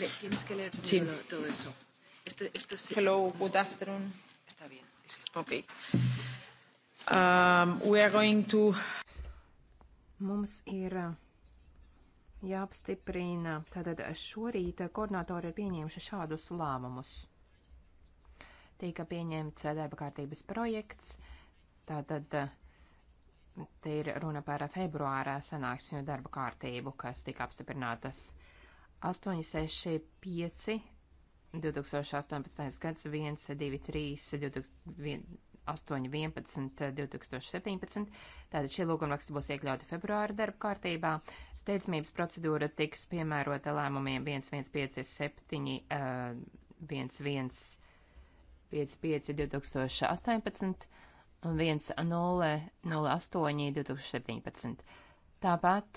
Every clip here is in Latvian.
Le, tienes que leer sí. todo eso. Esto, esto sí. Hello, good afternoon. Está bien. Okay. Um, we are going to... Mums ir uh, jāapstiprina. Tātad šorīt koordinātori ir pieņēmuši šādus lēmumus. Tika pieņemts darba kārtības projekts, tātad uh, te ir runa par februārā sanāksmju darba kārtību, kas tika apstiprinātas. 865 2018. gads 123 811 2017. Tātad šie lūgumraksti būs iekļauti februāra darba kārtībā. Steidzamības procedūra tiks piemērota lēmumiem 1157 1155 2018 un 1008 2017. Tāpat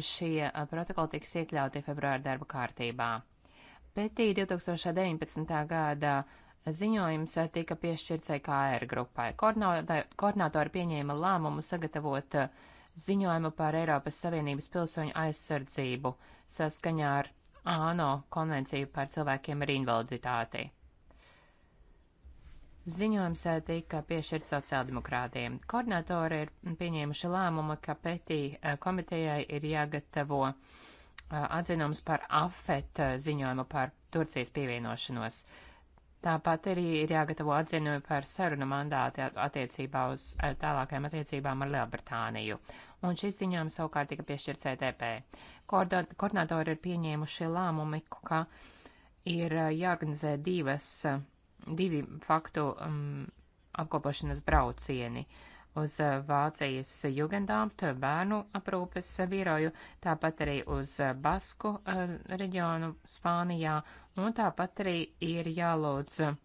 šie eh, protokoli tiks iekļauti februāra darba kārtībā. Pētī 2019. gada ziņojums eh, tika piešķirts EKR grupai. Koordinātori pieņēma lēmumu sagatavot eh, ziņojumu par Eiropas Savienības pilsoņu aizsardzību saskaņā ar ANO konvenciju par cilvēkiem ar invaliditāti. Ziņojums eh, tika piešķirts sociāldemokrātiem. Koordinatori ir pieņēmuši lēmumu, ka pētī eh, komitejai ir jāgatavo eh, atzinums par AFET ziņojumu par Turcijas pievienošanos. Tāpat arī ir jāgatavo atzinumi par sarunu mandāti attiecībā uz tālākajām attiecībām ar Lielbritāniju. Un šis ziņojums savukārt tika piešķirts ETP. Koordinatori ir pieņēmuši lēmumi, ka ir jāorganizē divas divi faktu um, apkopošanas braucieni uz uh, Vācijas Jugendamt bērnu aprūpes biroju, tāpat arī uz uh, Basku uh, reģionu Spānijā, un tāpat arī ir jālūdz uh,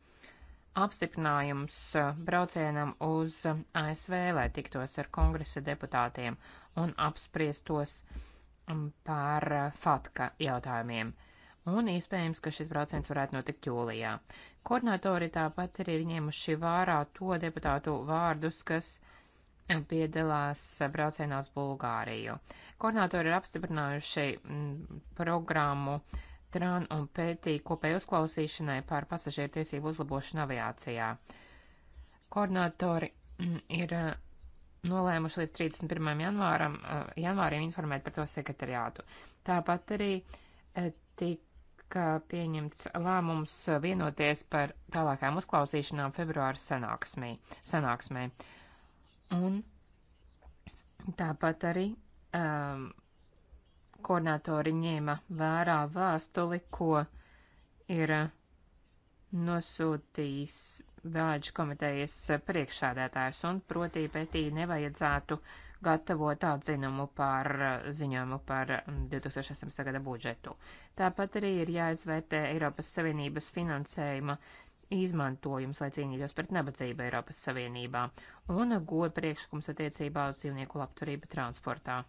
apstiprinājums braucienam uz ASV, lai tiktos ar kongresa deputātiem un apspriestos um, par FATKA jautājumiem. Uh, un iespējams, ka šis brauciens varētu notikt jūlijā. Koordinatori tāpat ir ņēmuši vārā to deputātu vārdus, kas piedalās braucienā uz Bulgāriju. Koordinatori ir apstiprinājuši mm, programmu TRAN un pētī kopēju uzklausīšanai par pasažieru tiesību uzlabošanu aviācijā. Koordinatori mm, ir mm, nolēmuši līdz 31. janvāram, eh, janvārim informēt par to sekretariātu. Tāpat arī eh, tik tika pieņemts lēmums vienoties par tālākām uzklausīšanām februāra sanāksmē. sanāksmē. Un tāpat arī um, koordinatori ņēma vērā vēstuli, ko ir nosūtījis Vēģu komitejas priekšādētājs, un proti pētī nevajadzētu uh, gatavot atzinumu par eh, ziņojumu par 2018. Mm, gada budžetu. Tāpat arī ir jāizvērtē Eiropas Savienības finansējuma izmantojums, lai cīnītos pret nabadzību Eiropas Savienībā, un goja priekšlikums attiecībā uz dzīvnieku labturību transportā.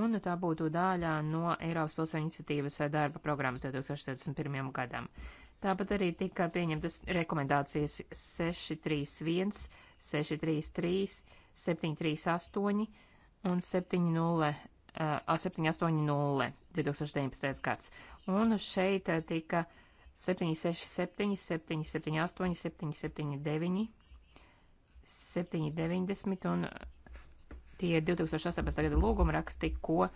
un tā būtu daļā no Eiropas pilsoņu iniciatīvas darba programmas 2021. gadam. Tāpat arī tika pieņemtas rekomendācijas 631, 633, 738 un 70. Uh, 780 2019. gads. Un šeit tika 767, 778, 779, 790 un tie 2018. gada lūguma raksti, ko uh,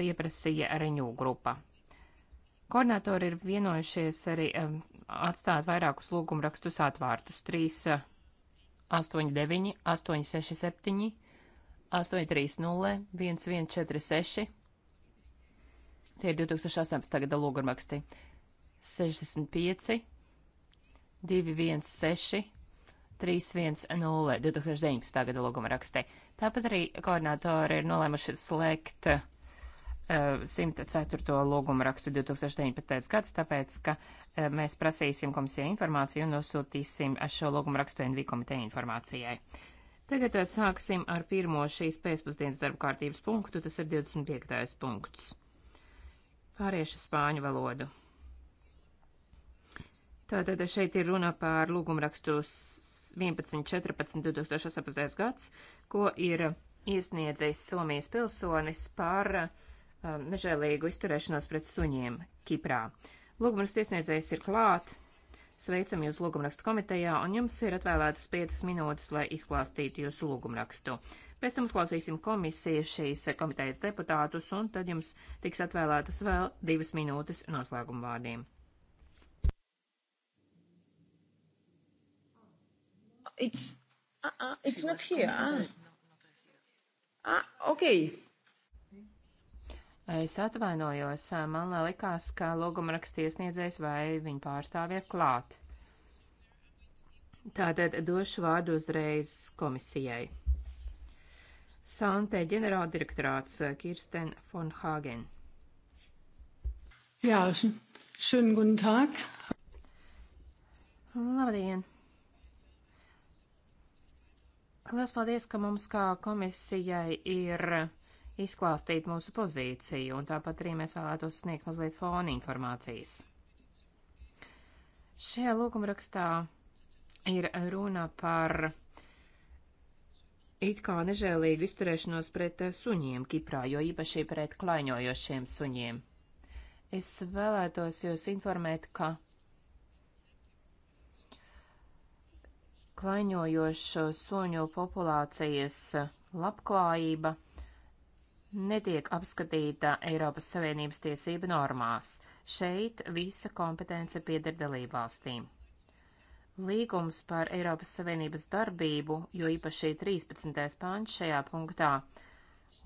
pieprasīja Reņū grupa. Koordinatori ir vienojušies arī um, atstāt vairākus lūgumrakstus atvārtus - 3, 8, 9, 8, 6, 7, 8, 3, 0, 1, 1, 4, 6. Tie ir 2018. gada lūgumraksti. 65, 2, 1, 6, 310 2019. gada lūguma rakstē. Tāpat arī koordinātori ir nolēmuši slēgt 104. lūguma rakstu 2019. gads, tāpēc, ka e, mēs prasīsim komisijai informāciju un nosūtīsim šo lūguma rakstu NV komiteja informācijai. Tagad e, sāksim ar pirmo šīs pēcpusdienas darba kārtības punktu, tas ir 25. punkts. Pāriešu spāņu valodu. Tātad šeit ir runa par lūgumrakstus 11.14. 2018. gads, ko ir iesniedzējis Somijas pilsonis par uh, Um, nežēlīgu izturēšanos pret suņiem Kiprā. Lūgumraksta iesniedzējs ir klāt. Sveicam jūs lūgumrakstu komitejā, un jums ir atvēlētas 5 minūtes, lai izklāstītu jūsu lūgumrakstu. Pēc tam uzklausīsim komisiju šīs komitejas deputātus, un tad jums tiks atvēlētas vēl 2 minūtes noslēguma vārdiem. It's, uh, uh, it's not here. Ah, uh. uh, okay. Es atvainojos, man likās, ka lūguma rakstiesniedzējs vai viņa pārstāvja ir klāt. Tātad došu vārdu uzreiz komisijai. Sante ģenerāldirektorāts Kirsten von Hagen. Jā, šodien guten tag. Labdien! Lielas paldies, ka mums kā komisijai ir izklāstīt mūsu pozīciju, un tāpat arī mēs vēlētos sniegt mazliet fona informācijas. Šajā lūgumrakstā ir runa par it kā nežēlīgu izturēšanos pret suņiem Kiprā, jo īpaši pret klaiņojošiem suņiem. Es vēlētos jūs informēt, ka klaiņojošo suņu populācijas labklājība – netiek apskatīta Eiropas Savienības tiesība normās. Šeit visa kompetence pieder dalībvalstīm. Līgums par Eiropas Savienības darbību, jo īpaši 13. pāns šajā punktā,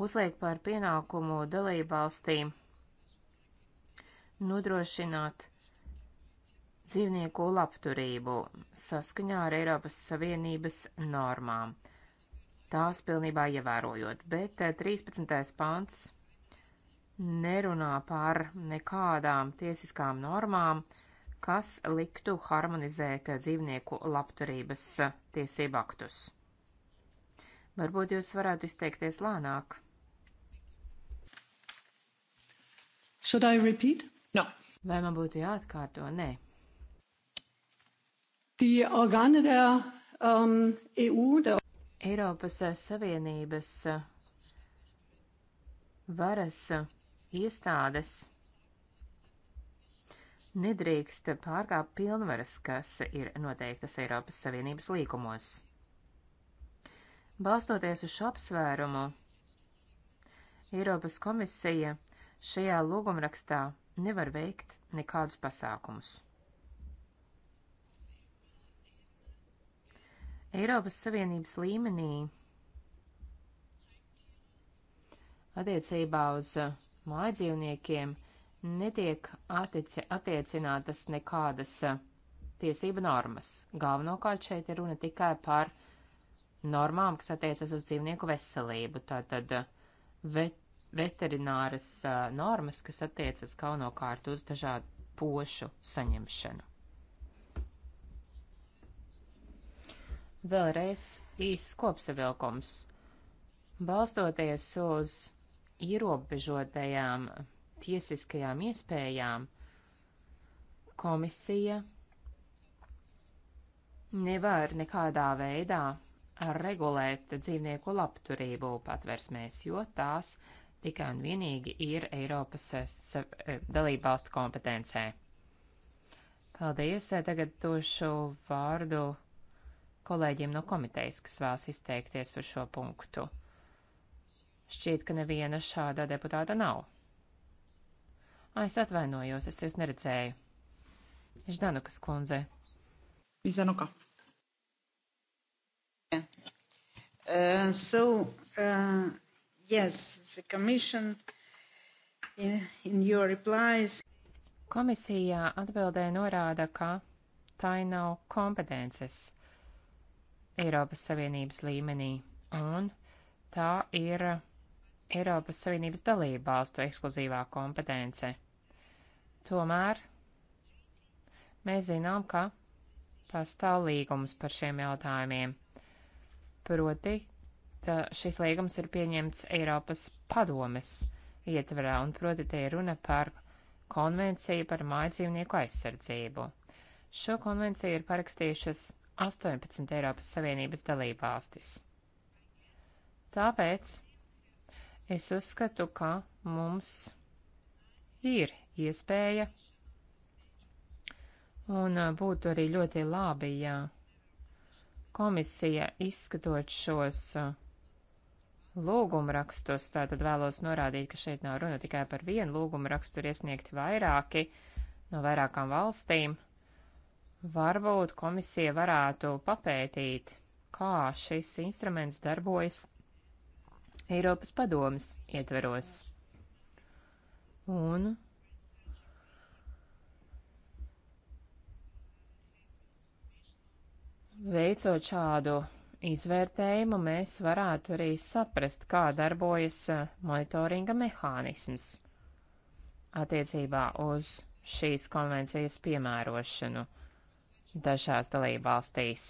uzliek par pienākumu dalībvalstīm nodrošināt dzīvnieku labturību saskaņā ar Eiropas Savienības normām tās pilnībā ievērojot, bet 13. Eh, pants nerunā par nekādām tiesiskām normām, kas liktu harmonizēt dzīvnieku labturības eh, tiesību aktus. Varbūt jūs varētu izteikties lēnāk. Should I repeat? No. Vai man būtu jāatkārto? Nē. Die Organe der um, ähm, EU, der Eiropas eh, Savienības eh, varas eh, iestādes nedrīkst pārkāpt pilnvaras, kas ir noteiktas Eiropas Savienības līkumos. Balstoties uz šo apsvērumu, Eiropas komisija šajā lūgumrakstā nevar veikt nekādus pasākumus. Eiropas Savienības līmenī attiecībā uz uh, mājdzīvniekiem netiek attici, attiecinātas nekādas uh, tiesība normas. Galvenokārt šeit ir runa tikai par normām, kas attiecas uz dzīvnieku veselību. Tātad uh, vet, veterināras normas, kas attiecas galvenokārt uz dažādu pošu saņemšanu. Vēlreiz īsts kopsavilkums. Balstoties uz ierobežotajām tiesiskajām iespējām, komisija nevar nekādā veidā regulēt dzīvnieku labturību patversmēs, jo tās tikai un vienīgi ir Eiropas eh, eh, dalībvalstu kompetencē. Paldies, eh, tagad došu vārdu kolēģiem no komitejas, kas vēlas izteikties par šo punktu. Šķiet, ka neviena šāda deputāta nav. Ai, es atvainojos, es jūs neredzēju. Ždanukas kundze. Ždanuka. Uh, so, uh, yes, the commission in, in your replies. Komisijā atbildē norāda, ka tai nav kompetences Eiropas Savienības līmenī, un tā ir Eiropas Savienības dalību valstu ekskluzīvā kompetence. Tomēr mēs zinām, ka pastāv līgums par šiem jautājumiem. Proti, ta, šis līgums ir pieņemts Eiropas padomes ietverā, un proti te ir runa par konvenciju par mājdzīvnieku aizsardzību. Šo konvenciju ir parakstījušas 18 Eiropas Savienības dalībvalstis. Tāpēc es uzskatu, ka mums ir iespēja un būtu arī ļoti labi, ja komisija izskatot šos lūgumrakstus, tātad vēlos norādīt, ka šeit nav runa tikai par vienu lūgumrakstu, ir iesniegti vairāki no vairākām valstīm. Varbūt komisija varētu papētīt, kā šis instruments darbojas Eiropas padomas ietveros. Un veicot šādu izvērtējumu, mēs varētu arī saprast, kā darbojas eh, monitoringa mehānisms attiecībā uz šīs konvencijas piemērošanu dažās dalībvalstīs.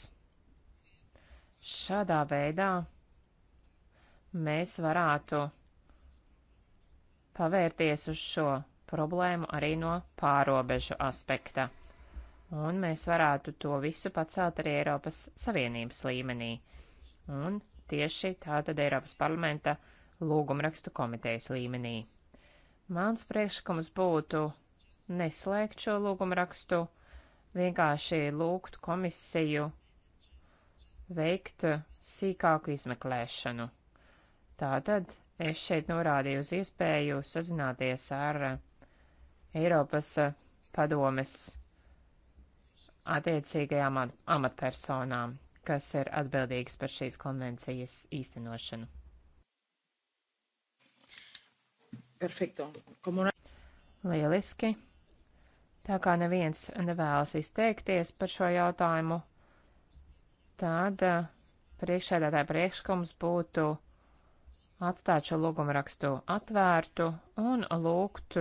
Šādā veidā mēs varētu pavērties uz šo problēmu arī no pārobežu aspekta, un mēs varētu to visu pacelt arī Eiropas Savienības līmenī, un tieši tātad Eiropas parlamenta lūgumrakstu komitejas līmenī. Mans priekšlikums būtu neslēgt šo lūgumrakstu rakstu vienkārši lūgt komisiju veikt sīkāku izmeklēšanu. Tātad es šeit norādīju uz iespēju sazināties ar Eiropas padomes attiecīgajām amatpersonām, kas ir atbildīgas par šīs konvencijas īstenošanu. Perfekto. Komunā... Lieliski. Tā kā neviens nevēlas izteikties par šo jautājumu, tad eh, priekšsēdētāja priekšlikums būtu atstāt šo lūgumu rakstu atvērtu un lūgt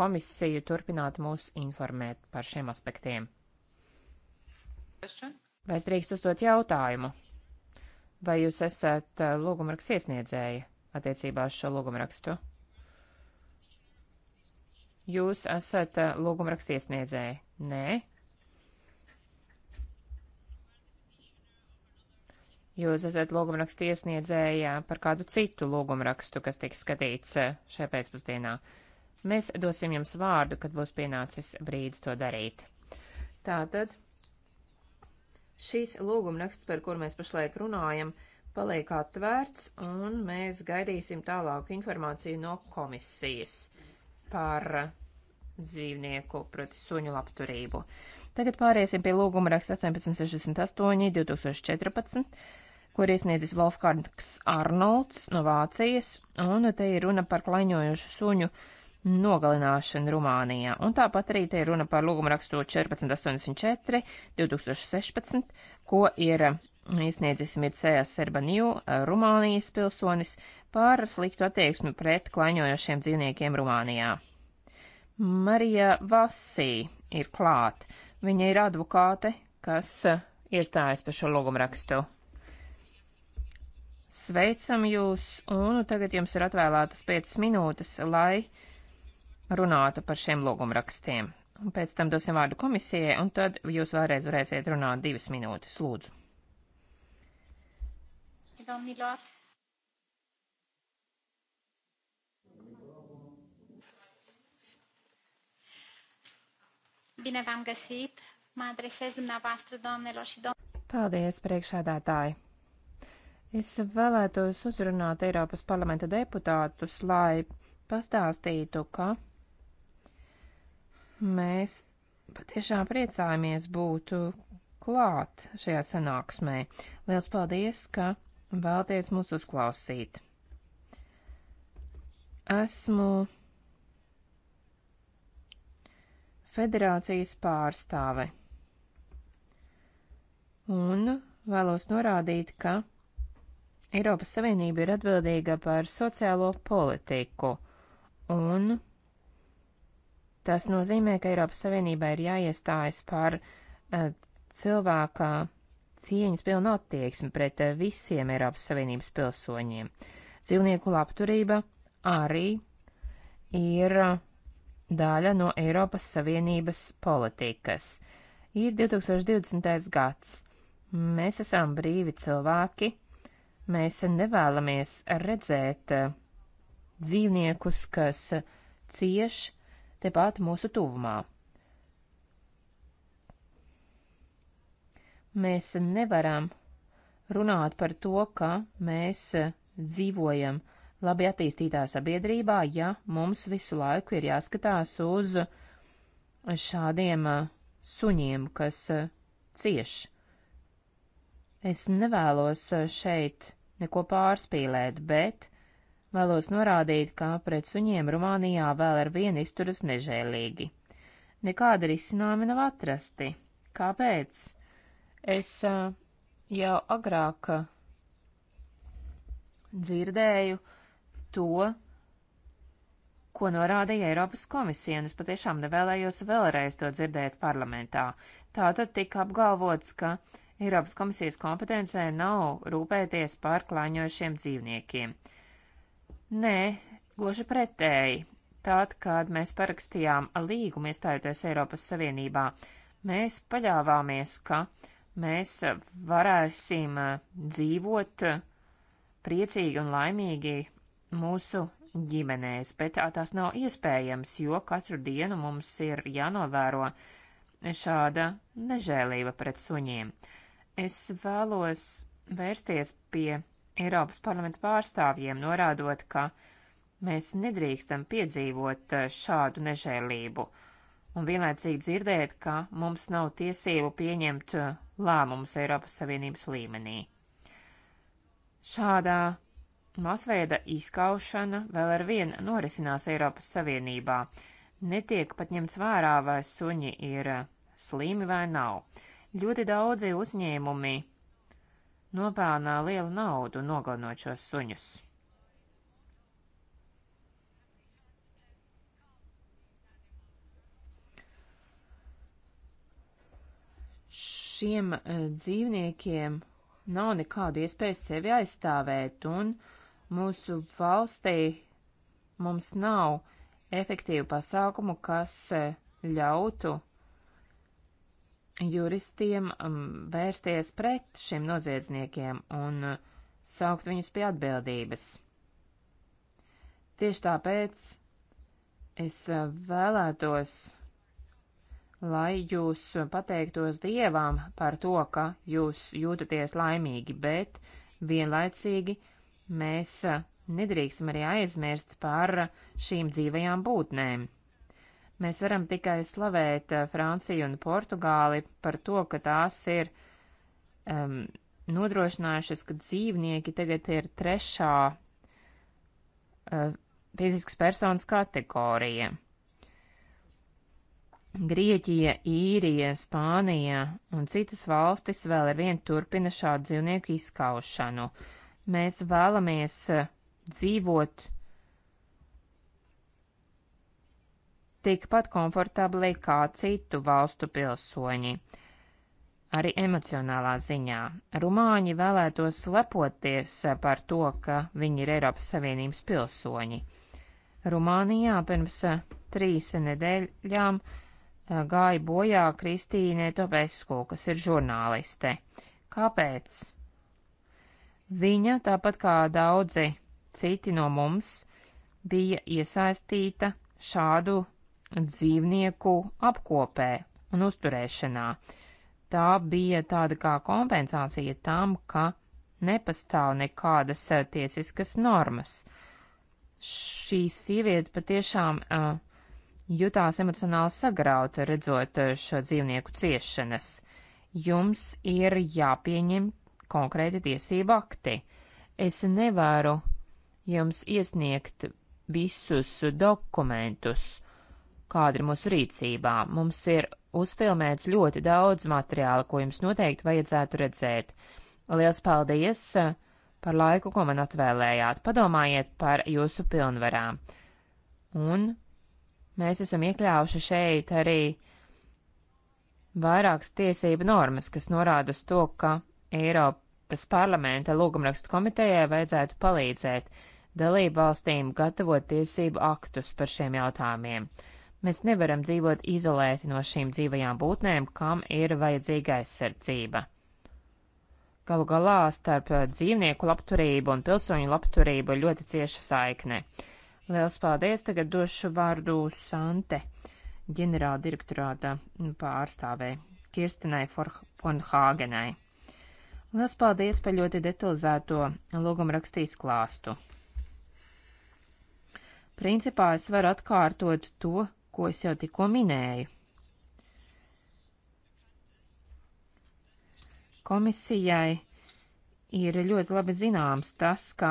komisiju turpināt mūs informēt par šiem aspektiem. Vai es drīkst uzdot jautājumu? Vai jūs esat eh, lūgumraksts iesniedzēja attiecībā uz šo lūgumrakstu? Jūs esat eh, lūgumraksta iesniedzēji? Nē. Jūs esat lūgumraksta iesniedzējā par kādu citu lūgumrakstu, kas tiks skatīts eh, šajā pēcpusdienā. Mēs dosim jums vārdu, kad būs pienācis brīdis to darīt. Tātad šīs lūgumraksts, par kur mēs pašlaik runājam, paliek atvērts, un mēs gaidīsim tālāku informāciju no komisijas par dzīvnieku, proti suņu labturību. Tagad pāriesim pie lūguma raksta 1868 2014, kur iesniedzis Wolfgangs Arnolds no Vācijas, un te ir runa par klaņojošu suņu uh, nogalināšana Rumānijā, un tāpat arī te ir runa par lūgumrakstu 1484 2016, ko ir uh, iesniedzis Mircējas Serbaniju, uh, Rumānijas pilsonis, par sliktu attieksmi pret klaņojošiem dzīvniekiem Rumānijā. Marija Vasī ir klāt. Viņa ir advokāte, kas uh, iestājas par šo lūgumrakstu. Sveicam jūs, un nu tagad jums ir atvēlētas 5 minūtes, lai uh, runātu par šiem lūgumrakstiem. Un pēc tam dosim vārdu komisijai, un tad jūs vēlreiz varēsiet runāt divas minūtes, lūdzu. Domnilor. Bine v-am găsit. Mă adresez dumneavoastră, doamnelor și domnilor. Paldies, priekšādātāji! Es vēlētos uzrunāt Eiropas parlamenta deputātus, lai pastāstītu, ka Mēs patiešām priecājamies būt klāt šajā sanāksmē. Liels paldies, ka vēlties mūs uzklausīt. Esmu federācijas pārstāve. Un vēlos norādīt, ka Eiropas Savienība ir atbildīga par sociālo politiku un Tas nozīmē, ka Eiropas Savienībā ir jāiestājas par uh, cilvēka cieņas pilnu attieksmi pret uh, visiem Eiropas Savienības pilsoņiem. Dzīvnieku labturība arī ir eh, daļa no Eiropas Savienības politikas. Ir 2020. gads. Mēs esam brīvi cilvēki. Mēs nevēlamies redzēt dzīvniekus, kas cieš tepat mūsu tuvumā. Mēs nevaram runāt par to, ka mēs dzīvojam labi attīstītā sabiedrībā, ja mums visu laiku ir jāskatās uz šādiem suņiem, kas cieš. Es nevēlos šeit neko pārspīlēt, bet Vēlos norādīt, ka pret suņiem Rumānijā vēl ar vienu izturas nežēlīgi. Nekāda risinājuma nav atrasti. Kāpēc? Es jau agrāk dzirdēju to, ko norādīja Eiropas komisija, un es patiešām nevēlējos vēlreiz to dzirdēt parlamentā. Tātad tika apgalvots, ka Eiropas komisijas kompetencē nav rūpēties par klāņojušiem dzīvniekiem. Nē, gluži pretēji. Tad, kad mēs parakstījām līgumu iestājoties Eiropas Savienībā, mēs paļāvāmies, ka mēs varēsim eh, dzīvot eh, priecīgi un laimīgi mūsu ģimenēs, bet eh, tās nav iespējams, jo katru dienu mums ir jānovēro šāda nežēlība pret suņiem. Es vēlos vērsties pie Eiropas parlamenta pārstāvjiem, norādot, ka mēs nedrīkstam piedzīvot eh, šādu nežēlību, un vienlaicīgi dzirdēt, ka mums nav tiesību pieņemt eh, lēmumus Eiropas Savienības līmenī. Šādā masveida izskaušana vēl ar vien norisinās Eiropas Savienībā. Netiek pat ņemts vērā, vai suņi ir eh, slimi vai nav. Ļoti daudzi uzņēmumi nopelnā lielu naudu nogalinot šos suņus. Šiem eh, dzīvniekiem nav nekādu iespēju sevi aizstāvēt, un mūsu valstī mums nav efektīvu pasākumu, kas eh, ļautu juristiem um, vērsties pret šiem noziedzniekiem un uh, saukt viņus pie atbildības. Tieši tāpēc es uh, vēlētos, lai jūs pateiktos dievām par to, ka jūs jūtaties laimīgi, bet vienlaicīgi mēs uh, nedrīkstam arī aizmirst par šīm dzīvajām būtnēm. Mēs varam tikai slavēt eh, Franciju un Portugāli par to, ka tās ir um, nodrošinājušas, ka dzīvnieki tagad ir trešā uh, fiziskas personas kategorija. Grieķija, Īrija, Spānija un citas valstis vēl ar vienu turpina šādu dzīvnieku izskaušanu. Mēs vēlamies eh, dzīvot tikpat komfortabli kā citu valstu pilsoņi. Arī emocionālā ziņā rumāņi vēlētos lepoties par to, ka viņi ir Eiropas Savienības pilsoņi. Rumānijā pirms eh, trīs nedēļām eh, gāja bojā Kristīne Tobesku, kas ir žurnāliste. Kāpēc? Viņa, tāpat kā daudzi citi no mums, bija iesaistīta šādu dzīvnieku apkopē un uzturēšanā. Tā bija tāda kā kompensācija tam, ka nepastāv nekādas eh, tiesiskas normas. Šī sieviete patiešām uh, jutās emocionāli sagrauta, redzot eh, šo dzīvnieku ciešanas. Jums ir jāpieņem konkrēti tiesību akti. Es nevaru jums iesniegt visus dokumentus, kāda ir mūsu rīcībā. Mums ir uzfilmēts ļoti daudz materiāla, ko jums noteikti vajadzētu redzēt. Lielas paldies eh, par laiku, ko man atvēlējāt. Padomājiet par jūsu pilnvarām. Un mēs esam iekļāvuši šeit arī vairākas tiesību normas, kas norāda uz to, ka Eiropas parlamenta lūgumrakstu komitejai vajadzētu palīdzēt dalību valstīm gatavot tiesību aktus par šiem jautājumiem. Mēs nevaram dzīvot izolēti no šīm dzīvajām būtnēm, kam ir vajadzīga aizsardzība. Galu galā starp dzīvnieku labturību un pilsoņu labturību ir ļoti cieša saikne. Liels paldies! Tagad došu vārdu Sante, ģenerāldirektorāta pārstāvē, Kirstinai Fonhāgenai. Liels paldies par ļoti detalizēto lūgumrakstīs klāstu. Principā es varu atkārtot to, ko es jau tikko minēju. Komisijai ir ļoti labi zināms tas, ka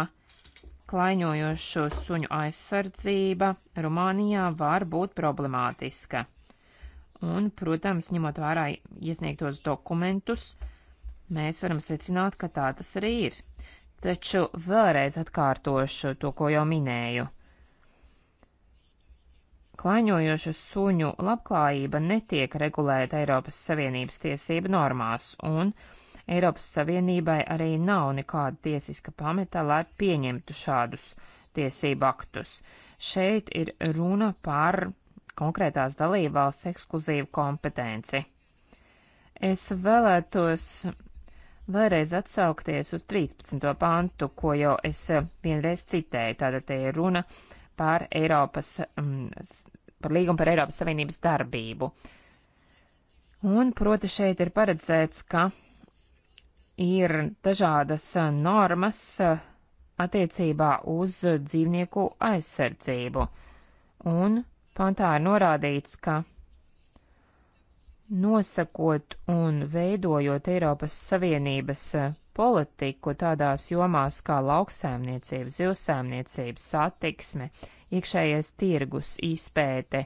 klaiņojošo suņu aizsardzība Rumānijā var būt problemātiska. Un, protams, ņemot vērā iesniegtos dokumentus, mēs varam secināt, ka tā tas arī ir. Taču vēlreiz atkārtošu to, ko jau minēju – klaiņojošu suņu labklājība netiek regulēta Eiropas Savienības tiesību normās, un Eiropas Savienībai arī nav nekāda tiesiska pameta, lai pieņemtu šādus tiesību aktus. Šeit ir runa par konkrētās dalībvalsts ekskluzīvu kompetenci. Es vēlētos vēlreiz atsaukties uz 13. pantu, ko jau es vienreiz citēju. Tātad te ir runa par par Eiropas, mm, par līgumu par Eiropas Savienības darbību. Un, proti, šeit ir paredzēts, ka ir dažādas eh, normas eh, attiecībā uz dzīvnieku aizsardzību. Un pantā ir norādīts, ka nosakot un veidojot Eiropas Savienības eh, politiku tādās jomās kā lauksēmniecība, zivsēmniecība, satiksme, iekšējais tirgus, izpēte,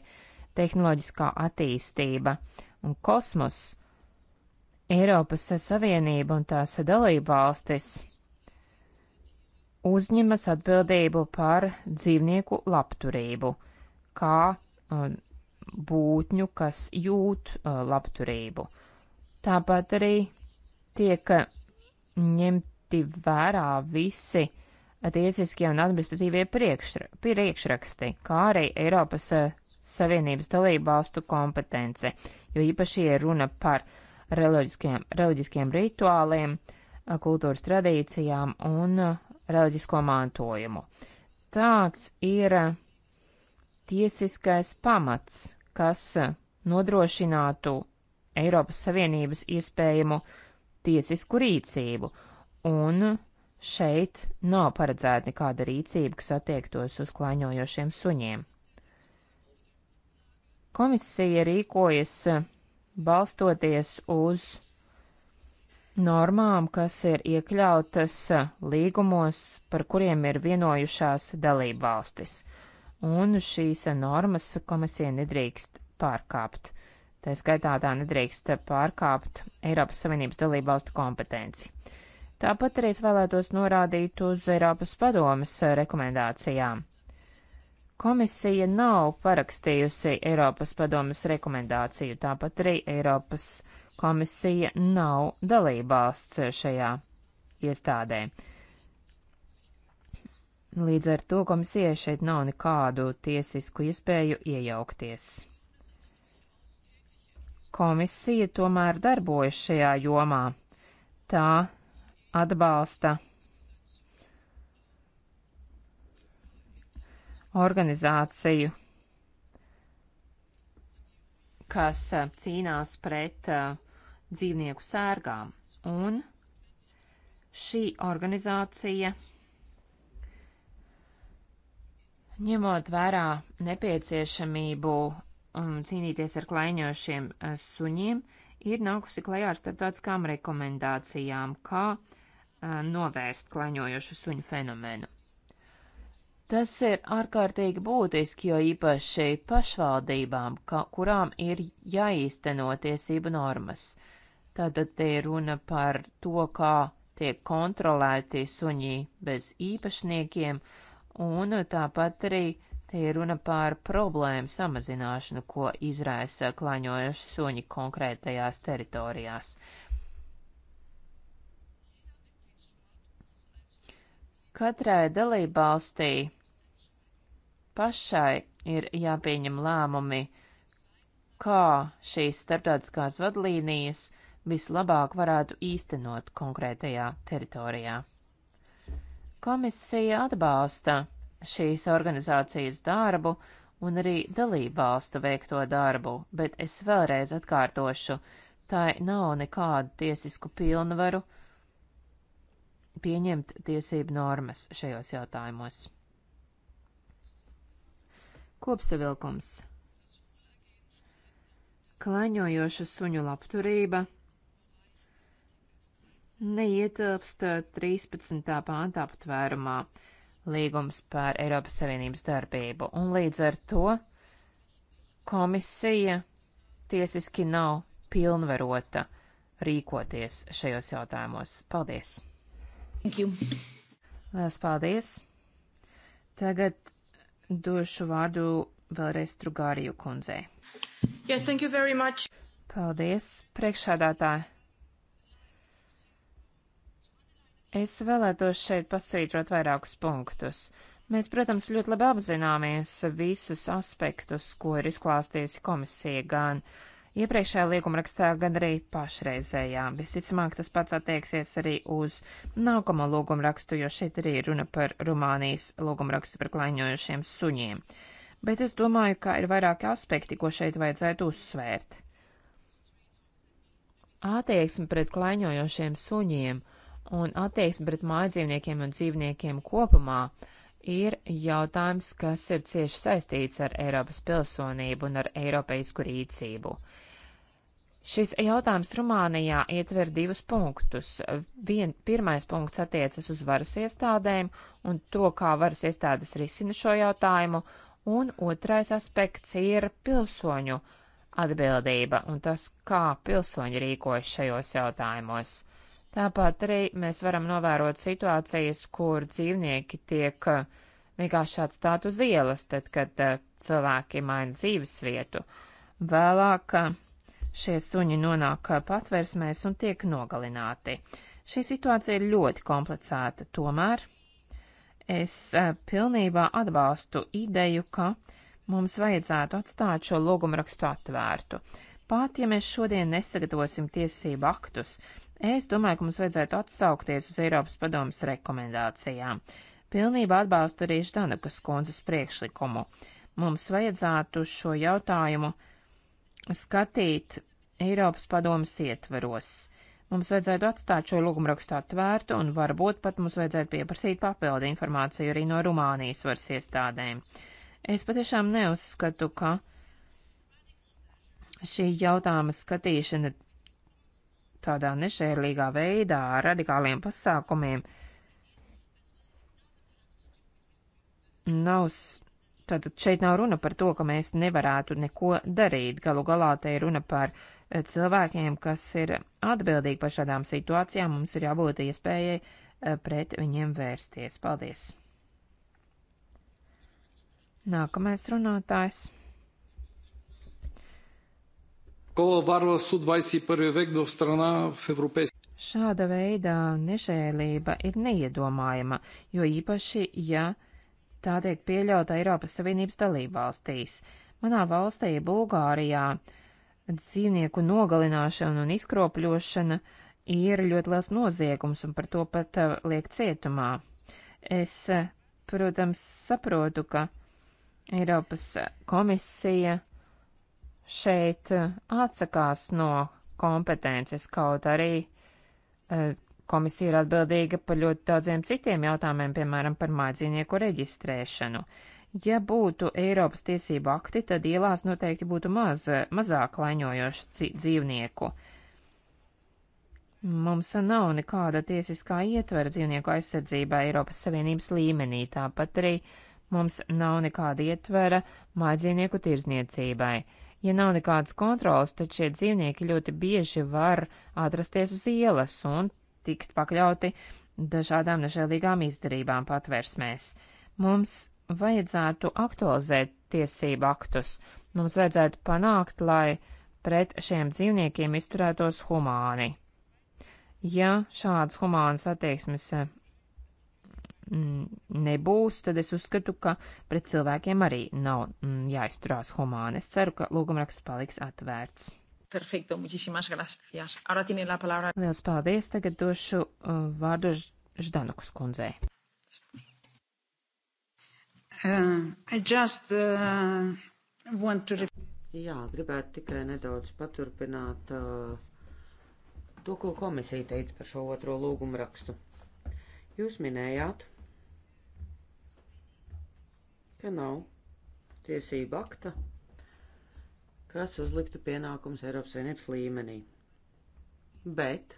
tehnoloģiskā attīstība un kosmos, Eiropas Savienība un tās dalība valstis uzņemas atbildību par dzīvnieku labturību, kā um, būtņu, kas jūt uh, labturību. Tāpat arī tiek ņemti vērā visi tiesiskie un administratīvie priekšra, priekšraksti, kā arī Eiropas eh, Savienības dalību valstu kompetence, jo īpaši ir runa par reliģiskiem, reliģiskiem rituāliem, eh, kultūras tradīcijām un eh, reliģisko mantojumu. Tāds ir tiesiskais pamats, kas nodrošinātu Eiropas Savienības iespējamu uh, tiesisku rīcību, un šeit nav paredzēta nekāda rīcība, kas attiektos uz klaņojošiem suņiem. Komisija rīkojas eh, balstoties uz normām, kas ir iekļautas eh, līgumos, par kuriem ir vienojušās dalību valstis, un šīs normas komisija nedrīkst pārkāpt. Tā skaitā tā nedrīkst pārkāpt Eiropas Savienības dalību valstu kompetenci. Tāpat arī es vēlētos norādīt uz Eiropas padomas rekomendācijām. Komisija nav parakstījusi Eiropas padomas rekomendāciju, tāpat arī Eiropas komisija nav dalībvalsts šajā iestādē. Līdz ar to komisijai šeit nav nekādu tiesisku iespēju iejaukties. Komisija tomēr darbojas šajā jomā. Tā atbalsta organizāciju, kas cīnās pret uh, dzīvnieku sērgām. Un šī organizācija, ņemot vērā nepieciešamību um, cīnīties ar klaiņošiem uh, suņiem, ir nākusi klajā ar starptautiskām rekomendācijām, kā uh, novērst klaiņojošu suņu fenomenu. Tas ir ārkārtīgi būtiski, jo īpaši pašvaldībām, ka, kurām ir jāīsteno tiesību normas. Tātad te ir runa par to, kā tiek kontrolēti suņi bez īpašniekiem, un tāpat arī Te ir runa par problēmu samazināšanu, ko izraisa klaņojoši suņi konkrētajās teritorijās. Katrai dalībvalstī pašai ir jāpieņem lēmumi, kā šīs starptautiskās vadlīnijas vislabāk varētu īstenot konkrētajā teritorijā. Komisija atbalsta šīs organizācijas darbu un arī dalībvalstu veikto darbu, bet es vēlreiz atkārtošu, tai nav nekādu tiesisku pilnvaru pieņemt tiesību normas šajos jautājumos. Kopsavilkums Klaņojoša suņu labturība neietilpst 13. pāntā patvērumā līgums par Eiropas Savienības darbību, un līdz ar to komisija tiesiski nav pilnvarota rīkoties šajos jautājumos. Paldies! Thank you! Lielas paldies! Tagad došu vārdu vēlreiz Trugāriju kundzei. Yes, thank you very much! Paldies, priekšādātāji! Es vēlētos šeit pasvītrot vairākus punktus. Mēs, protams, ļoti labi apzināmies visus aspektus, ko ir izklāstījusi komisija gan iepriekšējā līgumrakstā, gan arī pašreizējā. Visticamāk, tas pats attieksies arī uz nākamo līgumrakstu, jo šeit arī runa par Rumānijas līgumrakstu par klaņojošiem suņiem. Bet es domāju, ka ir vairāki aspekti, ko šeit vajadzētu uzsvērt. Attieksme pret klaņojošiem suņiem – un attieksme pret mājdzīvniekiem un dzīvniekiem kopumā ir jautājums, kas ir cieši saistīts ar Eiropas pilsonību un ar eiropeisku rīcību. Šis jautājums Rumānijā ietver divus punktus. Vien, pirmais punkts attiecas uz varas iestādēm un to, kā varas iestādes risina šo jautājumu, un otrais aspekts ir pilsoņu atbildība un tas, kā pilsoņi rīkojas šajos jautājumos. Tāpat arī mēs varam novērot situācijas, kur dzīvnieki tiek uh, vienkārši atstāt uz ielas, tad, kad uh, cilvēki maina dzīvesvietu. Vēlāk uh, šie suņi nonāk patversmēs un tiek nogalināti. Šī situācija ir ļoti komplicēta, tomēr es pilnībā atbalstu ideju, ka mums vajadzētu atstāt šo logumrakstu atvērtu. Pat ja mēs šodien nesagatavosim tiesību aktus, Es domāju, ka mums vajadzētu atsaukties uz Eiropas padomas rekomendācijām. Pilnībā atbalstu arī Ždanukas kundzes priekšlikumu. Mums vajadzētu šo jautājumu skatīt Eiropas padomas ietveros. Mums vajadzētu atstāt šo lūgumrakstu atvērtu un varbūt pat mums vajadzētu pieprasīt papildu informāciju arī no Rumānijas varas iestādēm. Es patiešām neuzskatu, ka šī jautājuma skatīšana tādā nešērlīgā veidā, ar radikāliem pasākumiem. Nav, tātad šeit nav runa par to, ka mēs nevarētu neko darīt. Galu galā te ir runa par eh, cilvēkiem, kas ir atbildīgi par šādām situācijām. Mums ir jābūt iespējai eh, pret viņiem vērsties. Paldies! Nākamais runātājs. Кого варва 121 век в страна в европейски. Šāda veida nežēlība ir neiedomājama, jo īpaši, ja tā tiek pieļauta Eiropas Savienības dalībvalstīs. Manā valstī, Bulgārijā, dzīvnieku nogalināšana un izkropļošana ir ļoti liels noziegums un par to pat eh, liek cietumā. Es, eh, protams, saprotu, ka Eiropas komisija šeit eh, atsakās no kompetences, kaut arī eh, komisija ir atbildīga par ļoti daudziem citiem jautājumiem, piemēram, par mājdzīvnieku reģistrēšanu. Ja būtu Eiropas tiesību akti, tad ielās noteikti būtu maz, mazāk laiņojošu dzīvnieku. Mums nav nekāda tiesiskā ietvera dzīvnieku aizsardzībā Eiropas Savienības līmenī, tāpat arī mums nav nekāda ietvera mājdzīvnieku tirzniecībai. Ja nav nekādas kontrolas, tad šie dzīvnieki ļoti bieži var atrasties uz ielas un tikt pakļauti dažādām nežēlīgām izdarībām patvērsmēs. Mums vajadzētu aktualizēt tiesību aktus. Mums vajadzētu panākt, lai pret šiem dzīvniekiem izturētos humāni. Ja šādas humānas attieksmes Mm, nebūs, tad es uzskatu, ka pret cilvēkiem arī nav mm, jāizturās humāni. Es ceru, ka lūgumraksts paliks atvērts. Perfekto, muchísimas gracias. Ahora tiene la palabra. Lielas paldies. Tagad došu uh, vārdu Ždanukas kundzei. Uh, I just uh, want to. Jā, gribētu tikai nedaudz paturpināt uh, to, ko komisija teica par šo otro lūgumu rakstu. Jūs minējāt, ka nav tiesība akta, kas uzliktu pienākums Eiropas Savienības līmenī. Bet,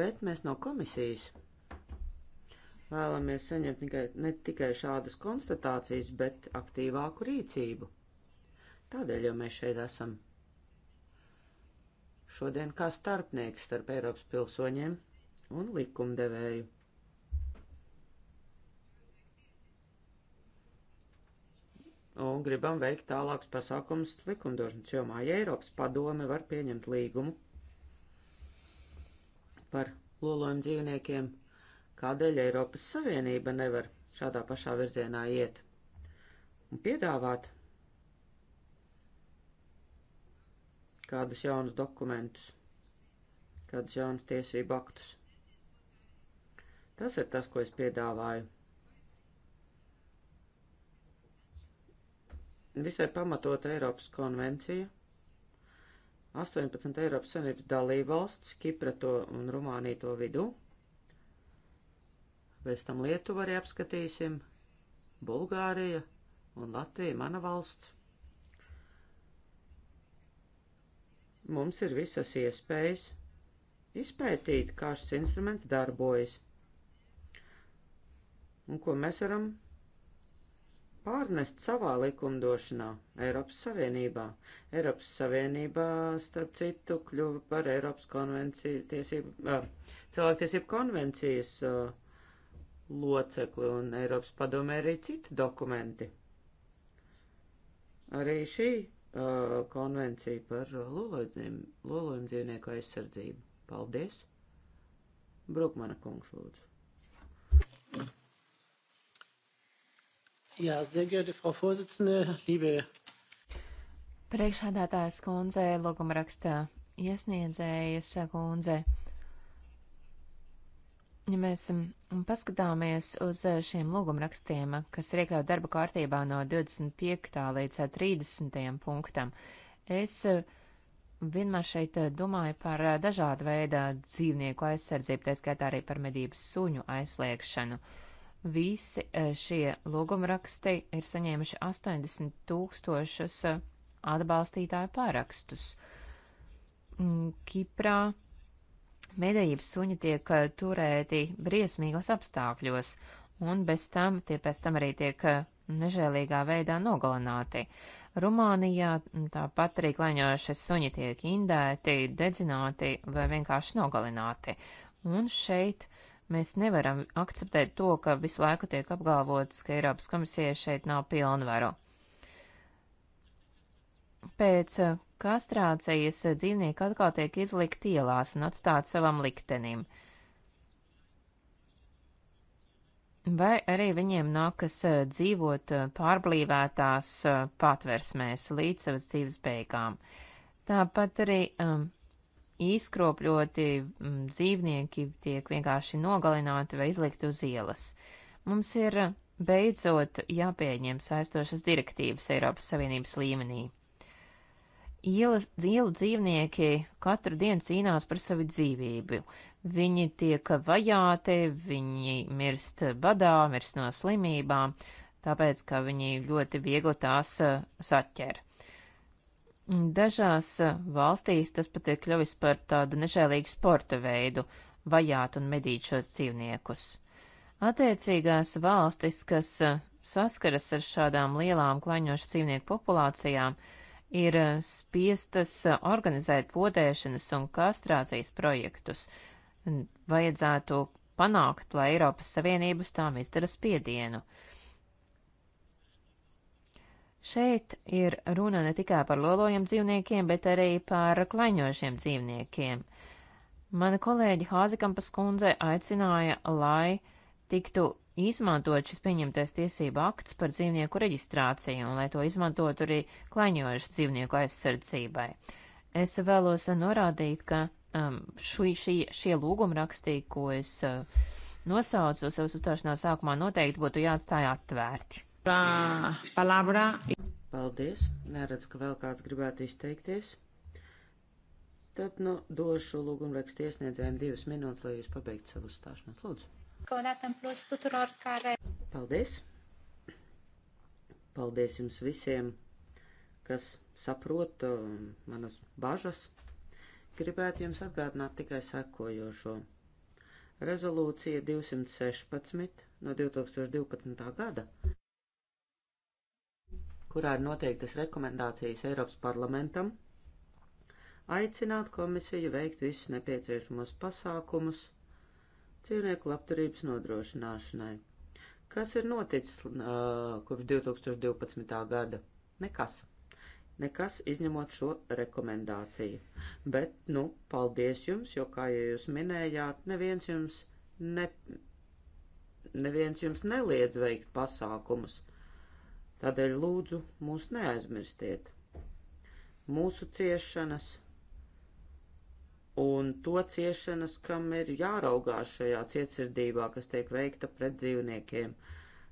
bet mēs no komisijas vēlamies saņemt tikai, ne tikai šādas konstatācijas, bet aktīvāku rīcību. Tādēļ jau mēs šeit esam. Šodien kā starpnieks starp Eiropas pilsoņiem un likumdevēju. un gribam veikt tālākus pasākumus likumdošanas jomā. Ja Eiropas padome var pieņemt līgumu par lolojumu dzīvniekiem, kādēļ Eiropas Savienība nevar šādā pašā virzienā iet un piedāvāt kādus jaunus dokumentus, kādus jaunus tiesību aktus. Tas ir tas, ko es piedāvāju. visai pamatot Eiropas konvenciju. 18 Eiropas Savienības dalībvalsts, Kipra to un Rumānija to vidū. Pēc tam Lietuva arī apskatīsim, Bulgārija un Latvija, mana valsts. Mums ir visas iespējas izpētīt, kā šis instruments darbojas un ko mēs varam pārnest savā likumdošanā Eiropas Savienībā. Eiropas Savienībā, starp citu, kļuva par Eiropas konvenciju tiesību, uh, cilvēktiesību konvencijas uh, locekli un Eiropas padomē arī citi dokumenti. Arī šī uh, konvencija par lolojumdzīvnieku aizsardzību. Paldies! Brukmana kungs lūdzu. Jā, sehr geehrte Frau Vorsitzende, liebe. Priekšādātājs kundze, logumraksta iesniedzējas kundze. Ja mēs mm, paskatāmies uz šiem lūgumrakstiem, kas ir iekļauts darba kārtībā no 25. līdz 30. punktam, es mm, vienmēr šeit domāju par dažādu veidu dzīvnieku aizsardzību, tā skaitā arī par medību suņu aizliekšanu. Uh, Visi e, šie lūgumraksti ir saņēmuši 80 tūkstošus e, atbalstītāju pārakstus. Mm, Kiprā medējības suņi tiek e, turēti briesmīgos apstākļos, un bez tam tie pēc tam arī tiek nežēlīgā veidā nogalināti. Rumānijā tāpat arī klaņojošie suņi tiek indēti, dedzināti vai vienkārši nogalināti. Un šeit uh, Mēs nevaram akceptēt to, ka visu laiku tiek apgalvots, ka Eiropas komisija šeit nav pilnvaru. Pēc eh, kastrācijas dzīvnieki atkal tiek izlikti ielās un atstāti savam liktenim. Vai arī viņiem nākas eh, dzīvot eh, pārblīvētās patversmēs līdz savas dzīves beigām. Tāpat arī um, izkropļoti mm, dzīvnieki tiek vienkārši nogalināti vai izlikti uz ielas. Mums ir beidzot jāpieņem saistošas direktīvas Eiropas Savienības līmenī. Ielas, ielu dzīvnieki katru dienu cīnās par savu dzīvību. Viņi tiek vajāti, viņi mirst badā, mirst no slimībām, tāpēc, ka viņi ļoti viegli tās eh, saķer. Dažās eh, valstīs tas pat ir kļuvis par tādu nežēlīgu sporta veidu - vajāt un medīt šos dzīvniekus. Attiecīgās valstis, kas eh, saskaras ar šādām lielām klaņošu dzīvnieku populācijām, ir eh, spiestas organizēt potēšanas un kastrācijas projektus. Vajadzētu panākt, lai Eiropas Savienības tām izdara spiedienu. Uh, Šeit ir runa ne tikai par lolojam dzīvniekiem, bet arī par klaiņošiem dzīvniekiem. Mana kolēģi Hāzikampas kundze aicināja, lai tiktu izmantot šis pieņemtais tiesība akts par dzīvnieku reģistrāciju un lai to izmantot arī klaiņojušu dzīvnieku aizsardzībai. Es vēlos norādīt, ka um, šī, šī, šie lūgumrakstī, ko es uh, nosaucu savas uzstāšanās sākumā, noteikti būtu jāatstāja atvērti. Paldies. Neredzu, ka vēl kāds gribētu izteikties. Tad, nu, došu lūgumrakstu iesniedzējiem divas minūtes, lai jūs pabeigtu savu stāšanos. Lūdzu. Paldies. Paldies jums visiem, kas saprot uh, manas bažas. Gribētu jums atgādināt tikai sekojošo. Rezolūcija 216 no 2012. gada kurā ir noteiktas rekomendācijas Eiropas parlamentam, aicināt komisiju veikt visus nepieciešamos pasākumus dzīvnieku labturības nodrošināšanai. Kas ir noticis uh, kopš 2012. gada? Nekas. Nekas izņemot šo rekomendāciju. Bet, nu, paldies jums, jo, kā jau jūs minējāt, neviens jums, ne, neviens jums neliedz veikt pasākumus. Tādēļ lūdzu mūs neaizmirstiet. Mūsu ciešanas un to ciešanas, kam ir jāraugās šajā cietsirdībā, kas tiek veikta pret dzīvniekiem.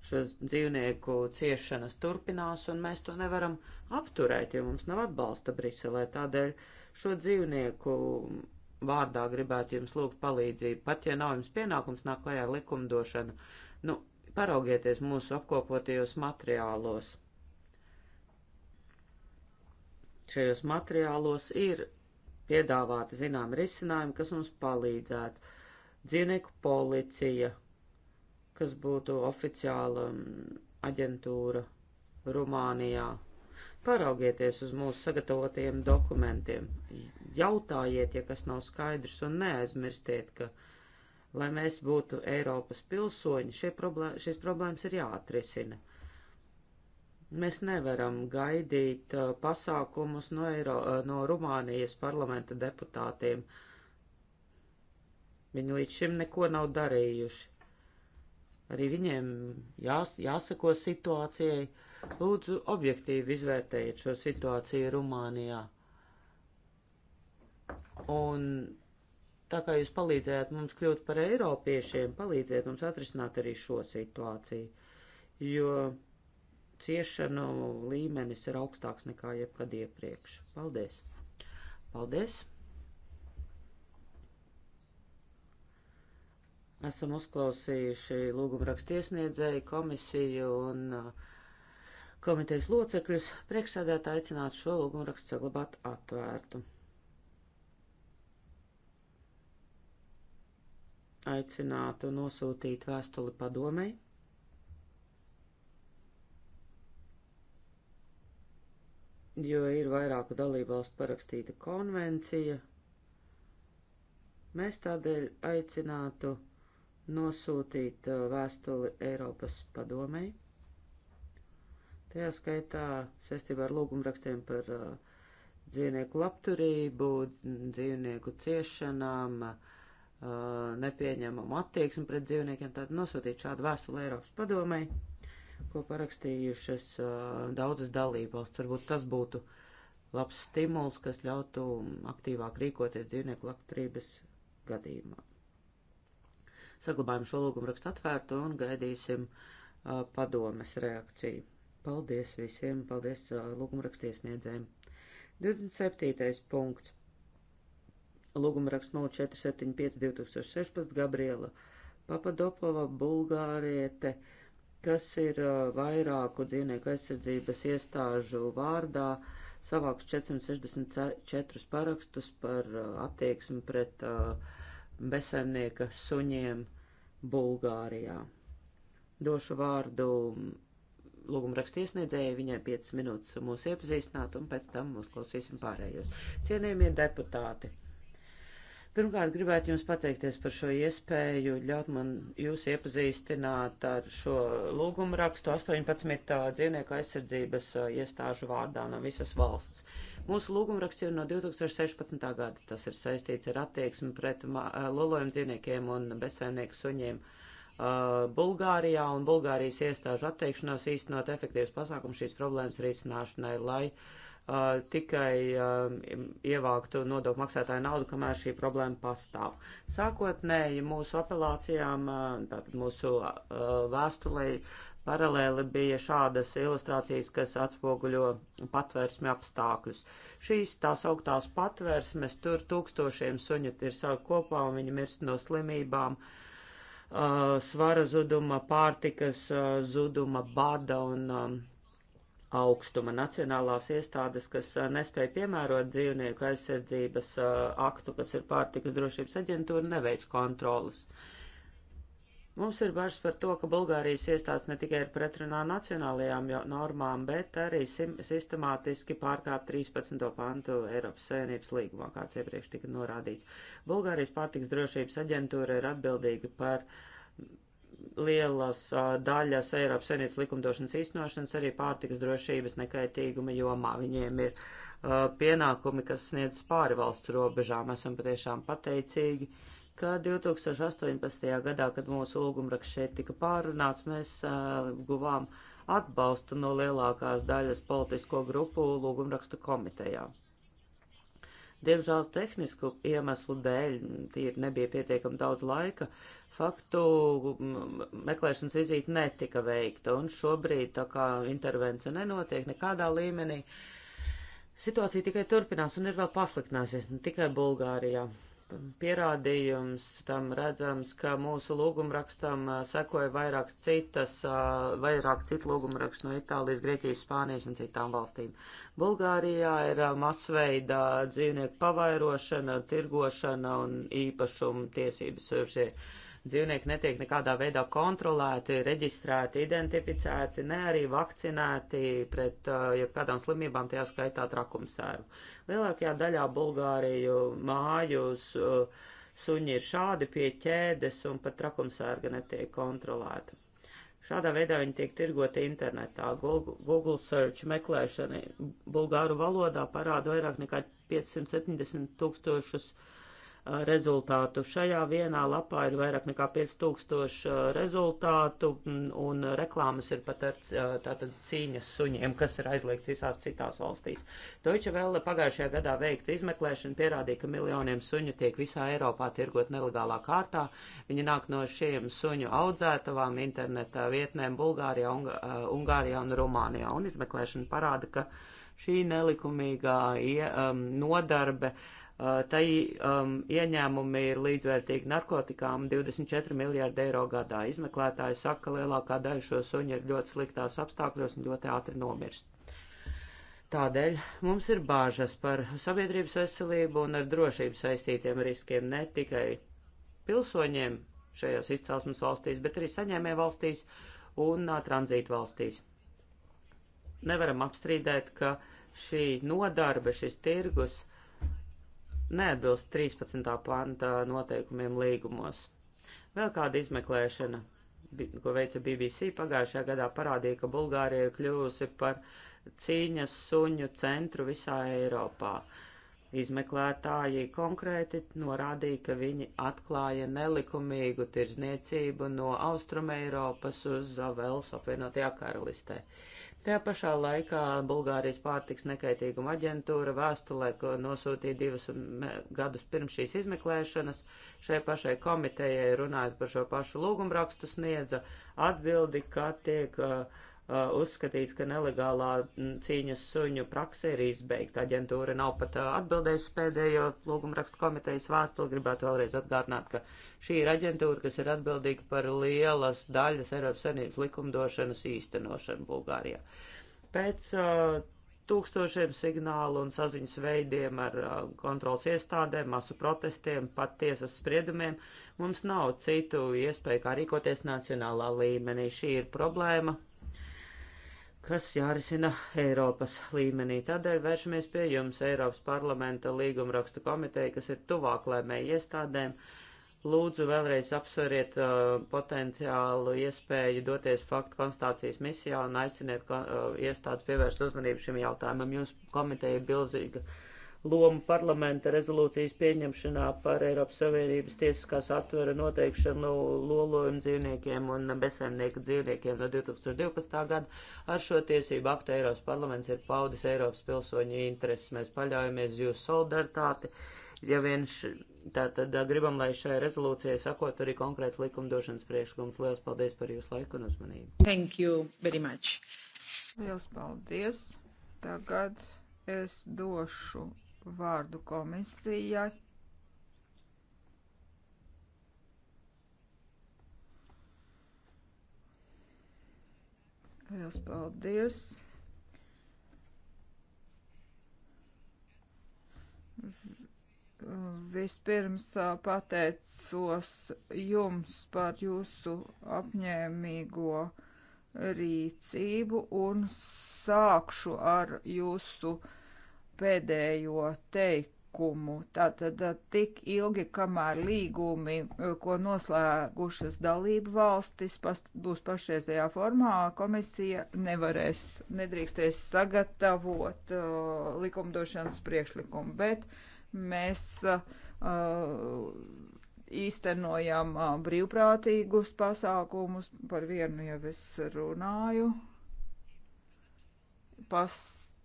Šo dzīvnieku ciešanas turpinās, un mēs to nevaram apturēt, jo mums nav atbalsta Briselē. Tādēļ šo dzīvnieku vārdā gribētu jums lūgt palīdzību, pat ja nav jums pienākums nāk klajā ar likumdošanu. Nu, Paraugieties mūsu apkopotajos materiālos. Šajos materiālos ir piedāvāti zinām risinājumi, kas mums palīdzētu. Dzīvnieku policija, kas būtu oficiāla mm, aģentūra Rumānijā. Paraugieties uz mūsu sagatavotajiem dokumentiem, jautājiet, ja kas nav skaidrs, un neaizmirstiet, ka lai mēs būtu Eiropas pilsoņi, šie problēma, šīs problēmas ir jāatrisina. Mēs nevaram gaidīt uh, pasākumus no, Eiro, uh, no Rumānijas parlamenta deputātiem. Viņi līdz šim neko nav darījuši. Arī viņiem jās, jāsako situācijai. Lūdzu, objektīvi izvērtējiet šo situāciju Rumānijā. Un Tā kā jūs palīdzējāt mums kļūt par eiropiešiem, palīdziet mums atrisināt arī šo situāciju, jo ciešanu līmenis ir augstāks nekā jebkad iepriekš. Paldies! Paldies! Esam uzklausījuši lūgumrakstu iesniedzēju komisiju un uh, komitejas locekļus. Priekšsēdētāji aicinātu šo lūgumrakstu saglabāt atvērtu. aicinātu nosūtīt vēstuli padomei. Jo ir vairāku dalībvalstu parakstīta konvencija, mēs tādēļ aicinātu nosūtīt uh, vēstuli Eiropas padomei. Tajā skaitā saistībā ar lūgumrakstiem par uh, dzīvnieku labturību, dzīvnieku ciešanām, uh, Uh, nepieņemamu attieksmi pret dzīvniekiem, tad nosūtīt šādu vēstuli Eiropas padomai, ko parakstījušas uh, daudzas dalībvalsts. Varbūt tas būtu labs stimuls, kas ļautu aktīvāk rīkoties dzīvnieku labturības gadījumā. Saglabājam šo lūgumu rakstu atvērtu un gaidīsim uh, padomes reakciju. Paldies visiem, paldies lūgumu rakstiesniedzējiem. 27. punkts Lūgumraksts 0475 2016 Gabriela Papadopova, Bulgāriete, kas ir uh, vairāku dzīvnieku aizsardzības iestāžu vārdā savāks 464 parakstus par uh, attieksmi pret uh, bezsaimnieka suņiem Bulgārijā. Došu vārdu lūguma rakstiesniedzēja, viņai 5 minūtes mūs iepazīstināt, un pēc tam uzklausīsim pārējos. Cienījamie deputāti! Pirmkārt, gribētu jums pateikties par šo iespēju, ļaut man jūs iepazīstināt ar šo lūgumu rakstu 18 dzīvnieku aizsardzības iestāžu vārdā no visas valsts. Mūsu lūgumraksts ir no 2016. gada. Tas ir saistīts ar attieksmi pret lolojumu dzīvniekiem un bezsaimnieku suņiem uh, Bulgārijā un Bulgārijas iestāžu atteikšanos īstenot efektīvas pasākums šīs problēmas risināšanai, lai uh, uh, tikai uh, ievāktu nodokļu maksātāju naudu, kamēr šī problēma pastāv. Sākotnēji mūsu apelācijām, uh, tātad mūsu uh, vēstulei, paralēli bija šādas ilustrācijas, kas atspoguļo patvērsmi apstākļus. Šīs tās augtās patvērsmes, tur tūkstošiem suņu ir savu kopā un viņi mirst no slimībām. Uh, svara zuduma, pārtikas uh, zuduma, bada un um, augstuma nacionālās iestādes, kas nespēja piemērot dzīvnieku aizsardzības aktu, kas ir pārtikas drošības aģentūra, neveic kontrolas. Mums ir bažas par to, ka Bulgārijas iestādes ne tikai ir pretrunā nacionālajām normām, bet arī sistemātiski pārkāp 13. pantu Eiropas Savienības līgumā, kāds iepriekš tika norādīts. Bulgārijas pārtikas drošības aģentūra ir atbildīga par lielas uh, daļas Eiropas Savienības likumdošanas īstenošanas arī pārtikas drošības nekaitīguma jomā. Viņiem ir uh, pienākumi, kas sniedz pāri valsts robežām. Esam patiešām pateicīgi, ka 2018. gadā, kad mūsu lūgumraksts šeit tika pārunāts, mēs uh, guvām atbalstu no lielākās daļas politisko grupu lūgumrakstu komitejā. Diemžēl tehnisku iemeslu dēļ tīri nebija pietiekami daudz laika. Faktu meklēšanas vizīte netika veikta, un šobrīd tā kā intervence nenotiek nekādā līmenī. Situācija tikai turpinās un ir vēl pasliktināsies, ne tikai Bulgārijā pierādījums tam redzams, ka mūsu lūgumrakstam sekoja vairākas citas, vairāk citu lūgumrakstu no Itālijas, Grieķijas, Spānijas un citām valstīm. Bulgārijā ir masveida dzīvnieku pavairošana, tirgošana un īpašuma tiesības šie dzīvnieki netiek nekādā veidā kontrolēti, reģistrēti, identificēti, ne arī vakcinēti pret uh, jebkādām slimībām, tajā skaitā trakumsēru. Lielākajā daļā Bulgāriju mājus uh, suņi ir šādi pie ķēdes un pat trakumsērga netiek kontrolēta. Šādā veidā viņi tiek tirgoti internetā. Google, Google search meklēšana bulgāru valodā parāda vairāk nekā 570 tūkstošus 000 rezultātu. Šajā vienā lapā ir vairāk nekā 5000 uh, rezultātu, mm, un reklāmas ir pat ar uh, tātad cīņas suņiem, kas ir aizliegts visās citās valstīs. Deutsche Welle pagājušajā gadā veikta izmeklēšana pierādīja, ka miljoniem suņu tiek visā Eiropā tirgot nelegālā kārtā. Viņi nāk no šiem suņu audzētavām internetā vietnēm Bulgārijā, Ung uh, Ungārijā un Rumānijā, un izmeklēšana parāda, ka šī nelikumīgā ie, um, nodarbe uh, Eh, tai um, ieņēmumi ir līdzvērtīgi narkotikām 24 miljārdi eiro gadā. Izmeklētāji saka, ka lielākā daļa šo suņu ir ļoti sliktās apstākļos un ļoti ātri nomirst. Tādēļ mums ir bāžas par sabiedrības veselību un ar drošību saistītiem riskiem ne tikai pilsoņiem šajās izcelsmes valstīs, bet arī saņēmē valstīs un uh, tranzīta valstīs. Nevaram apstrīdēt, ka šī nodarbe, šis tirgus uh, neatbilst 13. panta noteikumiem līgumos. Vēl kāda izmeklēšana, ko veica BBC pagājušajā gadā, parādīja, ka Bulgārija ir kļuvusi par cīņas suņu centru visā Eiropā. Izmeklētāji konkrēti norādīja, ka viņi atklāja nelikumīgu tirzniecību no Austrumēropas uz Zavels apvienotajā karalistē. Uh, Tajā pašā laikā Bulgārijas pārtiks nekaitīguma aģentūra vēstulē, ko nosūtīja divus gadus pirms šīs izmeklēšanas, šai pašai komitejai runājot par šo pašu lūgumrakstu sniedza atbildi, ka tiek uh, Uh, uzskatīts, ka nelegālā mm, cīņas suņu praksa ir izbeigta. Aģentūra nav pat uh, atbildējusi pēdējo lūgumrakstu komitejas vēstuli. Gribētu vēlreiz atgādināt, ka šī ir aģentūra, kas ir atbildīga par lielas daļas Eiropas Savienības likumdošanas īstenošanu Bulgārijā. Pēc uh, tūkstošiem signālu un saziņas veidiem ar uh, kontrols iestādēm, masu protestiem, pat tiesas spriedumiem, mums nav citu iespēju, kā rīkoties nacionālā līmenī. Šī ir problēma, kas jārisina Eiropas līmenī. Tādēļ vēršamies pie jums Eiropas parlamenta līgumrakstu komiteja, kas ir tuvāk lēmēji iestādēm. Lūdzu, vēlreiz apsveriet uh, potenciālu iespēju doties faktu konstatācijas misijā un aiciniet uh, iestādes pievērst uzmanību šim jautājumam. Jūsu komiteja ir bilzīga uh, lomu parlamenta rezolūcijas pieņemšanā par Eiropas Savienības tiesiskās atvera noteikšanu lolojumu dzīvniekiem un bezsaimnieku dzīvniekiem no 2012. gada. Ar šo tiesību aktu Eiropas parlaments ir paudis Eiropas pilsoņu intereses. Mēs paļaujamies uz jūsu solidaritāti. Ja viens tātad gribam, lai šai rezolūcijai sakot arī konkrēts likumdošanas priekšlikums, liels paldies par jūsu laiku un uzmanību. Thank you very much. Liels paldies. Tagad es došu vārdu komisijai. Liels paldies! Vispirms pateicos jums par jūsu apņēmīgo rīcību un sākšu ar jūsu pēdējo teikumu. Tātad tik ilgi, kamēr līgumi, ko noslēgušas dalību valstis, past, būs pašreizajā formā, komisija nevarēs, nedrīkstēs sagatavot uh, likumdošanas priekšlikumu, bet mēs uh, īstenojam uh, brīvprātīgus pasākumus, par vienu jau es runāju. Pas,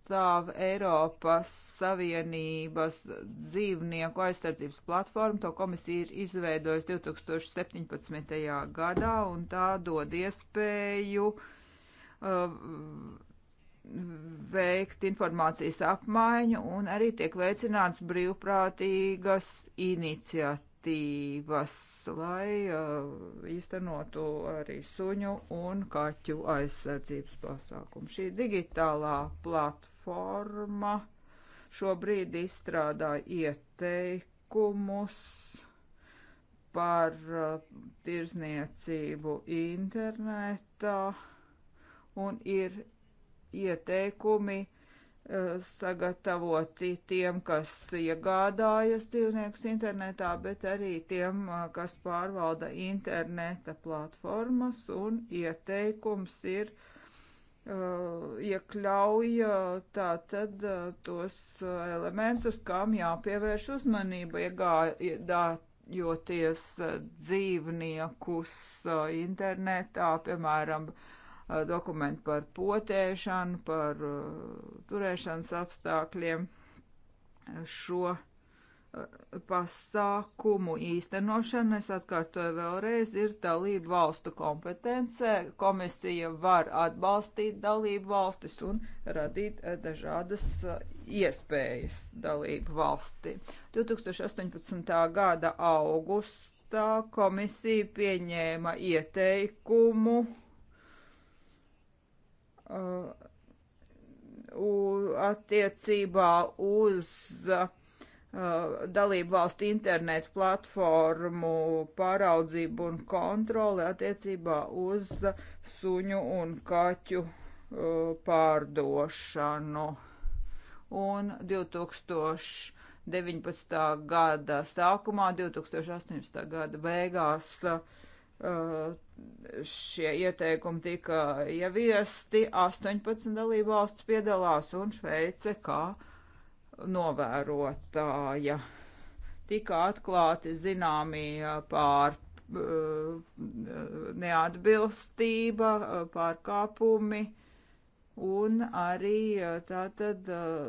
pastāv Eiropas Savienības dzīvnieku aizsardzības platforma. To komisija ir izveidojusi 2017. gadā, un tā dod iespēju uh, veikt informācijas apmaiņu, un arī tiek veicināts brīvprātīgas iniciatīvas, lai uh, īstenotu arī suņu un kaķu aizsardzības pasākumu. Šī digitālā platforma platforma šobrīd izstrādā ieteikumus par uh, tirzniecību internetā un ir ieteikumi uh, sagatavoti tiem, kas iegādājas dzīvniekus internetā, bet arī tiem, uh, kas pārvalda interneta platformas, un ieteikums ir uh, Uh, iekļauj uh, tātad uh, tos elementus, kam jāpievērš uzmanība, iegādājoties dzīvniekus internetā, piemēram, dokumenti par potēšanu, par turēšanas apstākļiem šo pasākumu īstenošana, es atkārtoju vēlreiz, ir dalību valstu kompetence. Komisija var atbalstīt dalību valstis un radīt eh, dažādas eh, iespējas dalību valstī. 2018. gada augustā komisija pieņēma ieteikumu uh, attiecībā uz uh, Uh, dalību valstu internetu platformu pāraudzību un kontroli attiecībā uz suņu un kaķu uh, pārdošanu. Un 2019. gada sākumā, 2018. gada beigās uh, šie ieteikumi tika ieviesti, 18 dalību valsts piedalās un Šveice kā uh, novērotāja. Tika atklāti zināmi uh, pār uh, neatbilstība, uh, pārkāpumi, un arī tā tad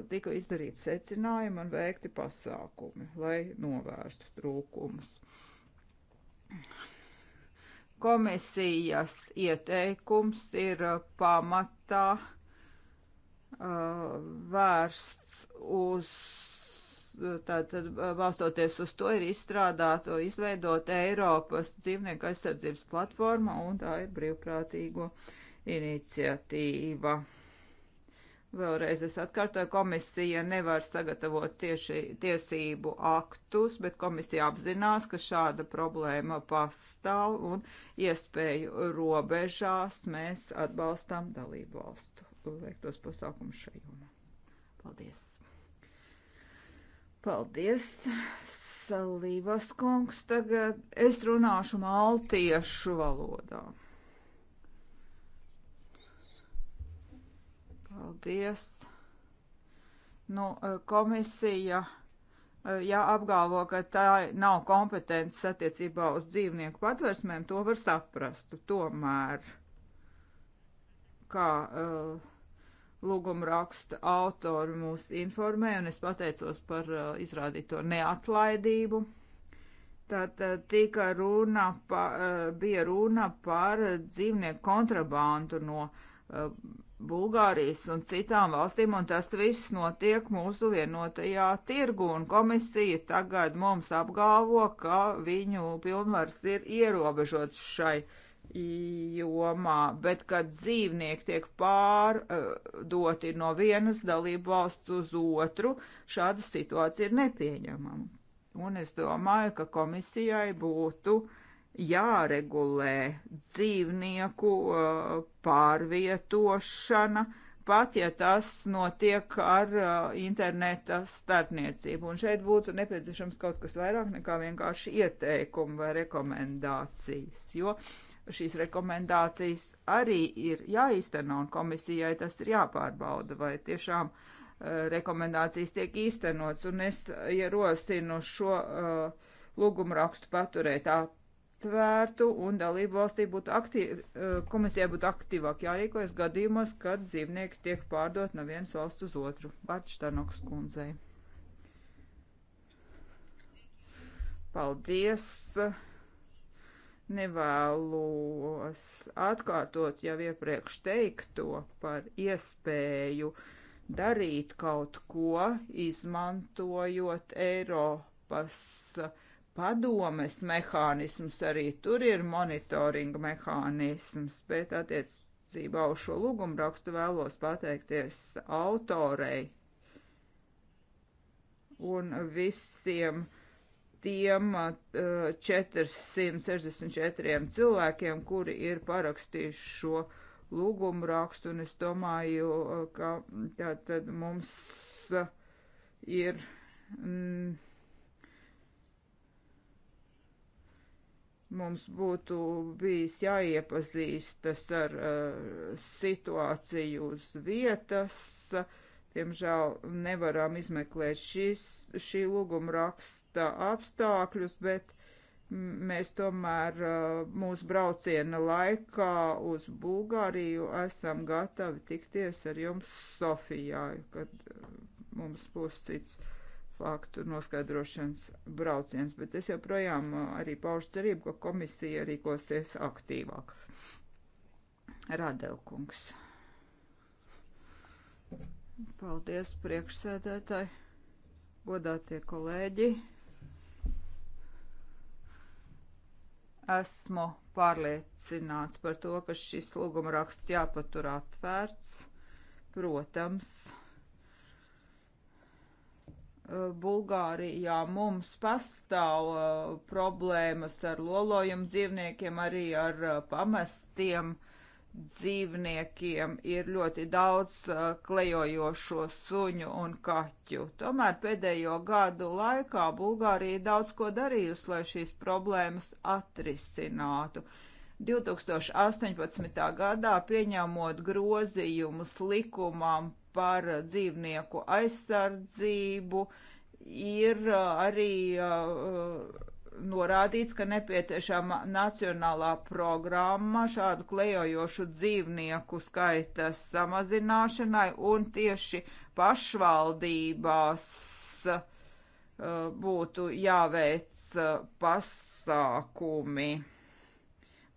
tika izdarīti secinājumi un veikti pasākumi, lai novērstu trūkumus. Komisijas ieteikums ir pamatā uh, vērsts uz, tātad balstoties uz to ir izstrādāto, izveidot Eiropas dzīvnieku aizsardzības platforma, un tā ir brīvprātīgo iniciatīva. Vēlreiz es atkārtoju, komisija nevar sagatavot tieši tiesību aktus, bet komisija apzinās, ka šāda problēma pastāv un iespēju robežās mēs atbalstām dalību valstu veiktos pasākumus šajā jomā. Paldies! Paldies, Salīvas kungs. Tagad es runāšu maltiešu valodā. Paldies. Nu, eh, komisija, eh, ja apgalvo, ka tā nav kompetence attiecībā uz dzīvnieku patversmēm, to var saprast. Tomēr, kā. Uh, Lūguma raksta autori mūs informē, un es pateicos par uh, izrādīto neatlaidību. Tātad uh, tika runa, pa, uh, bija runa par dzīvnieku kontrabandu no uh, Bulgārijas un citām valstīm, un tas viss notiek mūsu vienotajā tirgu, un komisija tagad mums apgalvo, ka viņu pilnvars ir ierobežots šai uh, jomā, bet kad dzīvnieki tiek pārdoti no vienas dalību valsts uz otru, šāda situācija ir nepieņemama. Un es domāju, ka komisijai būtu jāregulē dzīvnieku pārvietošana, pat ja tas notiek ar interneta starpniecību. Un šeit būtu nepieciešams kaut kas vairāk nekā vienkārši ieteikumi vai rekomendācijas, jo uh, šīs rekomendācijas arī ir jāīsteno, un komisijai tas ir jāpārbauda, vai tiešām uh, rekomendācijas tiek īstenots, un es ierosinu ja šo uh, eh, lūgumu rakstu paturēt atvērtu, un dalību valstī būtu aktīvi, uh, eh, komisijai būtu aktīvāk jārīkojas gadījumos, kad dzīvnieki tiek pārdot no vienas valsts uz otru. Bačtanoks kundzei. Paldies! Uh, nevēlos atkārtot jau iepriekš teikto par iespēju darīt kaut ko, izmantojot Eiropas padomes mehānismus, arī tur ir monitoringa mehānisms, bet attiecībā uz šo lūgumrakstu vēlos pateikties autorei un visiem uh, tiem 464 cilvēkiem, kuri ir parakstījuši šo lūgumu rakstu, un es domāju, ka tā tad mums ir. Mm, mums būtu bijis jāiepazīstas ar uh, situāciju uz vietas, uh, Diemžēl nevaram izmeklēt šis, šī lūguma raksta apstākļus, bet mēs tomēr mūsu brauciena laikā uz Bulgāriju esam gatavi tikties ar jums Sofijā, kad mums būs cits faktu noskaidrošanas brauciens, bet es joprojām arī paužu cerību, ka komisija rīkosies aktīvāk. Radevkungs. Paldies priekšsēdētāji, godātie kolēģi. Esmu pārliecināts par to, ka šis lūguma raksts jāpatur atvērts. Protams, Bulgārijā mums pastāv uh, problēmas ar lolojumu dzīvniekiem, arī ar uh, pamestiem dzīvniekiem ir ļoti daudz uh, klejojošo suņu un kaķu. Tomēr pēdējo gadu laikā Bulgārija daudz ko darījusi, lai šīs problēmas atrisinātu. 2018. gadā pieņemot grozījumus likumam par dzīvnieku aizsardzību, ir uh, arī uh, norādīts, ka nepieciešama nacionālā programma šādu klejojošu dzīvnieku skaita samazināšanai un tieši pašvaldībās uh, būtu jāveic uh, pasākumi.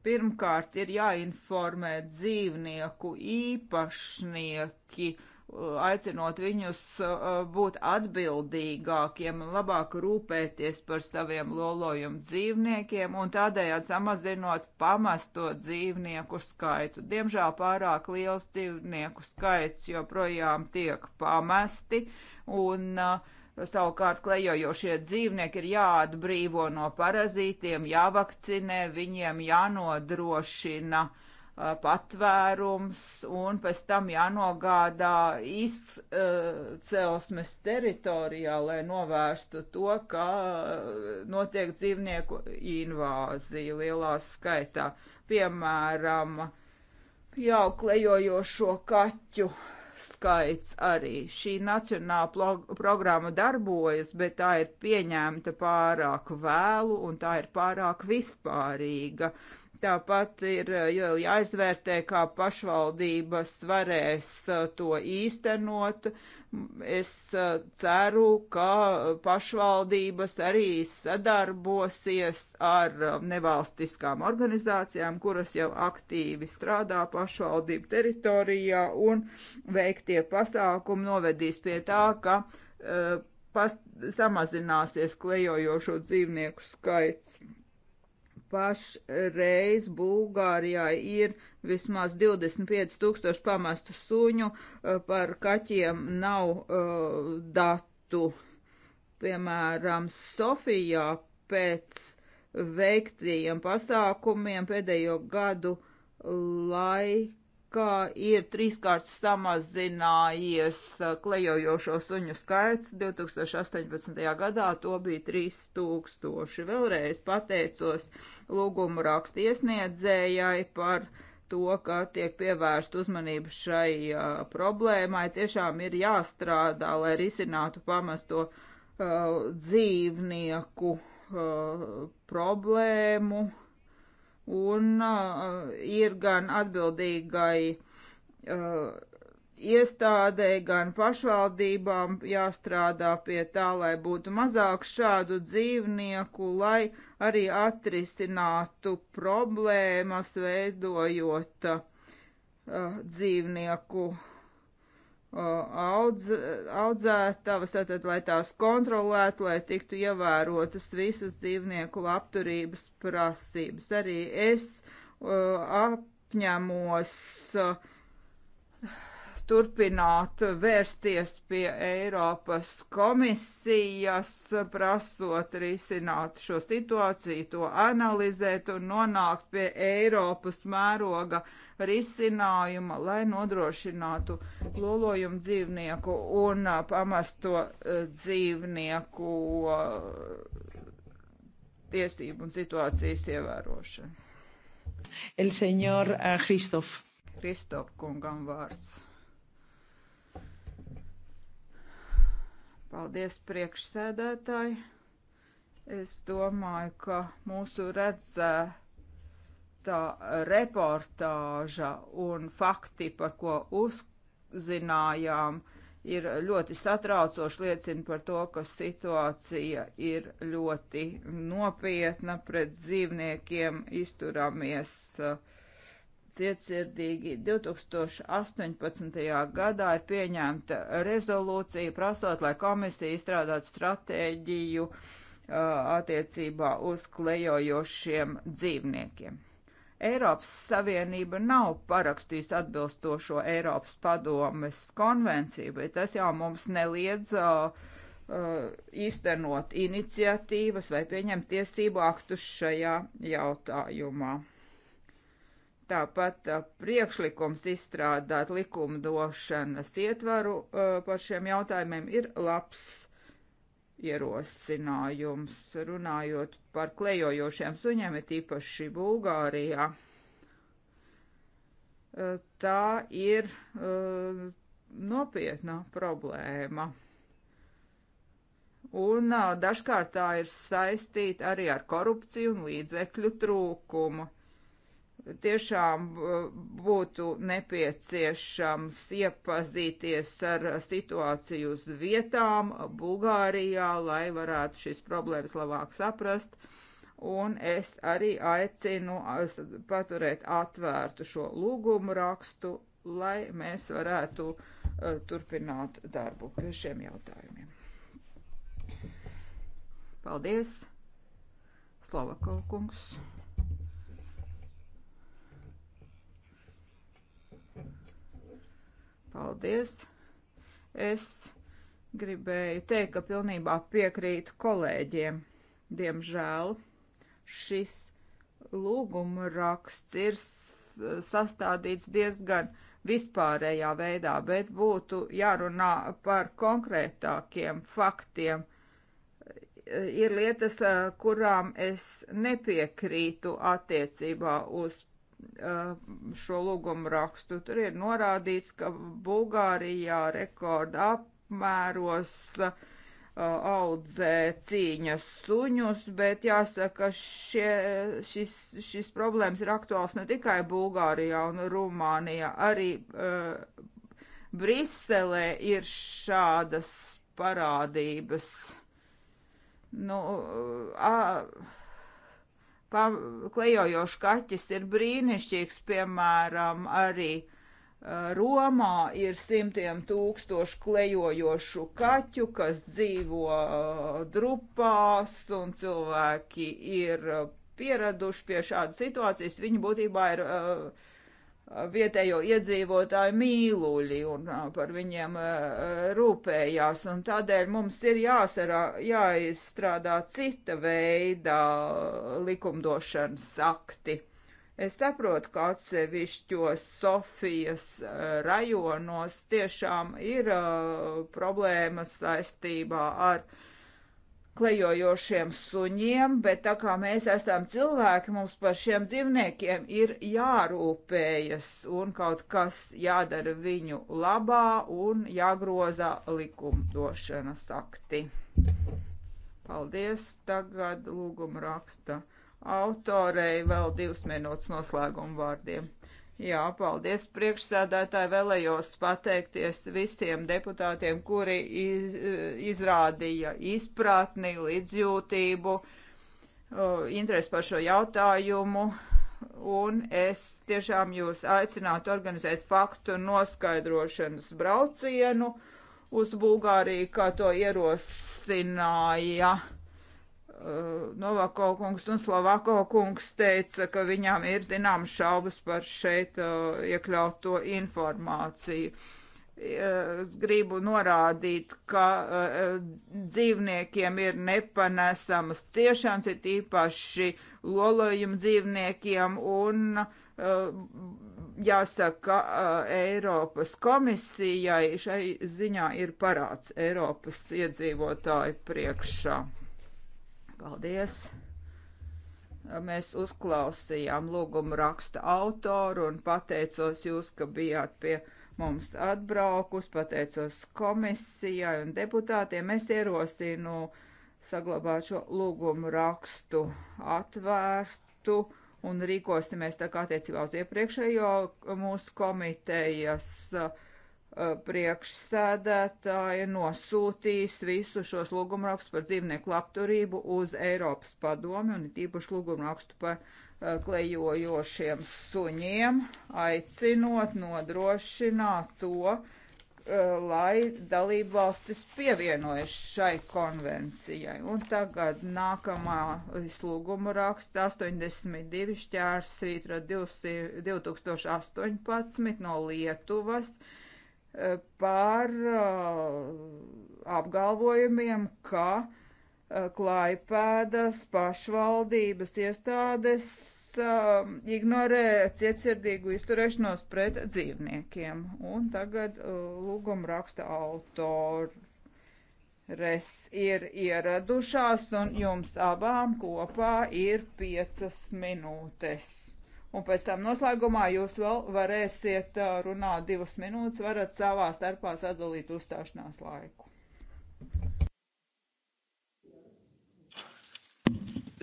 Pirmkārt, ir jāinformē dzīvnieku īpašnieki, uh, aicinot viņus uh, būt atbildīgākiem, labāk rūpēties par saviem lolojumu dzīvniekiem un tādējādi samazinot pamesto dzīvnieku skaitu. Diemžēl pārāk liels dzīvnieku skaits joprojām tiek pamesti un uh, Savukārt klejojošie dzīvnieki ir jāatbrīvo no parazītiem, jāvakcinē, viņiem jānodrošina uh, Uh, patvērums un pēc tam jānogādā izcelsmes uh, teritorijā, lai novērstu to, ka uh, notiek dzīvnieku invāzija lielā skaitā. Piemēram, pieauklējojošo kaķu skaits arī. Šī nacionāla programma darbojas, bet tā ir pieņemta pārāk vēlu un tā ir pārāk vispārīga. Tāpat ir eh, jāizvērtē, kā pašvaldības varēs eh, to īstenot. Es eh, ceru, ka pašvaldības arī sadarbosies ar nevalstiskām organizācijām, kuras jau aktīvi strādā pašvaldību teritorijā, un veiktie pasākumi novedīs pie tā, ka uh, pas, samazināsies klejojošo dzīvnieku skaits pašreiz Bulgārijā ir vismaz 25 tūkstoši pamestu suņu, eh, par kaķiem nav uh, datu. Piemēram, Sofijā pēc veiktajiem pasākumiem pēdējo gadu laiku ka ir trīskārt samazinājies uh, klejojošo suņu skaits. 2018. gadā to bija 3000. Vēlreiz pateicos lūgumu rakstu iesniedzējai par to, ka tiek pievērst uzmanību šai uh, problēmai. Tiešām ir jāstrādā, lai risinātu pamesto uh, dzīvnieku uh, problēmu. Uh, un uh, ir gan atbildīgai uh, iestādē, gan pašvaldībām jāstrādā pie tā, lai būtu mazāk šādu dzīvnieku, lai arī atrisinātu problēmas, veidojot uh, dzīvnieku audz, audzētavas, tātad, lai tās kontrolētu, lai tiktu ievērotas visas dzīvnieku labturības prasības. Arī es uh, apņemos uh, turpināt vērsties pie Eiropas komisijas, prasot risināt šo situāciju, to analizēt un nonākt pie Eiropas mēroga risinājuma, lai nodrošinātu lolojumu dzīvnieku un pamasto e, dzīvnieku e, tiesību un situācijas ievērošanu. El señor uh, eh, Kristof. Kristof kungam vārds. Paldies, priekšsēdētāji. Es domāju, ka mūsu redzēšana tā reportāža un fakti, par ko uzzinājām, ir ļoti satraucoši, liecina par to, ka situācija ir ļoti nopietna pret dzīvniekiem, izturamies uh, cietsirdīgi. 2018. gadā ir pieņemta rezolūcija prasot, lai komisija izstrādātu stratēģiju uh, attiecībā uz klejojošiem dzīvniekiem. Eiropas Savienība nav parakstījusi atbilstošo Eiropas padomes konvenciju, bet tas jau mums neliedz uh, uh, īstenot iniciatīvas vai pieņemt tiesību aktus šajā jautājumā. Tāpat priekšlikums izstrādāt likumdošanas ietvaru par šiem jautājumiem ir labs ierosinājums. Runājot par klejojošiem suņiem, ir tīpaši Bulgārijā. Tā ir nopietna problēma un dažkārt tā ir saistīta arī ar korupciju un līdzekļu trūkumu tiešām uh, būtu nepieciešams iepazīties ar situāciju uz vietām Bulgārijā, lai varētu šīs problēmas labāk saprast. Un es arī aicinu paturēt atvērtu šo lūgumu rakstu, lai mēs varētu uh, turpināt darbu pie šiem jautājumiem. Paldies, Slovakov kungs! Paldies! Es gribēju teikt, ka pilnībā piekrītu kolēģiem. Diemžēl šis lūguma raksts ir sastādīts diezgan vispārējā veidā, bet būtu jārunā par konkrētākiem faktiem. Ir lietas, kurām es nepiekrītu attiecībā uz Uh, šo lūgumu rakstu. Tur ir norādīts, ka Bulgārijā rekorda apmēros uh, audzē cīņas suņus, bet jāsaka, šie, šis, šis problēmas ir aktuāls ne tikai Bulgārijā un Rumānijā, arī uh, Briselē ir šādas parādības. Nu, uh, klejojošs kaķis ir brīnišķīgs, piemēram, arī Romā ir simtiem tūkstošu klejojošu kaķu, kas dzīvo uh, drupās, un cilvēki ir pieraduši pie šādas situācijas. Viņi būtībā ir uh, vietējo iedzīvotāju mīluļi un par viņiem rūpējās. Un tādēļ mums ir jāsarā, jāizstrādā cita veida likumdošanas akti. Es saprotu, ka atsevišķos Sofijas rajonos tiešām ir problēmas saistībā ar uh, klejojošiem suņiem, bet tā kā mēs esam cilvēki, mums par šiem dzīvniekiem ir jārūpējas un kaut kas jādara viņu labā un jāgrozā likumdošanas akti. Paldies, tagad lūguma raksta autorei vēl divas minūtes noslēguma vārdiem. Jā, paldies priekšsēdētāji. Vēlējos pateikties visiem deputātiem, kuri iz, izrādīja izpratni, līdzjūtību, interesi par šo jautājumu. Un es tiešām jūs aicinātu organizēt faktu noskaidrošanas braucienu uz Bulgāriju, kā to ierosināja. Ja Novako kungs un Slovako kungs teica, ka viņām ir zināmas šaubas par šeit uh, iekļauto informāciju uh, gribu norādīt, ka uh, dzīvniekiem ir nepanesamas ciešanas, ir īpaši lolojumu dzīvniekiem, un uh, jāsaka, uh, Eiropas komisijai šai ziņā ir parāds Eiropas iedzīvotāju priekšā. Paldies! Mēs uzklausījām lūgumu raksta autoru un pateicos jūs, ka bijāt pie mums atbraukus, pateicos komisijai un deputātiem. Es ierosinu saglabāt šo lūgumu rakstu atvērtu un rīkosimies tā kā attiecībā uz iepriekšējo mūsu komitejas uh, Eh, priekšsēdētāja nosūtīs visu šos lūgumrakstus par dzīvnieku labturību uz Eiropas padomi un tīpaši lūgumrakstu par uh, klejojošiem suņiem, aicinot nodrošināt to, uh, lai dalību valstis pievienojas šai konvencijai. Un tagad nākamā lūguma raksts 82 šķērsītra 2018 no Lietuvas. Uh, Eh, par eh, apgalvojumiem, ka eh, Klaipēdas pašvaldības iestādes ignorē cietsirdīgu izturēšanos pret dzīvniekiem. Un tagad lūguma raksta autores ir ieradušās, un jums abām kopā ir piecas minūtes. Un pēc tam noslēgumā jūs vēl varēsiet runāt divas minūtes, varat savā starpā sadalīt uzstāšanās laiku.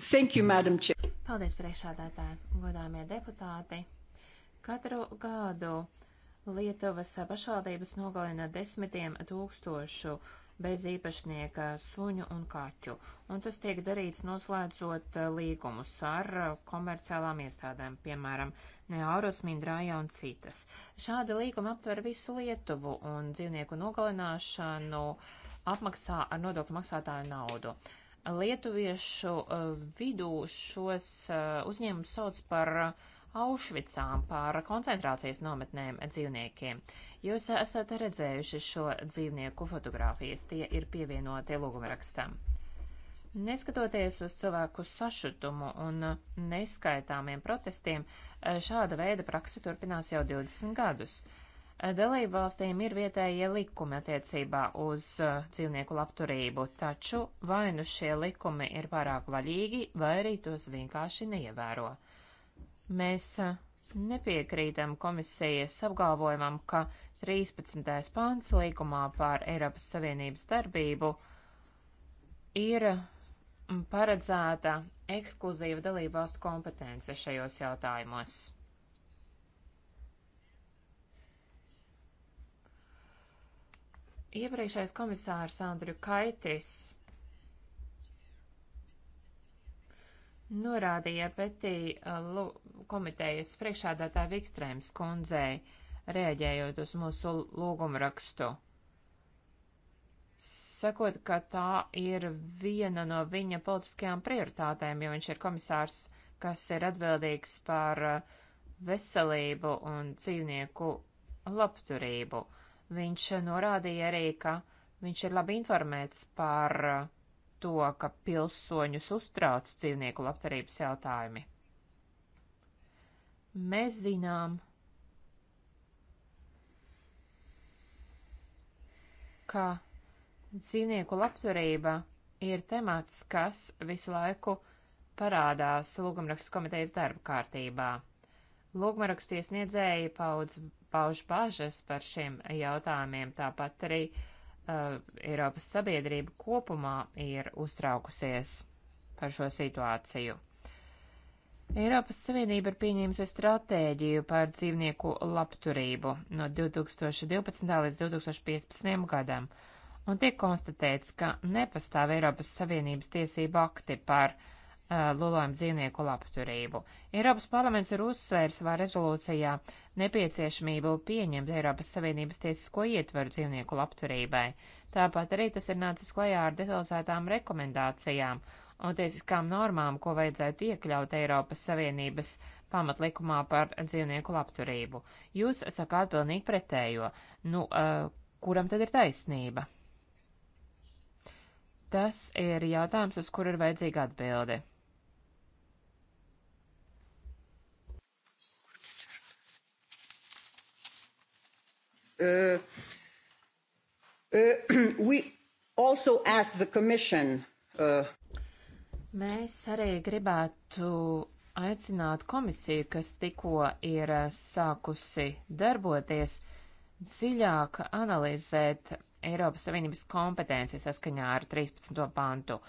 Thank you, Madam Chair. Paldies, priekšādātāji, godāmie deputāti. Katru gadu Lietuvas pašvaldības nogalina desmitiem tūkstošu uh, bez īpašnieka suņu un kaķu, un tas tiek darīts noslēdzot eh, līgumus ar eh, komerciālām iestādēm, piemēram, Neauros, Mindrāja un citas. Šāda līguma aptver visu Lietuvu un dzīvnieku nogalināšanu apmaksā ar nodokļu maksātāju naudu. Lietuviešu eh, vidū šos uzņēmumus sauc par uh, Aušvicām, par koncentrācijas nometnēm dzīvniekiem. Jūs esat redzējuši šo dzīvnieku fotogrāfijas, tie ir pievienoti lūgumrakstam. Neskatoties uz cilvēku sašutumu un neskaitāmiem protestiem, šāda veida praksa turpinās jau 20 gadus. Dalību valstīm ir vietējie likumi attiecībā uz uh, dzīvnieku labturību, taču vai nu šie likumi ir pārāk vaļīgi, vai arī tos vienkārši neievēro. Mēs nepiekrītam komisijas apgalvojumam, ka 13. pāns līgumā par Eiropas Savienības darbību ir paredzēta ekskluzīva dalībvalstu kompetence šajos jautājumos. Iepriekšējais komisārs Andriu Kaitis norādīja Petī uh, komitejas priekšādātāja Vikstrēms kundzei, rēģējot uz mūsu lūgumrakstu. Sakot, ka tā ir viena no viņa politiskajām prioritātēm, jo viņš ir komisārs, kas ir atbildīgs par uh, veselību un dzīvnieku labturību. Viņš norādīja arī, ka viņš ir labi informēts par uh, to, ka pilsoņus uztrauc dzīvnieku labdarības jautājumi. Mēs zinām, ka dzīvnieku labturība ir temats, kas visu laiku parādās lūgumrakstu komitejas darba kārtībā. Lūgumrakstu iesniedzēji pauž, pauž bažas par šiem jautājumiem, tāpat arī uh, uh, Eiropas sabiedrība kopumā ir uztraukusies par šo situāciju. Eiropas Savienība ir pieņēmusi stratēģiju par dzīvnieku labturību no 2012. līdz 2015. gadam, un tiek konstatēts, ka nepastāv Eiropas Savienības tiesība akti par uh, lulojam dzīvnieku labturību. Eiropas parlaments ir uzsvērs savā rezolūcijā, uh, nepieciešamību pieņemt Eiropas Savienības tiesisko ietvaru dzīvnieku labturībai. Tāpat arī tas ir nācis klajā ar detalizētām rekomendācijām un tiesiskām normām, ko vajadzētu iekļaut Eiropas Savienības pamatlikumā par dzīvnieku labturību. Jūs sakāt pilnīgi pretējo. Nu, uh, kuram tad ir taisnība? Tas ir jautājums, uz kuru ir vajadzīga atbilde. uh, uh, we also ask the Commission. Uh, Mēs arī gribētu aicināt komisiju, kas tikko ir uh, sākusi darboties, dziļāk analizēt Eiropas Savienības kompetenci saskaņā ar 13. pantu.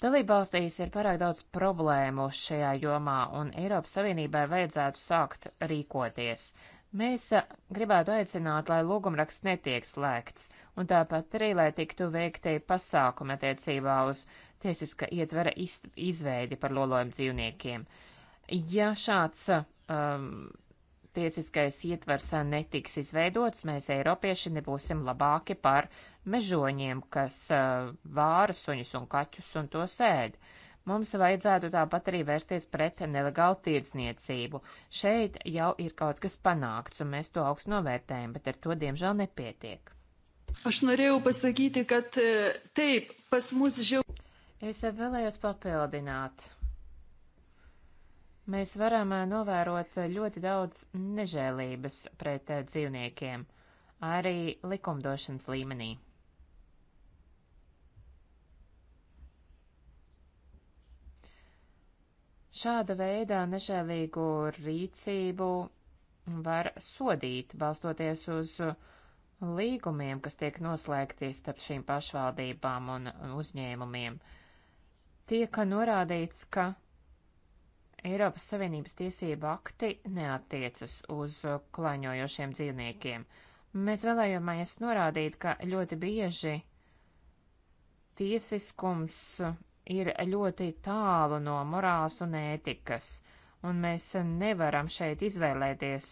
Dalībvalstīs ir pārāk daudz problēmu šajā jomā, un Eiropas Savienībai vajadzētu sākt rīkoties. Mēs gribētu aicināt, lai lūgumraksts netiek slēgts, un tāpat arī, lai tiktu veikti pasākumi attiecībā uz tiesiska ietvera iz, izveidi par lolojumu dzīvniekiem. Ja šāds um, tiesiskais ietvers netiks izveidots, mēs Eiropieši nebūsim labāki par mežoņiem, kas uh, vāra suņus un kaķus un to sēdi. Uh, Mums vajadzētu tāpat arī vērsties pret nelegālu tirdzniecību. Šeit jau ir kaut kas panākts, un mēs to augstu novērtējam, bet ar to diemžēl nepietiek. Aš norėjau pasakyti, kad e, taip, pas mus žiau. Es vēlējos papildināt. Mēs varam e, novērot e, ļoti daudz nežēlības pret dzīvniekiem, arī likumdošanas līmenī. Šāda veida nežēlīgu rīcību var sodīt, balstoties uz līgumiem, kas tiek noslēgti starp šīm pašvaldībām un uzņēmumiem. Tiek norādīts, ka Eiropas Savienības tiesība akti neatiecas uz klaņojošiem dzīvniekiem. Mēs vēlējāmies norādīt, ka ļoti bieži tiesiskums ir ļoti tālu no morāls un ētikas, un mēs nevaram šeit izvēlēties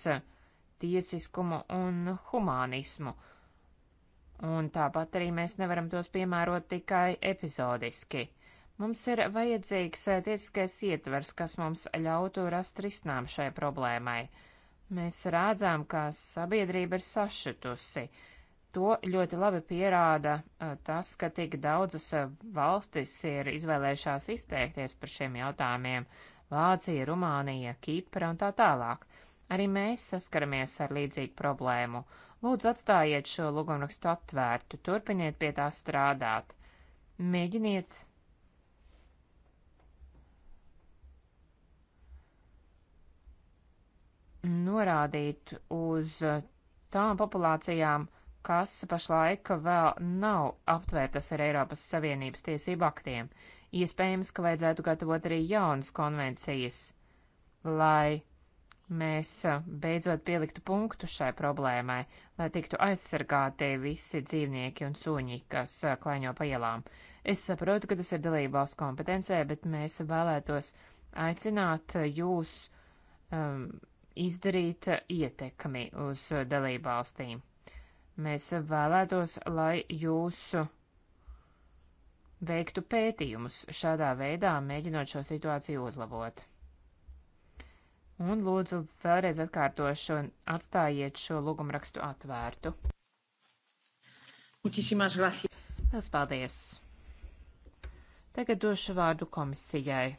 tiesiskumu un humānismu, un tāpat arī mēs nevaram tos piemērot tikai epizodiski. Mums ir vajadzīgs tiesiskais ietvers, kas mums ļautu rast risinājumu šai problēmai. Mēs redzam, ka sabiedrība ir sašutusi, uh, To ļoti labi pierāda uh, tas, ka tik daudzas uh, valstis ir izvēlējušās izteikties par šiem jautājumiem - Vācija, Rumānija, Kipra un tā tālāk. Arī mēs saskaramies ar līdzīgu problēmu. Lūdzu, atstājiet šo lūgumrakstu atvērtu, turpiniet pie tā strādāt. Mēģiniet norādīt uz uh, tām populācijām, uh, kas pašlaik vēl nav aptvērtas ar Eiropas Savienības tiesību aktiem. Iespējams, ka vajadzētu gatavot arī jaunas konvencijas, lai mēs beidzot pieliktu punktu šai problēmai, lai tiktu aizsargāti visi dzīvnieki un suņi, kas uh, klaiņo pa ielām. Es saprotu, ka tas ir dalībvalsts kompetencē, bet mēs vēlētos aicināt jūs um, izdarīt ietekmi uz dalībvalstīm. Mēs vēlētos, lai jūs veiktu pētījumus šādā veidā, mēģinot šo situāciju uzlabot. Un lūdzu, vēlreiz atkārtošu, atstājiet šo lūgumrakstu atvērtu. Muchísimas gracias. Lielas paldies. Tagad došu vārdu komisijai.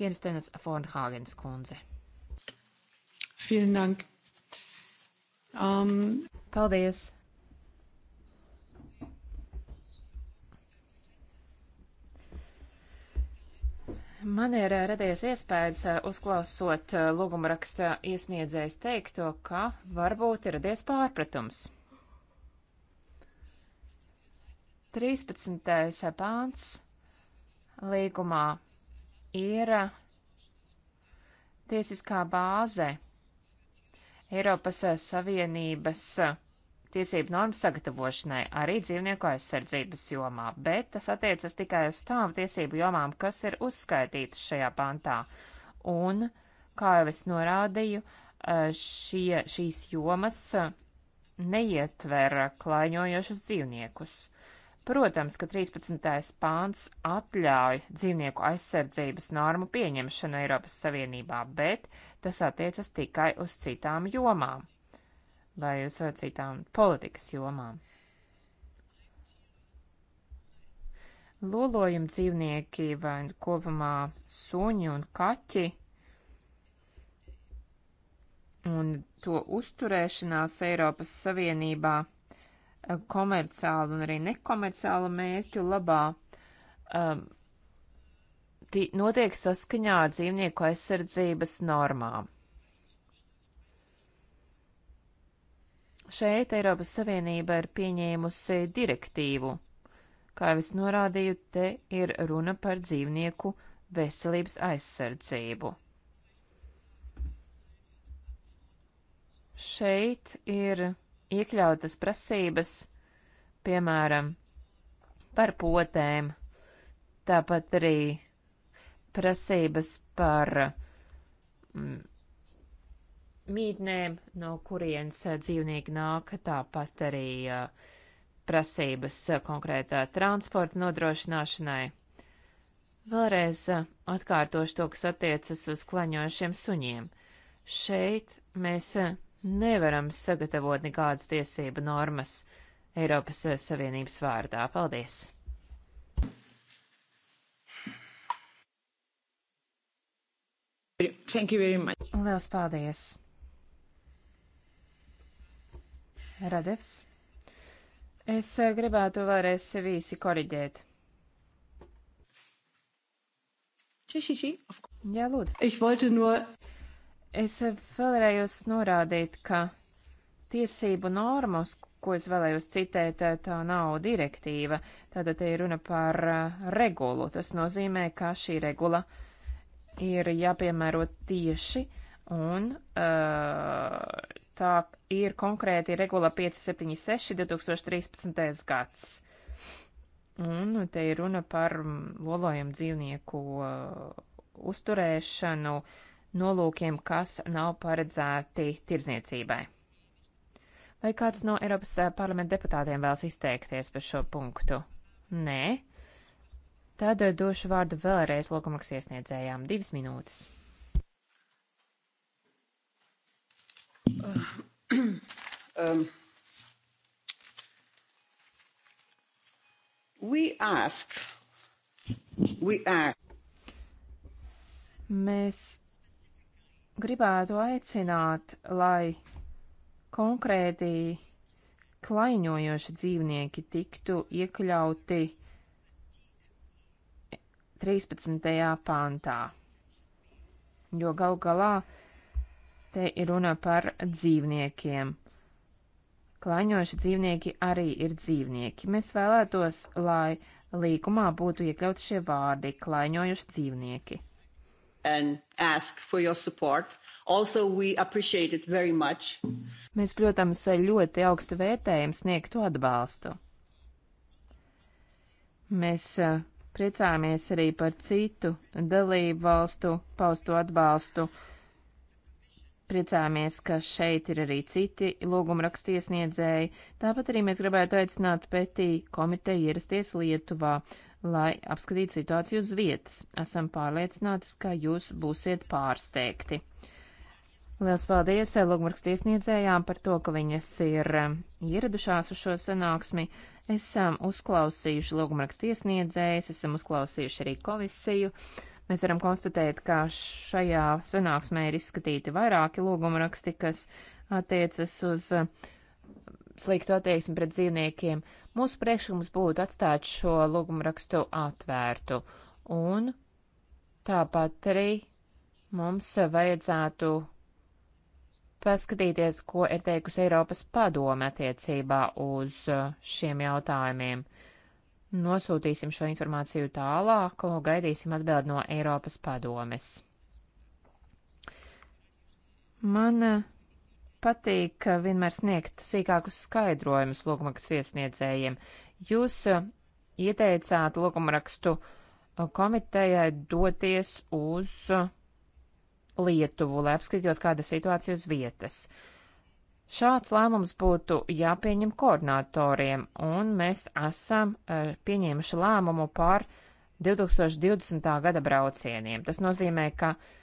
Kirstenes Fondhāgens kundze. Vielen Dank. Um, Paldies! Man ir eh, radies iespējas, eh, uzklausot eh, lūgumraksta iesniedzējs teikto, ka varbūt ir radies pārpratums. 13. pāns līgumā ir tiesiskā bāze Eiropas eh, Savienības eh, tiesību normu sagatavošanai arī dzīvnieku aizsardzības jomā, bet tas attiecas tikai uz tām tiesību jomām, kas ir uzskaitītas šajā pantā. Un, kā jau es norādīju, eh, šie, šīs jomas neietver klaiņojošus dzīvniekus. Protams, ka 13. pāns atļauj dzīvnieku aizsardzības normu pieņemšanu Eiropas Savienībā, bet tas attiecas tikai uz citām jomām vai uz uh, citām politikas jomām. Lolojuma dzīvnieki vai kopumā suņi un kaķi un to uzturēšanās Eiropas Savienībā – Eh, komerciālu un arī nekomerciālu mērķu labā um, notiek saskaņā ar dzīvnieku aizsardzības normām. Šeit Eiropas Savienība ir pieņēmusi direktīvu. Kā jau es norādīju, te ir runa par dzīvnieku veselības aizsardzību. Šeit ir iekļautas prasības, piemēram, par potēm, tāpat arī prasības par mm, mītnēm, no kurienes eh, dzīvnieki nāk, tāpat arī uh, prasības eh, konkrētā transporta nodrošināšanai. Vēlreiz uh, atkārtošu to, kas attiecas uz klaņojošiem suņiem. Šeit mēs uh, nevaram sagatavot nekādas tiesību normas Eiropas eh, Savienības vārdā. Paldies! Thank you very much. Lielas paldies! Radevs. Es eh, gribētu vēlreiz sevi īsi koriģēt. Či, či, či. Jā, lūdzu. Ich wollte nur Es vēlējos norādīt, ka tiesību normas, ko es vēlējos citēt, tā nav direktīva. Tātad te ir runa par regulu. Tas nozīmē, ka šī regula ir jāpiemēro tieši un uh, tā ir konkrēti regula 576 2013. gads. Un te ir runa par lolojumu dzīvnieku uh, uzturēšanu, uh, nolūkiem, kas nav paredzēti tirdzniecībai. Vai kāds no Eiropas eh, parlamenta deputātiem vēlas izteikties par šo punktu? Nē. Tad eh, došu vārdu vēlreiz logamaks iesniedzējām divas minūtes. um, we ask, we ask. Mēs gribētu aicināt, lai konkrēti klaiņojoši dzīvnieki tiktu iekļauti 13. pāntā, jo gal galā te ir runa par dzīvniekiem. Klaiņojoši dzīvnieki arī ir dzīvnieki. Mēs vēlētos, lai līkumā būtu iekļauti šie vārdi - klaiņojoši dzīvnieki and ask for your support. Also, we appreciate it very much. Mēs, protams, ļoti augstu vērtējam sniegto atbalstu. Mēs eh, priecāmies arī par citu dalību valstu pausto atbalstu. Priecāmies, ka šeit ir arī citi lūgumrakstu iesniedzēji. Tāpat arī mēs gribētu aicināt Petī komiteju ierasties Lietuvā lai apskatītu situāciju uz vietas. Esam pārliecināti, ka jūs būsiet pārsteigti. Lielas paldies eh, Lūgmarks tiesniedzējām par to, ka viņas ir eh, ieradušās uz šo sanāksmi. Esam uzklausījuši Lūgmarks tiesniedzējas, esam uzklausījuši arī komisiju. Mēs varam konstatēt, ka šajā sanāksmē ir izskatīti vairāki lūgumraksti, kas attiecas uz sliktu attieksmi pret dzīvniekiem, mūsu priekšlikums būtu atstāt šo lūgumrakstu atvērtu. Un tāpat arī mums vajadzētu paskatīties, ko ir teikusi Eiropas padome attiecībā uz uh, šiem jautājumiem. Nosūtīsim šo informāciju tālāk un gaidīsim atbildi no Eiropas padomes. Man uh, patīk vienmēr sniegt sīkākus skaidrojumus lūgumrakstu iesniedzējiem. Jūs eh, ieteicāt lūgumrakstu eh, komitejai doties uz eh, Lietuvu, lai apskatītos, kāda situācija uz vietas. Šāds lēmums būtu jāpieņem koordinatoriem, un mēs esam pieņēmuši lēmumu par 2020. gada braucieniem. Tas nozīmē, ka uh,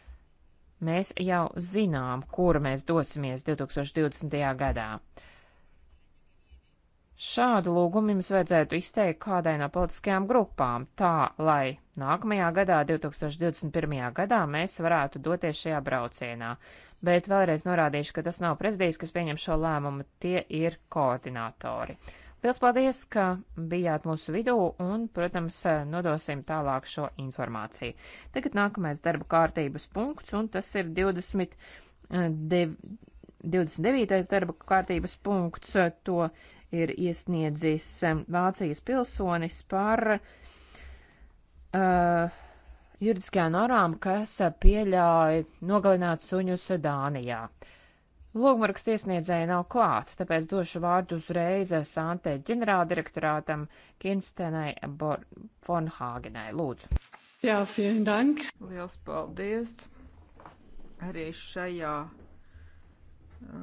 Mēs jau zinām, kur mēs dosimies 2020. gadā. Šādu lūgumu jums vajadzētu izteikt kādai no politiskajām grupām, tā lai nākamajā gadā, 2021. gadā, mēs varētu doties šajā braucienā. Bet vēlreiz norādīšu, ka tas nav prezidijs, kas pieņem šo lēmumu, tie ir koordinātori. Pils paldies, ka bijāt mūsu vidū un, protams, nodosim tālāk šo informāciju. Tagad nākamais darba kārtības punkts, un tas ir 20, eh, dev, 29. darba kārtības punkts. To ir iesniedzis eh, Vācijas pilsonis par uh, juridiskajām normām, kas pieļauj nogalināt suņus Dānijā. Uh, Lūgmarks iesniedzēja nav klāt, tāpēc došu vārdu uzreiz Santē ģenerāldirektorātam Kinstenai Fonhāgenai. Lūdzu. Jā, vielen dank. Liels paldies. Arī šajā uh,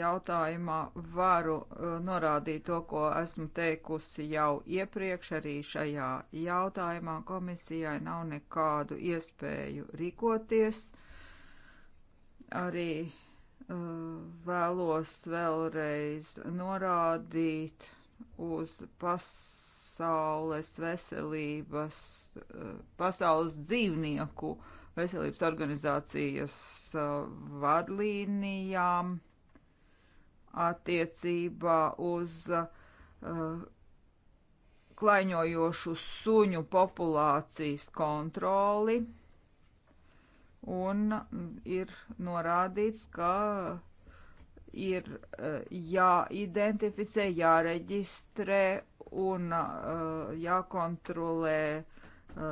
jautājumā varu uh, norādīt to, ko esmu teikusi jau iepriekš. Arī šajā jautājumā komisijai nav nekādu iespēju rīkoties. Arī Eh, vēlos vēlreiz norādīt uz pasaules veselības, eh, pasaules dzīvnieku veselības organizācijas eh, vadlīnijām attiecībā uz klaiņojošu suņu populācijas kontroli un ir norādīts, ka ir e, jāidentificē, jāreģistrē un e, jākontrolē e,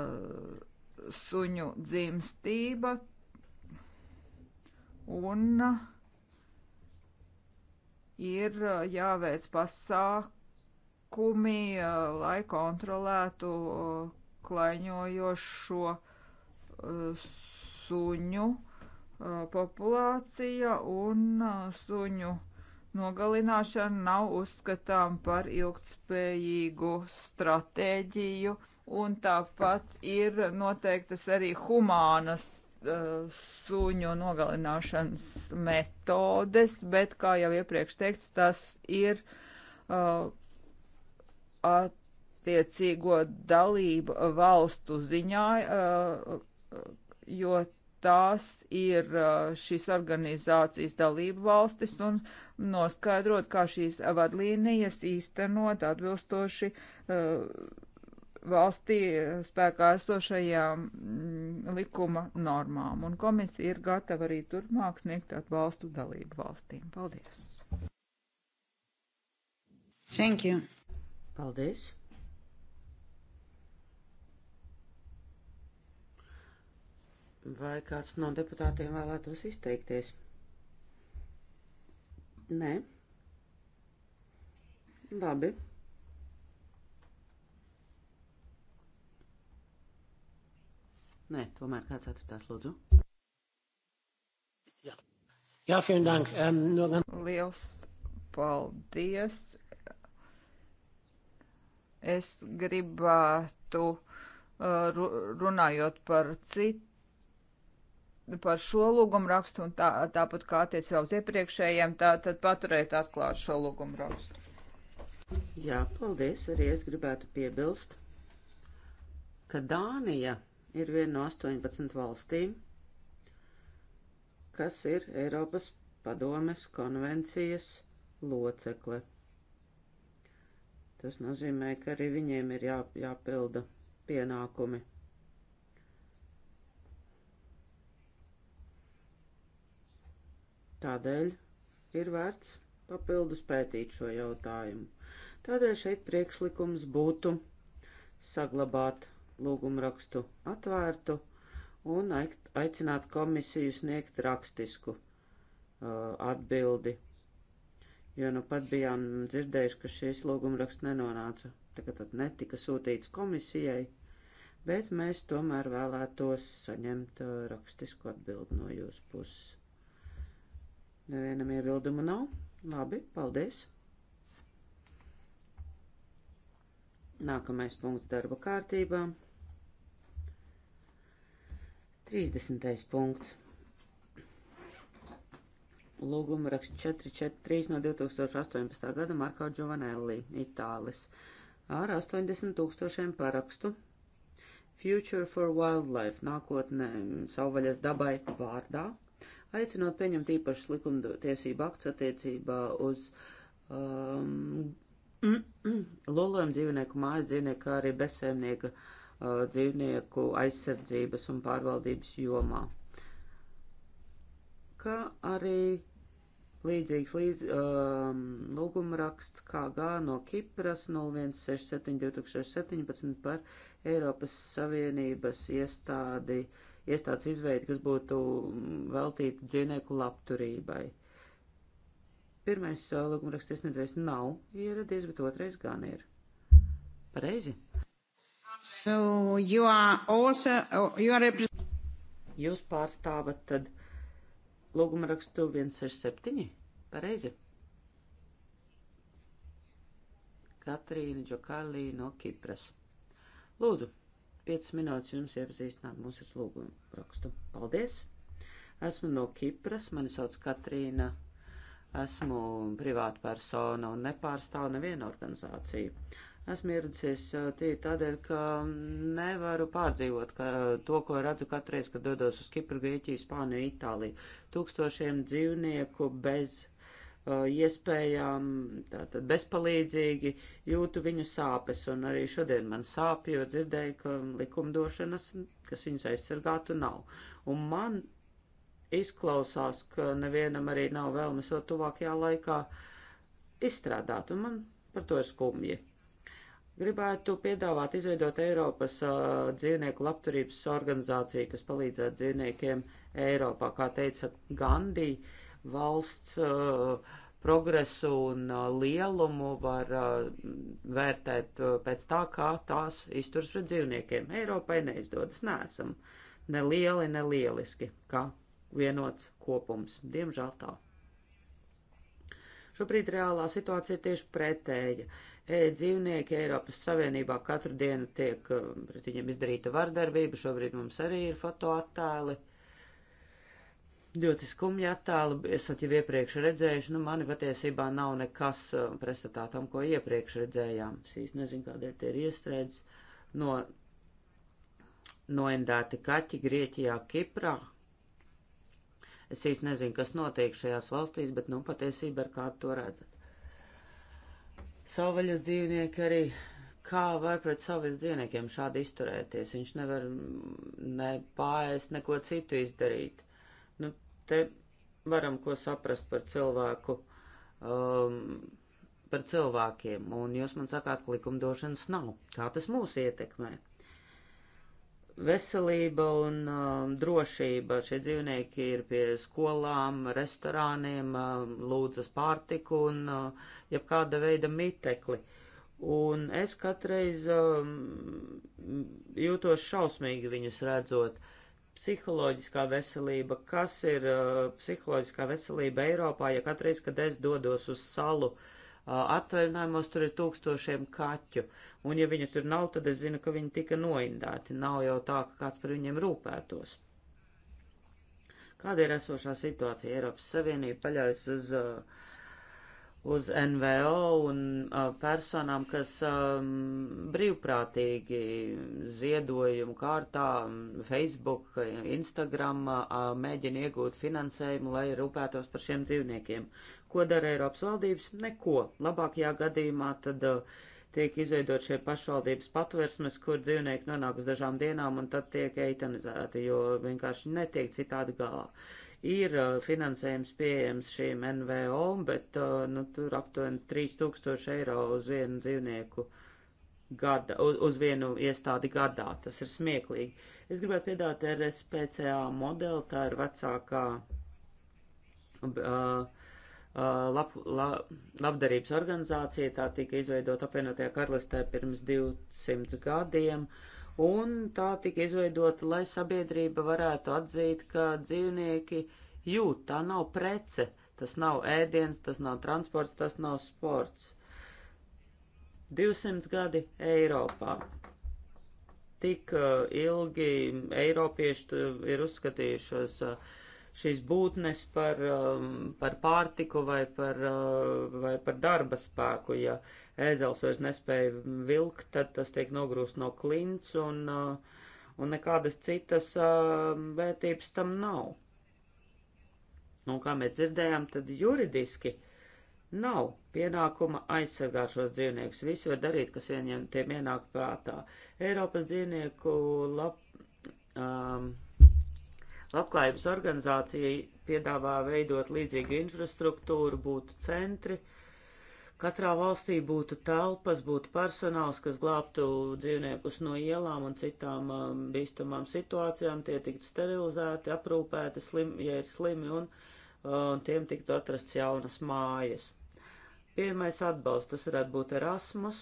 suņu dzimstība un ir jāveic pasākumi, lai kontrolētu klaiņojošo suņu uh, populācija un uh, suņu nogalināšana nav uzskatām par ilgtspējīgu stratēģiju, un tāpat ir noteiktas arī humānas uh, suņu nogalināšanas metodes, bet, kā jau iepriekš teikts, tas ir uh, attiecīgo dalību valstu ziņā, uh, jo tās ir uh, šīs organizācijas dalību valstis un noskaidrot, kā šīs vadlīnijas īstenot atbilstoši uh, valstī spēkā esošajām mm, likuma normām. Un komisija ir gatava arī turpmāk sniegt atbalstu dalību valstīm. Paldies! Thank you! Paldies! Vai kāds no deputātiem vēlētos izteikties? Nē. Labi. Nē, tomēr kāds atstās lūdzu. Jā, Jā vielen dank. Um, no gan... Liels paldies. Es gribētu uh, runājot par citu par šo lūgumu rakstu un tā, tāpat kā attiecībā uz iepriekšējiem, tā, tad paturēt atklāt šo lūgumu rakstu. Jā, paldies. Arī es gribētu piebilst, ka Dānija ir viena no 18 valstīm, kas ir Eiropas padomes konvencijas locekle. Tas nozīmē, ka arī viņiem ir jā, jāpilda pienākumi. Tādēļ ir vērts papildus pētīt šo jautājumu. Tādēļ šeit priekšlikums būtu saglabāt lūgumrakstu atvērtu un aicināt komisiju sniegt rakstisku uh, atbildi. Jo nu pat bijām dzirdējuši, ka šis lūgumraksts nenonāca, tagad tad netika sūtīts komisijai, bet mēs tomēr vēlētos saņemt uh, rakstisku atbildi no jūsu puses. Nevienam iebildumu nav. Labi, paldies. Nākamais punkts darba kārtībā. 30. punkts. Lūguma raksts 443 no 2018. gada Marko Giovanelli, Itālis, ar 80 tūkstošiem parakstu. Future for Wildlife, nākotnē savvaļas dabai vārdā aicinot pieņemt īpašas likumtiesību akts attiecībā uz um, lolojumu dzīvnieku, mājas dzīvnieku, kā arī bezsēmnieka uh, dzīvnieku aizsardzības un pārvaldības jomā. Kā arī līdzīgs līdz, um, lūgumraksts KG no Kipras 0167-2017 par Eiropas Savienības iestādi uh, iestādes izveidi, kas būtu veltīti dzīvnieku labturībai. Pirmais uh, lūgumraksta iesniedzējs nav ieradies, bet otrais gan ir. Pareizi. So you are also, oh, you are Jūs pārstāvat tad lūgumrakstu 167. Pareizi. Katrīna Džokalī no Kipras. Lūdzu. 5 minūtes jums iepazīstināt mūsu ar lūgumu rakstu. Paldies! Esmu no Kipras, mani sauc Katrīna, esmu privāta persona un nepārstāvu nevienu organizāciju. Esmu ieradusies tī tādēļ, ka nevaru pārdzīvot ka to, ko redzu katru reizi, kad dodos uz Kipru, Grieķiju, Spāniju, Itāliju. Tūkstošiem dzīvnieku bez Uh, iespējām tātad bezpalīdzīgi jūtu viņu sāpes, un arī šodien man sāp, jo dzirdēju, ka likumdošanas, kas viņus aizsargātu, nav. Un man izklausās, ka nevienam arī nav vēlmes to tuvākajā laikā izstrādāt, un man par to ir skumji. Gribētu piedāvāt izveidot Eiropas uh, dzīvnieku labturības organizāciju, kas palīdzētu dzīvniekiem Eiropā, kā teica Gandija valsts uh, progresu un uh, lielumu var uh, vērtēt uh, pēc tā, kā tās izturs pret dzīvniekiem. Eiropai neizdodas, neesam nelieli, nelieliski, kā vienots kopums. Diemžēl tā. Šobrīd reālā situācija ir tieši pretēja. E, dzīvnieki Eiropas Savienībā katru dienu tiek pret viņiem izdarīta vardarbība, šobrīd mums arī ir fotoattēli. Uh, ļoti skumji attēli, esat jau iepriekš redzējuši, nu mani patiesībā nav nekas uh, pretstatā tam, ko iepriekš redzējām. Es īsti nezinu, kādēļ tie ir iestrēdzis no noendēti kaķi Grieķijā, Kiprā. Es īsti nezinu, kas notiek šajās valstīs, bet nu patiesībā ar kādu to redzat. Savvaļas dzīvnieki arī, kā var pret savvaļas dzīvniekiem šādi izturēties? Viņš nevar mm, ne pārēst, neko citu izdarīt te varam ko saprast par cilvēku, um, par cilvēkiem, un jūs man sakāt, ka likumdošanas nav. Kā tas mūs ietekmē? Veselība un um, drošība. Šie dzīvnieki ir pie skolām, restorāniem, um, lūdzas pārtiku un uh, jebkāda veida mitekli. Un es katreiz um, jūtos šausmīgi viņus redzot. Uh, psiholoģiskā veselība, kas ir uh, psiholoģiskā veselība Eiropā, ja katreiz, kad es dodos uz salu uh, atvaļinājumos, tur ir tūkstošiem kaķu, un ja viņi tur nav, tad es zinu, ka viņi tika noindēti, nav jau tā, ka kāds par viņiem rūpētos. Kāda ir esošā situācija? Eiropas Savienība paļaujas uz uh, uz NVO un uh, personām, kas um, brīvprātīgi ziedojumu kārtā, um, Facebook, Instagram uh, mēģina iegūt finansējumu, lai rūpētos par šiem dzīvniekiem. Ko dara Eiropas valdības? Neko. Labākajā gadījumā tad uh, tiek izveidot šie pašvaldības patversmes, kur dzīvnieki nonāk uz dažām dienām un tad tiek eitanizēti, jo vienkārši netiek citādi galā. Uh, ir uh, finansējums pieejams šīm NVO, bet uh, nu, tur aptuveni 3000 eiro uz vienu dzīvnieku gada, uz vienu iestādi gadā. Tas ir smieklīgi. Es gribētu piedāvāt RSPCA modeli, tā ir vecākā uh, uh, lab, lab, labdarības organizācija, tā tika izveidota apvienotajā karalistē pirms 200 gadiem. Uh, un tā tika izveidota, lai sabiedrība varētu atzīt, ka dzīvnieki jūt, tā nav prece, tas nav ēdiens, tas nav transports, tas nav sports. 200 gadi Eiropā. Tik uh, ilgi Eiropieši ir uzskatījušos uh, šīs būtnes par, um, par pārtiku vai par, uh, vai par darba spēku. Ja ēzels vairs nespēja vilkt, tad tas tiek nogrūst no klints un, uh, un nekādas citas uh, vērtības tam nav. Un nu, kā mēs dzirdējām, tad juridiski nav pienākuma aizsargāt šos dzīvniekus. Visi var darīt, kas viņiem tiem ienāk prātā. Eiropas dzīvnieku lab, um, labklājības organizācija piedāvā veidot līdzīgu infrastruktūru, būtu centri. Uh, Katrā valstī būtu telpas, būtu personāls, kas glābtu dzīvniekus no ielām un citām um, bīstamām situācijām. Tie tiktu sterilizēti, aprūpēti, slim, ja ir slimi, un, uh, un tiem tiktu atrasts jaunas mājas. Pirmais atbalsts tas varētu būt Erasmus.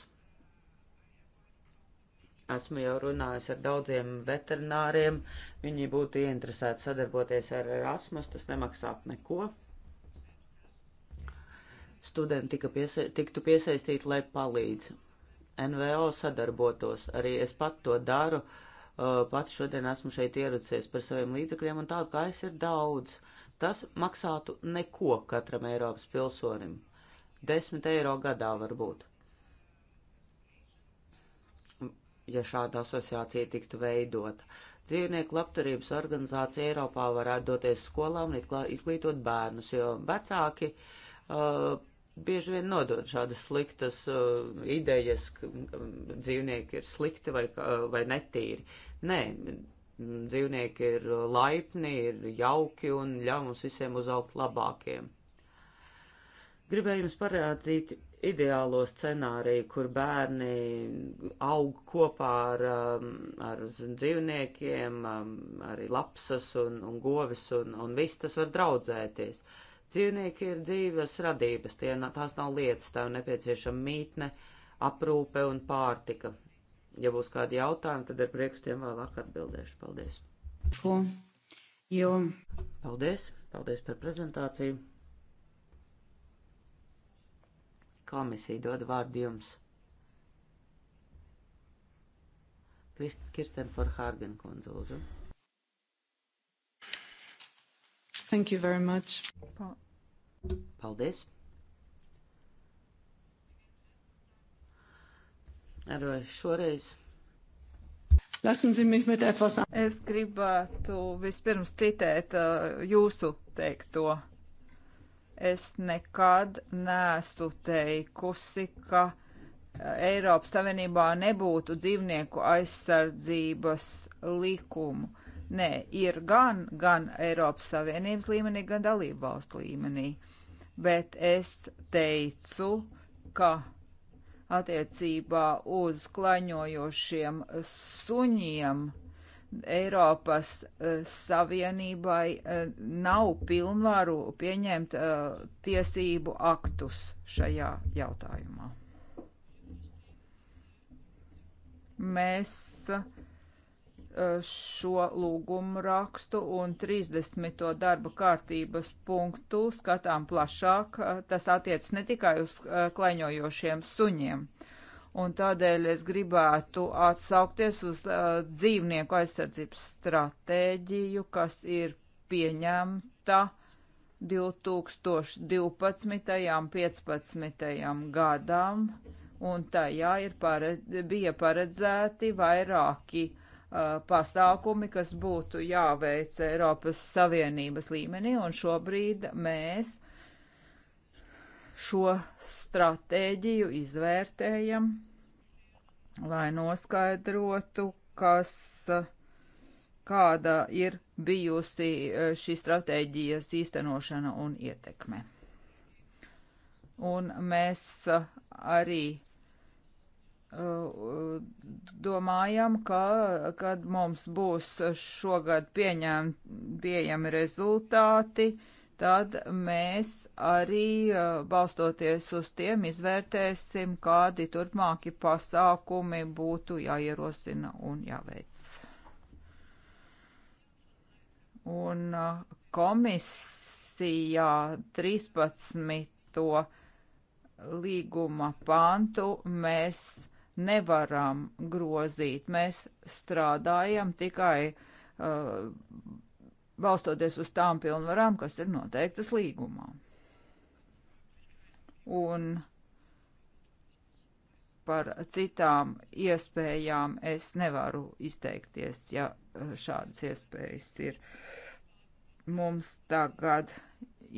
Esmu jau runājis ar daudziem veterināriem. Viņi būtu ieinteresēti sadarboties ar Erasmus. Tas nemaksātu neko studenti tika piesa tiktu piesaistīti, lai palīdz. NVO sadarbotos, arī es pat to daru, uh, pats šodien esmu šeit ieradusies par saviem līdzekļiem, un tādu kā es ir daudz. Tas maksātu neko katram Eiropas pilsonim. 10 eiro gadā varbūt. Ja šāda asociācija tiktu veidota, dzīvnieku labturības organizācija Eiropā varētu doties skolām un izglītot bērnus, jo vecāki uh, bieži vien nodod šādas sliktas uh, idejas, ka um, dzīvnieki ir slikti vai, uh, vai netīri. Nē, dzīvnieki ir laipni, ir jauki un ļauj mums visiem uzaugt labākiem. Gribēju jums parādīt ideālo scenāriju, kur bērni aug kopā ar, um, ar dzīvniekiem, um, arī lapsas un, un govis, un, un viss tas var draudzēties. Uh, Dzīvnieki ir dzīves radības, tie, tās nav lietas, tām nepieciešama mītne, aprūpe un pārtika. Ja būs kādi jautājumi, tad ar prieku tiem vēlāk atbildēšu. Paldies! Ko? Jo. Paldies! Paldies par prezentāciju! Komisija dod vārdu jums! Kirsten Forhārgen kundze, lūdzu. Thank you very much. Paldies. Ar šoreiz. Lassen Sie mich mit etwas an. Es gribētu vispirms citēt uh, jūsu teikto. Es nekad neesmu teikusi, ka. Uh, Eiropas Savienībā nebūtu dzīvnieku aizsardzības likumu. Nē, ir gan, gan Eiropas Savienības līmenī, gan dalību valstu līmenī. Bet es teicu, ka attiecībā uz klaņojošiem suņiem Eiropas eh, Savienībai eh, nav pilnvaru pieņemt eh, tiesību aktus šajā jautājumā. Mēs uh, Eh, šo lūgumu rakstu un 30. darba kārtības punktu skatām plašāk. Eh, tas attiec ne tikai uz eh, kleņojošiem suņiem. Un tādēļ es gribētu atsaukties uz uh, dzīvnieku aizsardzības stratēģiju, kas ir pieņemta 2012. un 2015. gadam, un tajā ir pared, bija paredzēti vairāki Uh, pasākumi, kas būtu jāveic Eiropas Savienības līmenī, un šobrīd mēs šo stratēģiju izvērtējam, lai noskaidrotu, kas, kāda ir bijusi uh, šī stratēģijas īstenošana un ietekme. Un mēs uh, arī Uh, domājam, ka, kad mums būs šogad pieņem, pieejami rezultāti, tad mēs arī uh, balstoties uz tiem izvērtēsim, kādi turpmāki pasākumi būtu jāierosina un jāveic. Un uh, komisijā 13. līguma pantu mēs nevaram grozīt. Mēs strādājam tikai uh, balstoties uz tām pilnvarām, kas ir noteiktas līgumā. Un par citām iespējām es nevaru izteikties, ja uh, šādas iespējas ir. Mums tagad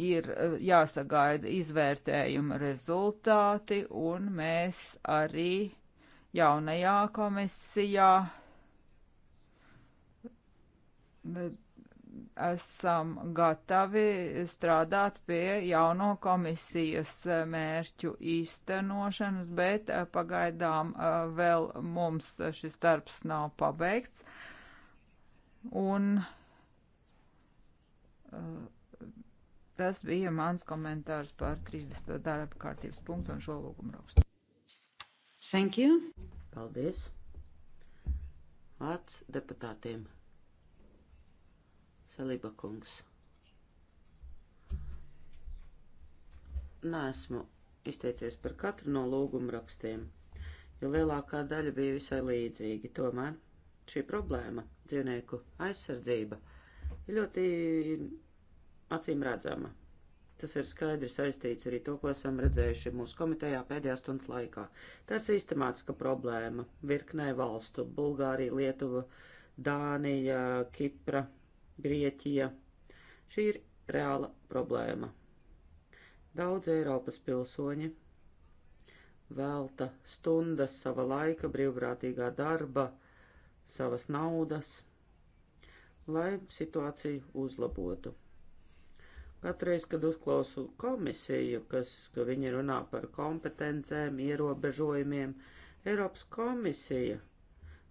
ir uh, jāsagaida izvērtējuma rezultāti, un mēs arī jaunajā komisijā esam gatavi strādāt pie jauno komisijas mērķu īstenošanas, bet eh, pagaidām eh, vēl mums šis darbs nav pabeigts. Un eh, tas bija mans komentārs par 30. darba kārtības punktu un šo lūgumu rakstu. Thank you. Paldies. Vārds deputātiem. Saliba kungs. Nesmu izteicies par katru no lūgumrakstiem, jo lielākā daļa bija visai līdzīgi. Tomēr šī problēma, dzīvnieku aizsardzība, ir ļoti acīm redzama. Tas ir skaidri saistīts arī to, ko esam redzējuši mūsu komitejā pēdējā stundas laikā. Tā ir sistemātiska problēma virknē valstu - Bulgārija, Lietuva, Dānija, Kipra, Grieķija. Šī ir reāla problēma. Daudz Eiropas pilsoņi velta stundas sava laika, brīvprātīgā darba, savas naudas, lai situāciju uzlabotu. Katreiz, kad uzklausu komisiju, kas, ka viņi runā par kompetencēm, ierobežojumiem, Eiropas komisija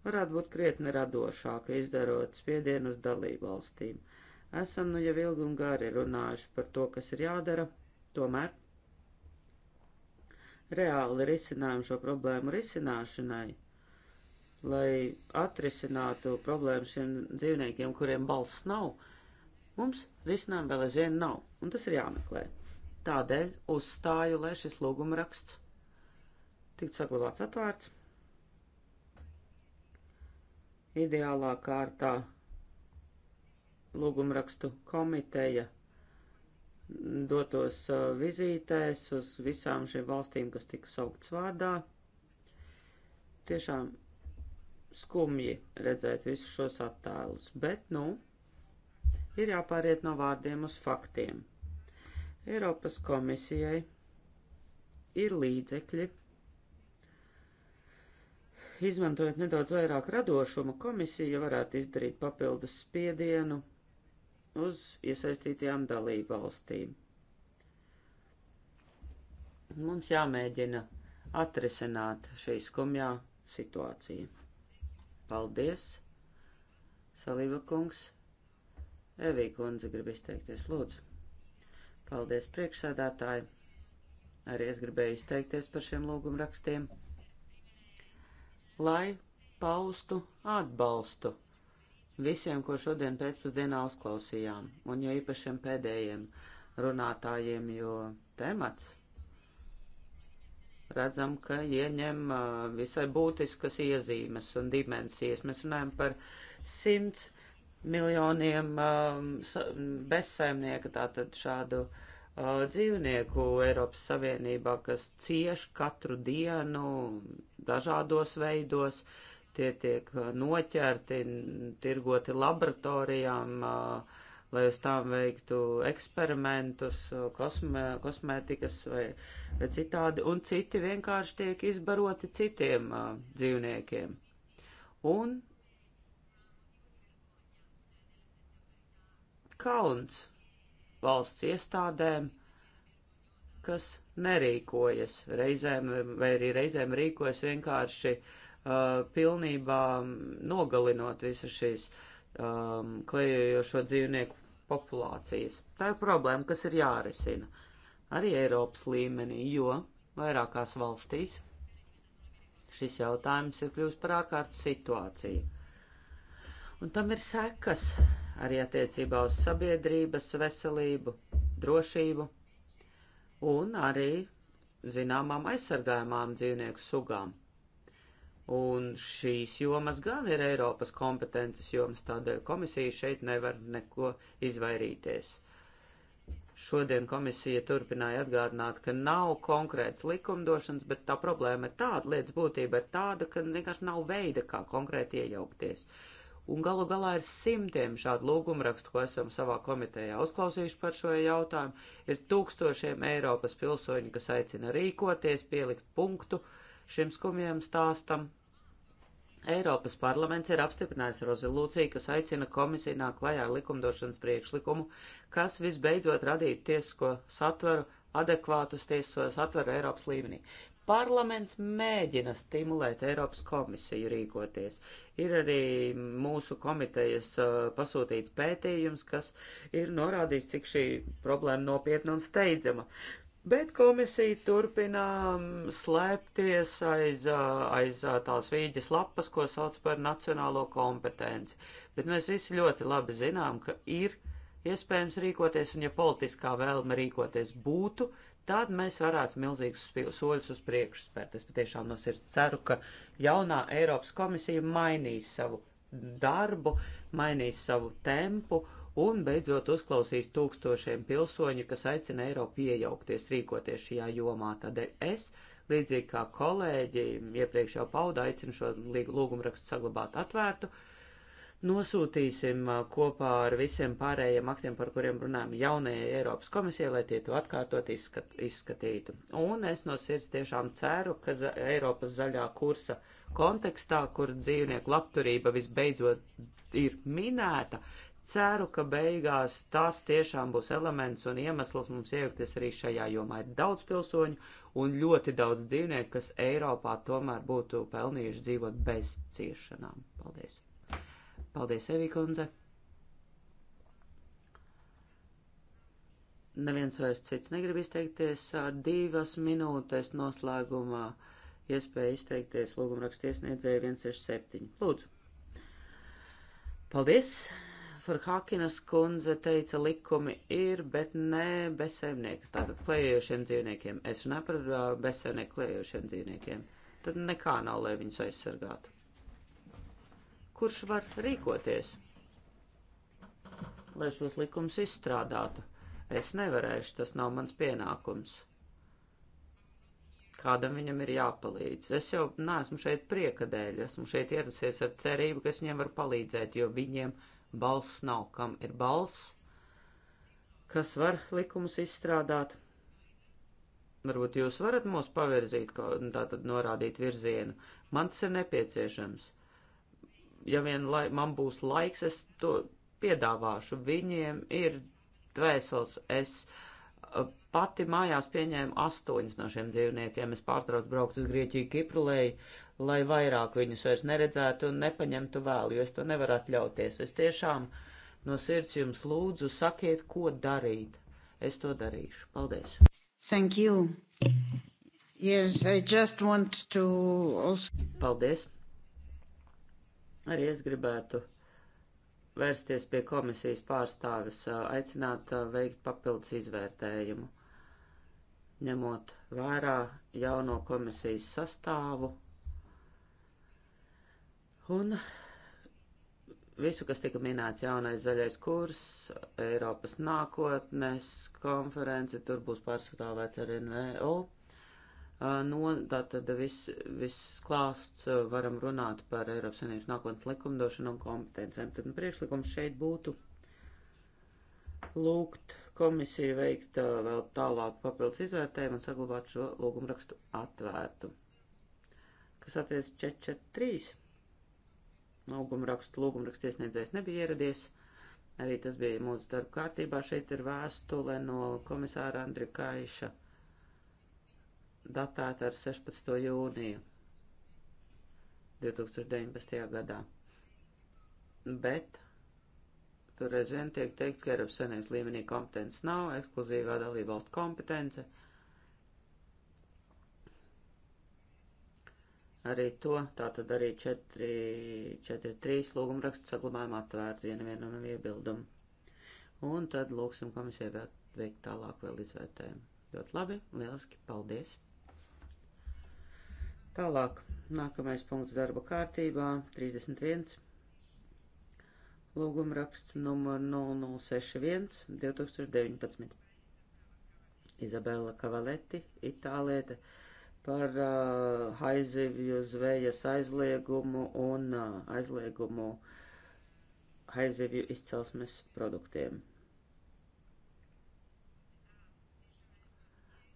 varētu būt krietni radošāka, izdarot spiedienu uz dalību valstīm. Esam nu jau ilgi un gari runājuši par to, kas ir jādara, tomēr reāli risinājumu šo problēmu risināšanai, lai atrisinātu problēmu šiem dzīvniekiem, kuriem balss nav, Mums risinājumu vēl aizvien nav, un tas ir jāmeklē. Tādēļ uzstāju, lai šis lūgumraksts tiktu saglabāts atvērts. Ideālā kārtā lūgumrakstu komiteja dotos uh, vizītēs uz visām šīm valstīm, kas tika saukts vārdā. Tiešām skumji redzēt visus šos attēlus, bet, nu, ir jāpāriet no vārdiem uz faktiem. Eiropas komisijai ir līdzekļi. Izmantojot nedaudz vairāk radošuma, komisija varētu izdarīt papildus spiedienu uz iesaistītajām dalību valstīm. Mums jāmēģina atrisināt šī skumjā situācija. Paldies, Salība kungs! Evī kundze grib izteikties, lūdzu. Paldies priekšsādātāji. Arī es gribēju izteikties par šiem lūgumrakstiem, lai paustu atbalstu visiem, ko šodien pēcpusdienā uzklausījām, un jo īpašiem pēdējiem runātājiem, jo temats redzam, ka ieņem uh, visai būtiskas iezīmes un dimensijas. Mēs runājam par simts miljoniem um, bezsaimnieka, tātad šādu uh, dzīvnieku Eiropas Savienībā, kas cieš katru dienu dažādos veidos, tie tiek uh, noķerti, tirgoti laboratorijām, uh, lai uz tām veiktu eksperimentus, uh, kosmē, kosmētikas vai, vai citādi, un citi vienkārši tiek izbaroti citiem uh, dzīvniekiem. Un kalns valsts iestādēm, kas nerīkojas reizēm, vai arī reizēm rīkojas vienkārši uh, pilnībā nogalinot visu šīs um, klejojošo dzīvnieku populācijas. Tā ir problēma, kas ir jārisina arī Eiropas līmenī, jo vairākās valstīs šis jautājums ir kļuvis par ārkārtas situāciju. Un tam ir sekas arī attiecībā uz sabiedrības veselību, drošību un arī zināmām aizsargājumām dzīvnieku sugām. Un šīs jomas gan ir Eiropas kompetences jomas, tādēļ komisija šeit nevar neko izvairīties. Šodien komisija turpināja atgādināt, ka nav konkrēts likumdošanas, bet tā problēma ir tāda, lietas būtība ir tāda, ka vienkārši nav veida, kā konkrēti iejaukties. Uh, un galu galā ir simtiem šādu lūgumrakstu, ko esam savā komitejā uzklausījuši par šo jautājumu, ir tūkstošiem Eiropas pilsoņu, kas aicina rīkoties, pielikt punktu šim skumjiem stāstam. Eiropas parlaments ir apstiprinājis rezolūciju, kas aicina komisiju nāk klajā ar likumdošanas priekšlikumu, kas visbeidzot radītu tiesisko satvaru adekvātus tiesos atveru Eiropas līmenī. Parlaments mēģina stimulēt Eiropas komisiju rīkoties. Ir arī mūsu komitejas uh, pasūtīts pētījums, kas ir norādījis, cik šī problēma nopietna un steidzama. Bet komisija turpina um, slēpties aiz, uh, aiz uh, tās vīģes lapas, ko sauc par nacionālo kompetenci. Bet mēs visi ļoti labi zinām, ka ir iespējams rīkoties, un ja politiskā vēlme rīkoties būtu, uh, tad mēs varētu milzīgus soļus uz priekšu spērt. Es patiešām no sirds ceru, ka jaunā Eiropas komisija mainīs savu darbu, mainīs savu tempu un beidzot uzklausīs tūkstošiem pilsoņu, kas aicina Eiropu iejaukties, rīkoties šajā jomā. Tādēļ es, līdzīgi kā kolēģi, iepriekš jau pauda aicinu šo lūgumrakstu saglabāt atvērtu, uh, nosūtīsim uh, kopā ar visiem pārējiem aktiem, par kuriem runājam, jaunajai Eiropas komisijai, lai tie to atkārtot izskat, izskatītu. Un es no sirds tiešām ceru, ka Eiropas zaļā kursa kontekstā, kur dzīvnieku labturība visbeidzot ir minēta, ceru, ka beigās tas tiešām būs elements un iemesls mums iejaukties arī šajā jomā. Ir daudz pilsoņu un ļoti daudz dzīvnieku, kas Eiropā tomēr būtu pelnījuši dzīvot bez ciešanām. Paldies! Paldies, Evī kundze! Neviens vairs cits negrib izteikties. Divas minūtes noslēgumā iespēja izteikties lūgumraksta iesniedzēja 167. Lūdzu! Paldies! Farhakinas kundze teica, likumi ir, bet ne bezsēmnieki. Tātad klējošiem dzīvniekiem. Es runāju par bezsēmnieku klējošiem dzīvniekiem. Tad nekā nav, lai viņus aizsargātu kurš var rīkoties, lai šos likumus izstrādātu. Es nevarēšu, tas nav mans pienākums. Kādam viņam ir jāpalīdz. Es jau neesmu šeit prieka dēļ, esmu šeit ieradusies ar cerību, ka es viņiem varu palīdzēt, jo viņiem balss nav, kam ir balss, kas var likumus izstrādāt. Varbūt jūs varat mūs pavirzīt, tātad norādīt virzienu. Man tas ir nepieciešams ja vien lai, man būs laiks, es to piedāvāšu. Viņiem ir dvēseles. Es uh, pati mājās pieņēmu astoņus no šiem dzīvniekiem. Es pārtraucu braukt uz Grieķiju, Kipru, lai, lai vairāk viņus vairs neredzētu un nepaņemtu vēl, jo es to nevaru atļauties. Es tiešām no sirds jums lūdzu, sakiet, ko darīt. Es to darīšu. Paldies! Thank you. Yes, I just want to also. Paldies. Arī es gribētu vērsties pie komisijas pārstāvis, aicināt veikt papildus izvērtējumu, ņemot vērā jauno komisijas sastāvu un visu, kas tika minēts, jaunais zaļais kurs, Eiropas nākotnes konference, tur būs pārstāvēts ar NVO no, tātad viss vis klāsts varam runāt par Eiropas Savienības nākotnes likumdošanu un kompetencēm. Tad nu, priekšlikums šeit būtu lūgt komisiju veikt vēl tālāku papildus izvērtējumu un saglabāt šo lūgumrakstu atvērtu. Kas attiec 443, lūgumrakstu lūgumrakstu iesniedzējs nebija ieradies. Arī tas bija mūsu darba kārtībā. Šeit ir vēstule no komisāra Andrikaiša. Kaiša datēta ar 16. jūniju 2019. gadā. Bet tur aizvien tiek teikts, ka Eiropas Savienības līmenī kompetences nav, ekskluzīvā dalība valstu kompetence. Arī to, tā tad arī 4.3 lūgumrakstu saglabājam atvērtu, ja nevienam nav iebildumu. Un tad lūksim komisijai veikt tālāk vēl izvērtējumu. Ļoti labi, lieliski, paldies! Tālāk, nākamais punkts darba kārtībā, 31. Lūgumraksts numur 0061 2019. Izabela Kavaleti, Itālieta, par uh, haizivju zvejas aizliegumu un uh, aizliegumu haizivju izcelsmes produktiem.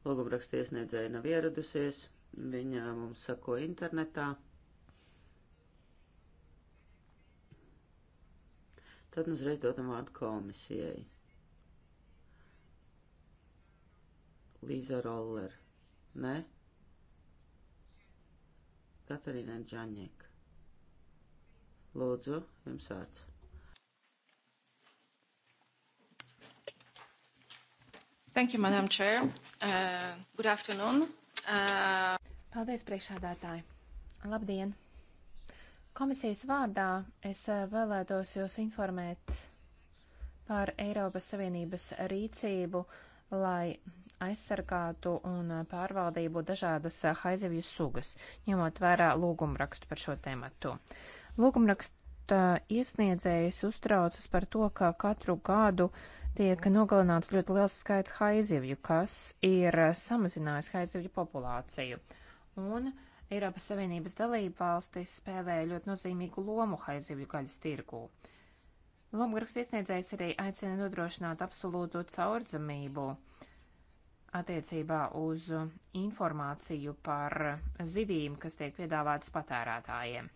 Lūgumraksta iesniedzēja nav ieradusies. Viņa mums sako internetā. Tad uzreiz dodam vārdu komisijai. Līza Roller. Nē? Katarīna Džaņiek. Lūdzu, jums vārds. Thank you, Madam Chair. Uh, good afternoon. Uh... Paldies, priekšādātāji! Labdien! Komisijas vārdā es uh, vēlētos jūs informēt par Eiropas Savienības rīcību, lai aizsargātu un pārvaldību dažādas uh, haizivju sugas, ņemot vērā lūgumrakstu par šo tēmatu. Lūgumraksta uh, iesniedzējs uztraucas par to, ka katru gadu uh, tiek nogalināts ļoti liels skaits haizivju, kas ir samazinājis haizivju populāciju. Un Eiropas Savienības dalība valstis spēlē ļoti nozīmīgu lomu haizivju gaļas tirgū. Lomgrafs iesniedzējs arī aicina nodrošināt absolūto caurdzamību attiecībā uz informāciju par zivīm, kas tiek piedāvātas patērētājiem.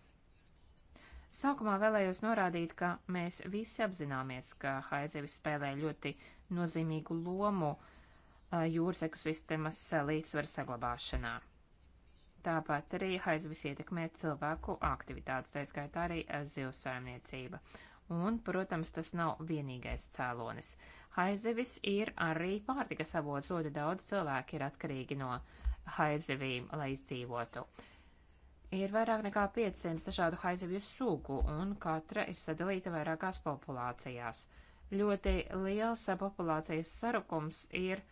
Sākumā vēlējos norādīt, ka mēs visi apzināmies, ka haizivis spēlē ļoti nozīmīgu lomu uh, jūras ekosistēmas uh, līdzsvaru saglabāšanā. Tāpat arī haizivis ietekmē cilvēku aktivitātes, tā skaitā arī uh, zivsaimniecība. Un, protams, tas nav vienīgais cēlonis. Haizivis ir arī pārtikas avots, ļoti daudz cilvēki ir atkarīgi no haizivīm, lai izdzīvotu. Uh, Ir vairāk nekā 500 dažādu haizivju sugu, un katra ir sadalīta vairākās populācijās. Ļoti liels eh, populācijas sarukums ir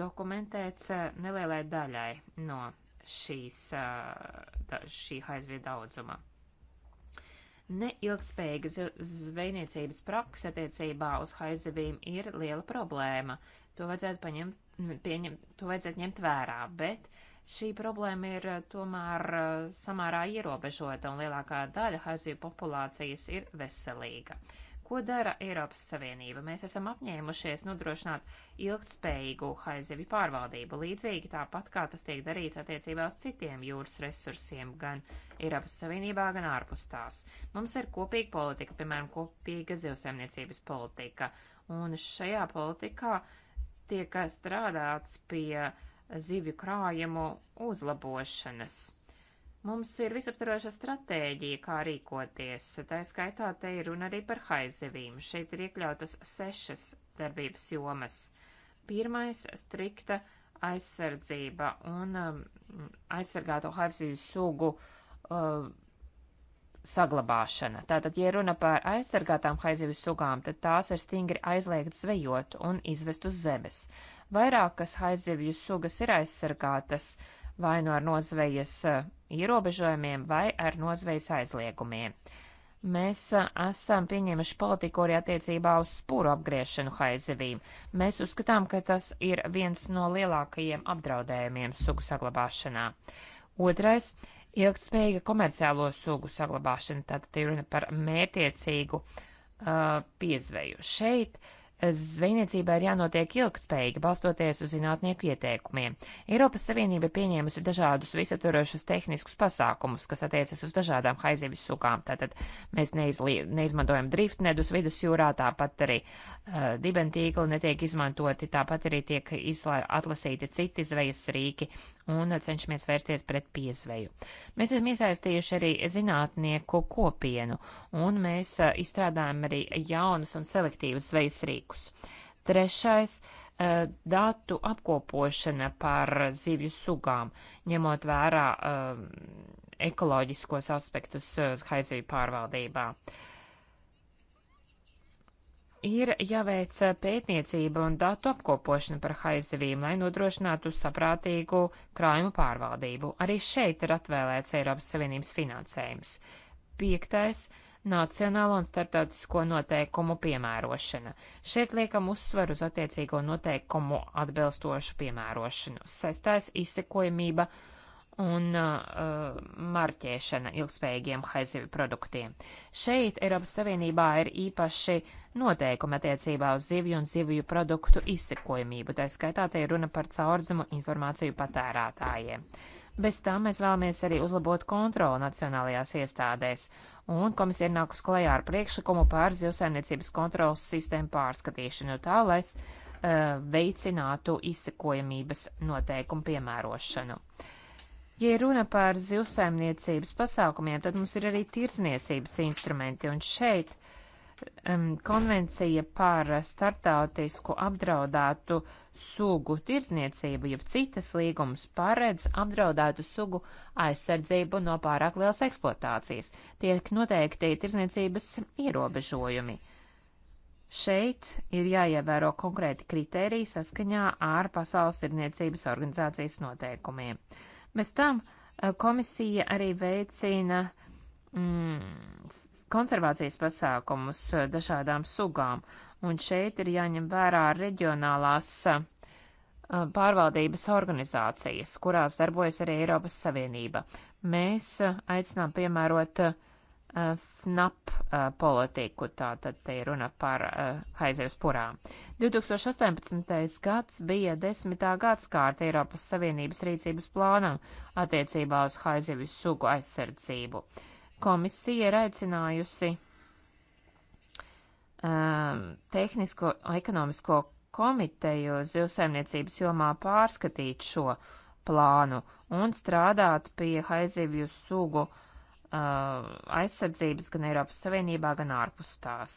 dokumentēts eh, nelielai daļai no šīs, eh, šī haizvju daudzuma. Neilgspējīga zvejniecības praksa attiecībā uz haizivīm ir liela problēma. To vajadzētu, paņemt, pieņemt, to vajadzētu ņemt vērā, bet uh, Šī problēma ir eh, tomēr eh, samērā ierobežota un lielākā daļa haizivju populācijas ir veselīga. Ko dara Eiropas Savienība? Mēs esam apņēmušies nodrošināt ilgtspējīgu haizivju pārvaldību, līdzīgi tāpat kā tas tiek darīts attiecībā uz citiem jūras resursiem gan Eiropas Savienībā, gan ārpus tās. Mums ir kopīga politika, piemēram, kopīga zivsaimniecības politika, un šajā politikā tiek strādāts pie uh, zivju krājumu uzlabošanas. Mums ir visaptvaroša stratēģija, kā rīkoties. Tā skaitā te ir runa arī par haizivīm. Šeit ir iekļautas sešas darbības jomas. Pirmais - strikta aizsardzība un um, aizsargāto haizivju sugu um, saglabāšana. Tātad, ja runa par aizsargātām haizivju sugām, tad tās ir stingri aizliegts zvejot un izvest uz zemes. Vairākas haizivju sugas ir aizsargātas vai nu no ar nozvejas ierobežojumiem vai ar nozvejas aizliegumiem. Mēs a, esam pieņēmuši politiku arī attiecībā uz spūru apgriešanu haizivīm. Mēs uzskatām, ka tas ir viens no lielākajiem apdraudējumiem sugu saglabāšanā. Otrais - ilgspējīga komerciālo sugu saglabāšana, tātad ir runa par mērtiecīgu uh, piezveju. Šeit uh, Zvejniecībai ir jānotiek ilgtspējīgi, balstoties uz zinātnieku ieteikumiem. Eiropas Savienība ir pieņēmusi dažādus visaturošus tehniskus pasākumus, kas attiecas uz dažādām haizivis sugām. Tātad mēs neizli, neizmantojam driftnedus vidusjūrā, tāpat arī uh, dibentīkli netiek izmantoti, tāpat arī tiek izlai, atlasīti citi zvejas rīki un cenšamies vērsties pret piesveju. Mēs esam iesaistījuši arī zinātnieku kopienu, un mēs izstrādājam arī jaunus un selektīvus zvejas rīkus. Trešais - datu apkopošana par zivju sugām, ņemot vērā ekoloģiskos aspektus haizivju pārvaldībā. Uh, Ir jāveic pētniecība un datu apkopošana par haizivīm, lai nodrošinātu saprātīgu krājumu pārvaldību. Arī šeit ir atvēlēts Eiropas Savienības finansējums. Piektais nacionālo un starptautisko noteikumu piemērošana. Šeit liekam uzsvaru uz attiecīgo noteikumu atbilstošu piemērošanu. Sestais - izsekojamība un uh, marķēšana ilgspējīgiem haizivju produktiem. Šeit Eiropas Savienībā ir īpaši noteikumi attiecībā uz zivju un zivju produktu izsekojamību, tā skaitā te ir runa par caurdzumu informāciju patērētājiem. Bez tam mēs vēlamies arī uzlabot kontroli nacionālajās iestādēs, un komisija ir nākus klajā ar priekšlikumu pār zivsaimniecības kontrolas sistēmu pārskatīšanu tā, lai uh, veicinātu izsekojamības noteikumu piemērošanu. Uh, Ja runa par zivsaimniecības pasākumiem, tad mums ir arī tirdzniecības instrumenti, un šeit um, konvencija par startautisku apdraudātu sugu tirdzniecību, jeb citas līgums paredz apdraudātu sugu aizsardzību no pārāk lielas eksploatācijas. Tiek noteikti tirdzniecības ierobežojumi. Šeit ir jāievēro konkrēti kriteriji saskaņā ar Pasaules tirdzniecības organizācijas noteikumiem. Bez tam eh, komisija arī veicina mm, konservācijas pasākumus eh, dažādām sugām, un šeit ir jāņem vērā reģionālās eh, pārvaldības organizācijas, kurās darbojas arī Eiropas Savienība. Mēs aicinām piemērot uh, Uh, FNAP uh, politiku, tātad te ir runa par uh, haizivs purām. 2018. gads bija desmitā gads kārt Eiropas Savienības rīcības plānam attiecībā uz haizivis sugu aizsardzību. Komisija ir aicinājusi um, tehnisko ekonomisko komiteju zivsaimniecības jomā pārskatīt šo plānu un strādāt pie haizivju sugu uh, Uh, aizsardzības gan Eiropas Savienībā, gan ārpus tās.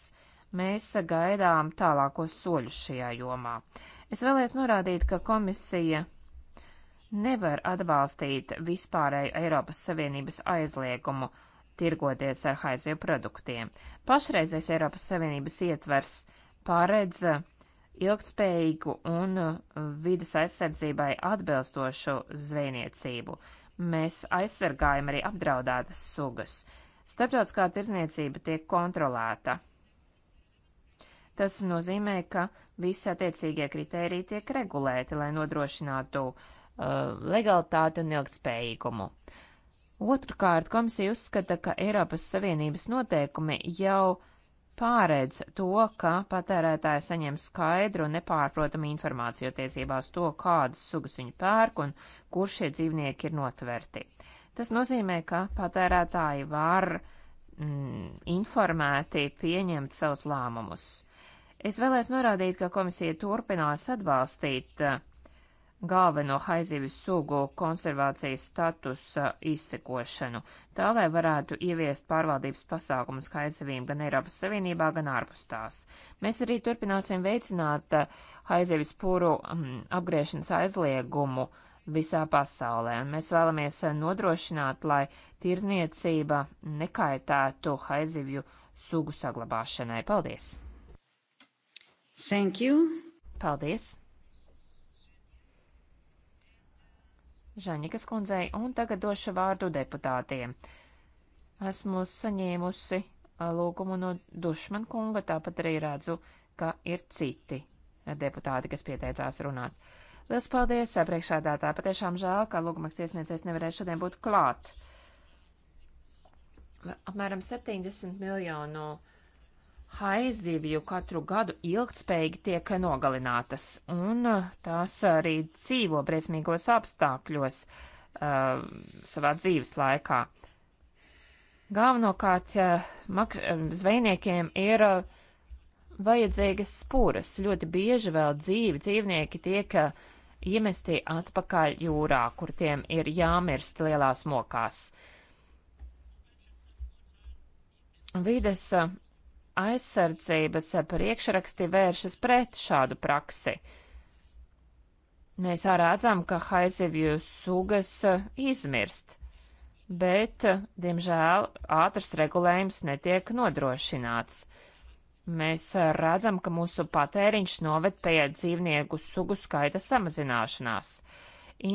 Mēs gaidām tālākos soļus šajā jomā. Es vēlēs norādīt, ka komisija nevar atbalstīt vispārēju Eiropas Savienības aizliegumu tirgoties ar haizio produktiem. Pašreizais Eiropas Savienības ietvers paredz ilgtspējīgu un vidas aizsardzībai atbilstošu zvejniecību. Mēs aizsargājam arī apdraudētas sugas. Starptautiskā tirzniecība tiek kontrolēta. Tas nozīmē, ka visi attiecīgie kritēriji tiek regulēti, lai nodrošinātu uh, legalitāti un ilgspējīgumu. Otrkārt, komisija uzskata, ka Eiropas Savienības noteikumi jau uh, pārēdz to, ka patērētāji saņem skaidru un nepārprotamu informāciju attiecībā uz to, kādas sugas viņi pērk un kur šie dzīvnieki ir notverti. Tas nozīmē, ka patērētāji var mm, informēti pieņemt savus lēmumus. Es vēlēs norādīt, ka komisija turpinās atbalstīt uh, galveno haizivis sugu konservācijas statusa izsekošanu, tā lai varētu ieviest pārvaldības pasākumus haizivīm gan Eiropas Savienībā, gan ārpus tās. Mēs arī turpināsim veicināt haizivis puru apgriešanas aizliegumu visā pasaulē, un mēs vēlamies nodrošināt, lai tirzniecība nekaitētu haizivju sugu saglabāšanai. Paldies! Thank you! Paldies! Žaņikas kundzei, un tagad došu vārdu deputātiem. Esmu saņēmusi lūgumu no Dušman kunga, tāpat arī redzu, ka ir citi deputāti, kas pieteicās runāt. Lielas paldies, priekšādātā. Patiešām žēl, ka lūgumaks iesniedzējs nevarēja šodien būt klāt. Apmēram 70 miljonu uh, haizivju katru gadu ilgtspējīgi tiek nogalinātas, un uh, tās arī dzīvo briesmīgos apstākļos uh, savā dzīves laikā. Galvenokārt uh, mak, um, zvejniekiem ir uh, vajadzīgas spuras. Ļoti bieži vēl dzīvi dzīvnieki tiek uh, iemesti atpakaļ jūrā, kur tiem ir jāmirst lielās mokās. Vides uh, aizsardzības priekšraksti vēršas pret šādu praksi. Mēs redzam, ka haizivju sugas eh, izmirst, bet, eh, diemžēl, ātrs regulējums netiek nodrošināts. Mēs eh, redzam, ka mūsu patēriņš noved pie dzīvnieku sugu skaita samazināšanās.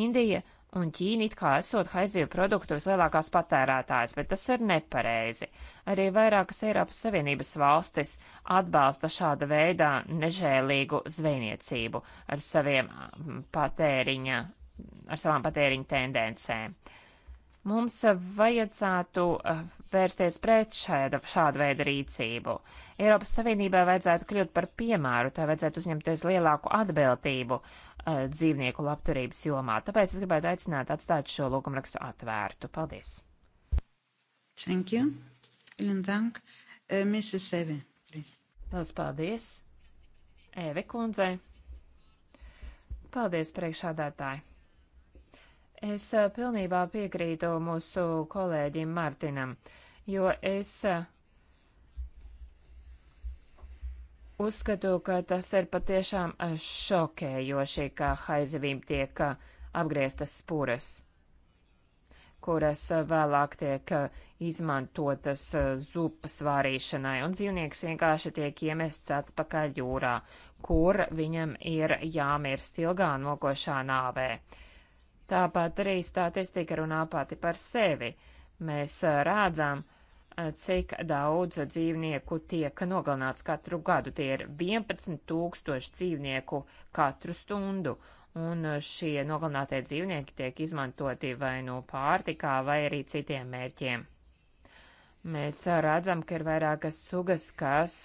Indija Un Ķīna it kā esot haizivu produktu vislielākās patērētājas, bet tas ir nepareizi. Arī vairākas Eiropas Savienības valstis atbalsta šāda veidā nežēlīgu zvejniecību ar saviem mm, patēriņa, ar savām patēriņa tendencēm. Mums vajadzētu eh, vērsties pret šāda, šādu veidu rīcību. Eiropas Savienībai vajadzētu kļūt par piemēru, tā vajadzētu uzņemties lielāku atbildību uh, dzīvnieku labturības jomā. Tāpēc es gribētu aicināt atstāt šo lūgumrakstu atvērtu. Paldies! Thank you. Thank. Uh, Mrs. Evi, please. Lielas paldies! Eve kundzei! Paldies, priekšādātāji! Es eh, pilnībā piekrītu mūsu kolēģim Martinam, jo es eh, uzskatu, ka tas ir patiešām eh, šokējoši, ka haizivīm tiek apgrieztas spūras kuras vēlāk tiek izmantotas zupas vārīšanai, un dzīvnieks vienkārši tiek iemests atpakaļ jūrā, kur viņam ir jāmirst ilgā nokošā nāvē. Tāpat arī statistika runā pati par sevi. Mēs rādzām, cik daudz dzīvnieku tiek nogalināts katru gadu. Tie ir 11 tūkstoši dzīvnieku katru stundu, un šie nogalinātie dzīvnieki tiek izmantoti vai nu no pārtikā, vai arī citiem mērķiem. Mēs redzam, ka ir vairākas sugas, kas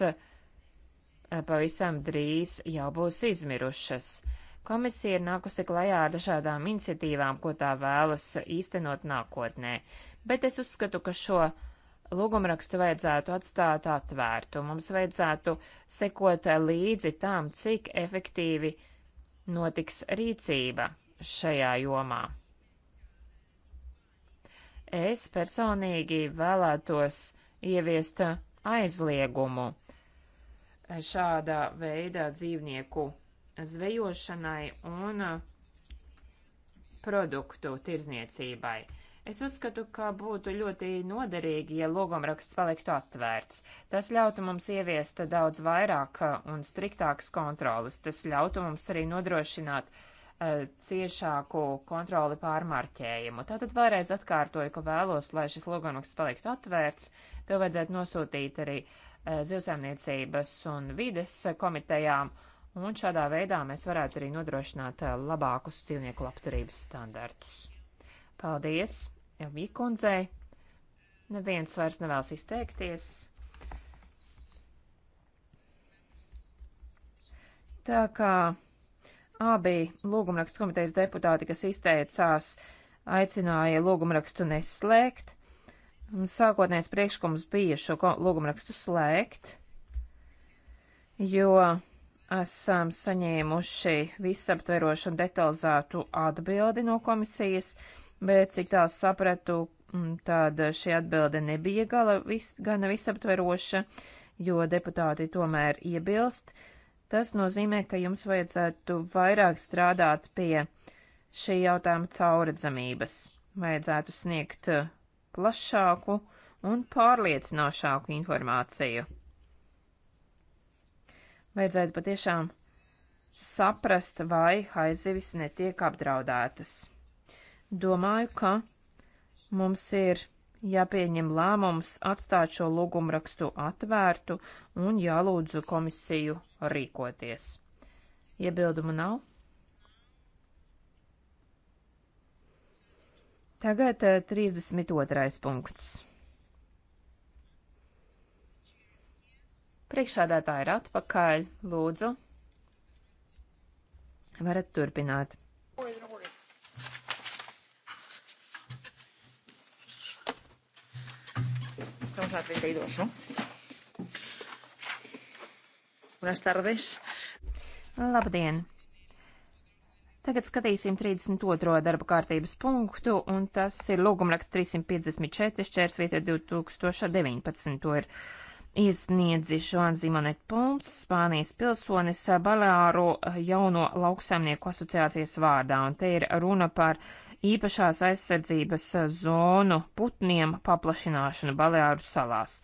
pavisam drīz jau būs izmirušas. Uh, Komisija ir nākusi klajā ar dažādām iniciatīvām, ko tā vēlas īstenot nākotnē, bet es uzskatu, ka šo lūgumrakstu vajadzētu atstāt atvērtu. Mums vajadzētu sekot līdzi tam, cik efektīvi notiks rīcība šajā jomā. Es personīgi vēlētos ieviest aizliegumu šāda veida dzīvnieku zvejošanai un uh, produktu tirzniecībai. Es uzskatu, ka būtu ļoti noderīgi, ja logumraksts paliktu atvērts. Tas ļautu mums ieviest daudz vairāk uh, un striktākas kontrolas. Tas ļautu mums arī nodrošināt uh, ciešāku kontroli pār marķējumu. Tātad vēlreiz atkārtoju, ka vēlos, lai šis logumraksts paliktu atvērts. To vajadzētu nosūtīt arī uh, zivsēmniecības un vides uh, komitejām. Uh, un šādā veidā mēs varētu arī nodrošināt eh, labākus dzīvnieku labturības standartus. Paldies, Javī kundzei! Neviens vairs nevēlas izteikties. Tā kā abi lūgumrakstu komitejas deputāti, kas izteicās, aicināja lūgumrakstu neslēgt. Sākotnējais priekšlikums bija šo lūgumrakstu slēgt, jo esam saņēmuši visaptverošu un detalizētu atbildi no komisijas, bet cik tā sapratu, mm, tad šī atbilde nebija gala vis, gana visaptveroša, jo deputāti tomēr iebilst. Tas nozīmē, ka jums vajadzētu vairāk strādāt pie šī jautājuma cauradzamības. Vajadzētu sniegt eh, plašāku un pārliecinošāku informāciju. Vajadzētu patiešām saprast, vai haizivis netiek apdraudētas. Domāju, ka mums ir jāpieņem lēmums atstāt šo lūgumrakstu atvērtu un jālūdzu komisiju rīkoties. Iebildumu nav? Tagad 32. Eh, punkts. Priekšsādātāji ir atpakaļ. Lūdzu. Varat turpināt. Estamos a 32, ¿no? Buenas tardes. Labdien! Tagad skatīsim 32. darba kārtības punktu, un tas ir lūgumraksts 354, čērsvietē 2019. To ir iesniedzi Žoan Zimonet Punts, Spānijas pilsonis Balāro jauno lauksaimnieku asociācijas vārdā, un te ir runa par īpašās aizsardzības zonu putniem paplašināšanu Balāru salās.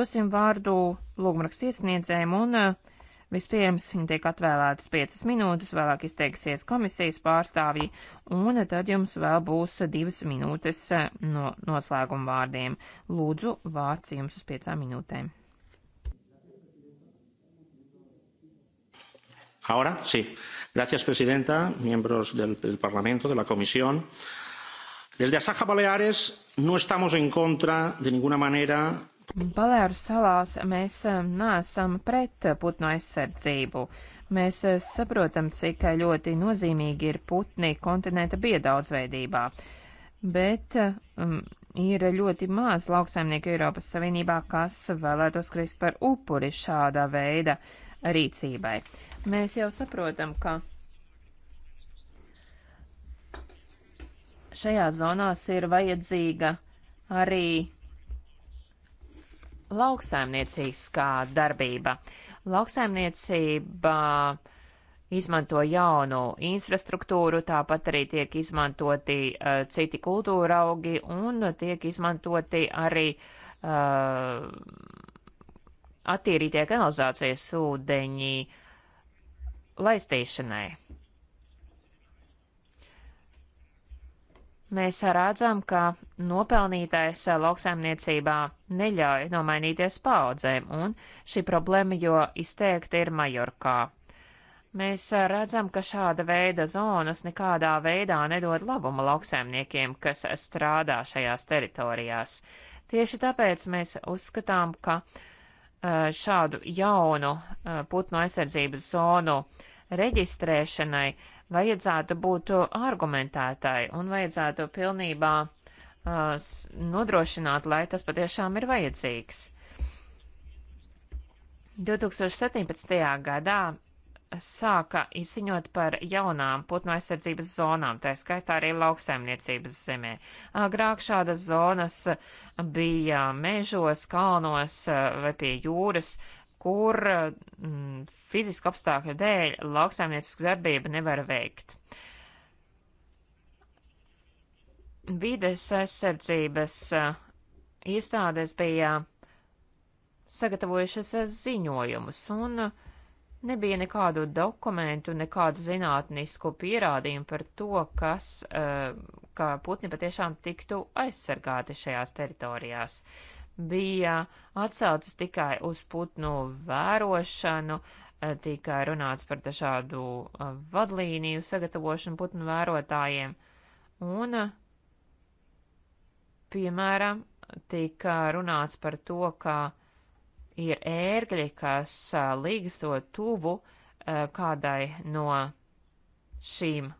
Dosim vārdu lūgumrakstu iesniedzējiem un uh, Vispirms viņam tiek atvēlētas 5 minūtes, vēlāk izteiksies komisijas pārstāvji, un tad jums vēl būs 2 minūtes eh, no noslēguma vārdiem. Lūdzu, vārds jums uz 5 minūtēm. Ahora sí. Gracias, presidenta, miembros del, del Parlamento, de la Comisión. Desde Asaja Baleares no estamos en contra de ninguna manera Balēru salās mēs um, neesam pret putnu aizsardzību. Mēs uh, saprotam, cik uh, ļoti nozīmīgi ir putni kontinenta biedaudzveidībā, bet uh, um, ir ļoti maz lauksaimnieku Eiropas Savienībā, kas vēlētos krist par upuri šāda veida rīcībai. Mēs jau saprotam, ka šajās zonās ir vajadzīga arī lauksaimniecīskā darbība. Lauksaimniecība izmanto jaunu infrastruktūru, tāpat arī tiek izmantoti uh, citi kultūra augi un tiek izmantoti arī uh, attīrītie kanalizācijas ūdeņi laistīšanai. mēs redzam, ka nopelnītais lauksaimniecībā neļauj nomainīties paudzēm, un šī problēma jo izteikti ir Majorkā. Mēs redzam, ka šāda veida zonas nekādā veidā nedod labumu lauksaimniekiem, kas strādā šajās teritorijās. Tieši tāpēc mēs uzskatām, ka šādu jaunu putnu aizsardzības zonu reģistrēšanai uh, vajadzētu būt argumentētai un vajadzētu pilnībā uh, nodrošināt, lai tas patiešām ir vajadzīgs. 2017. gadā sāka izziņot par jaunām putnu aizsardzības zonām, tā skaitā arī lauksaimniecības zemē. Agrāk šādas zonas bija mežos, kalnos uh, vai pie jūras, kur mm, fiziska apstākļa dēļ lauksaimniecisku darbību nevar veikt. Vides aizsardzības iestādes bija sagatavojušas ziņojumus, un nebija nekādu dokumentu, nekādu zinātnisku pierādījumu par to, kas, ka putni patiešām tiktu aizsargāti šajās teritorijās. Uh, bija atsaucas tikai uz putnu vērošanu, eh, tikai runāts par dažādu eh, vadlīniju sagatavošanu putnu vērotājiem, un, eh, piemēram, tika runāts par to, ka ir ērgļi, kas līgsto tuvu kādai no šīm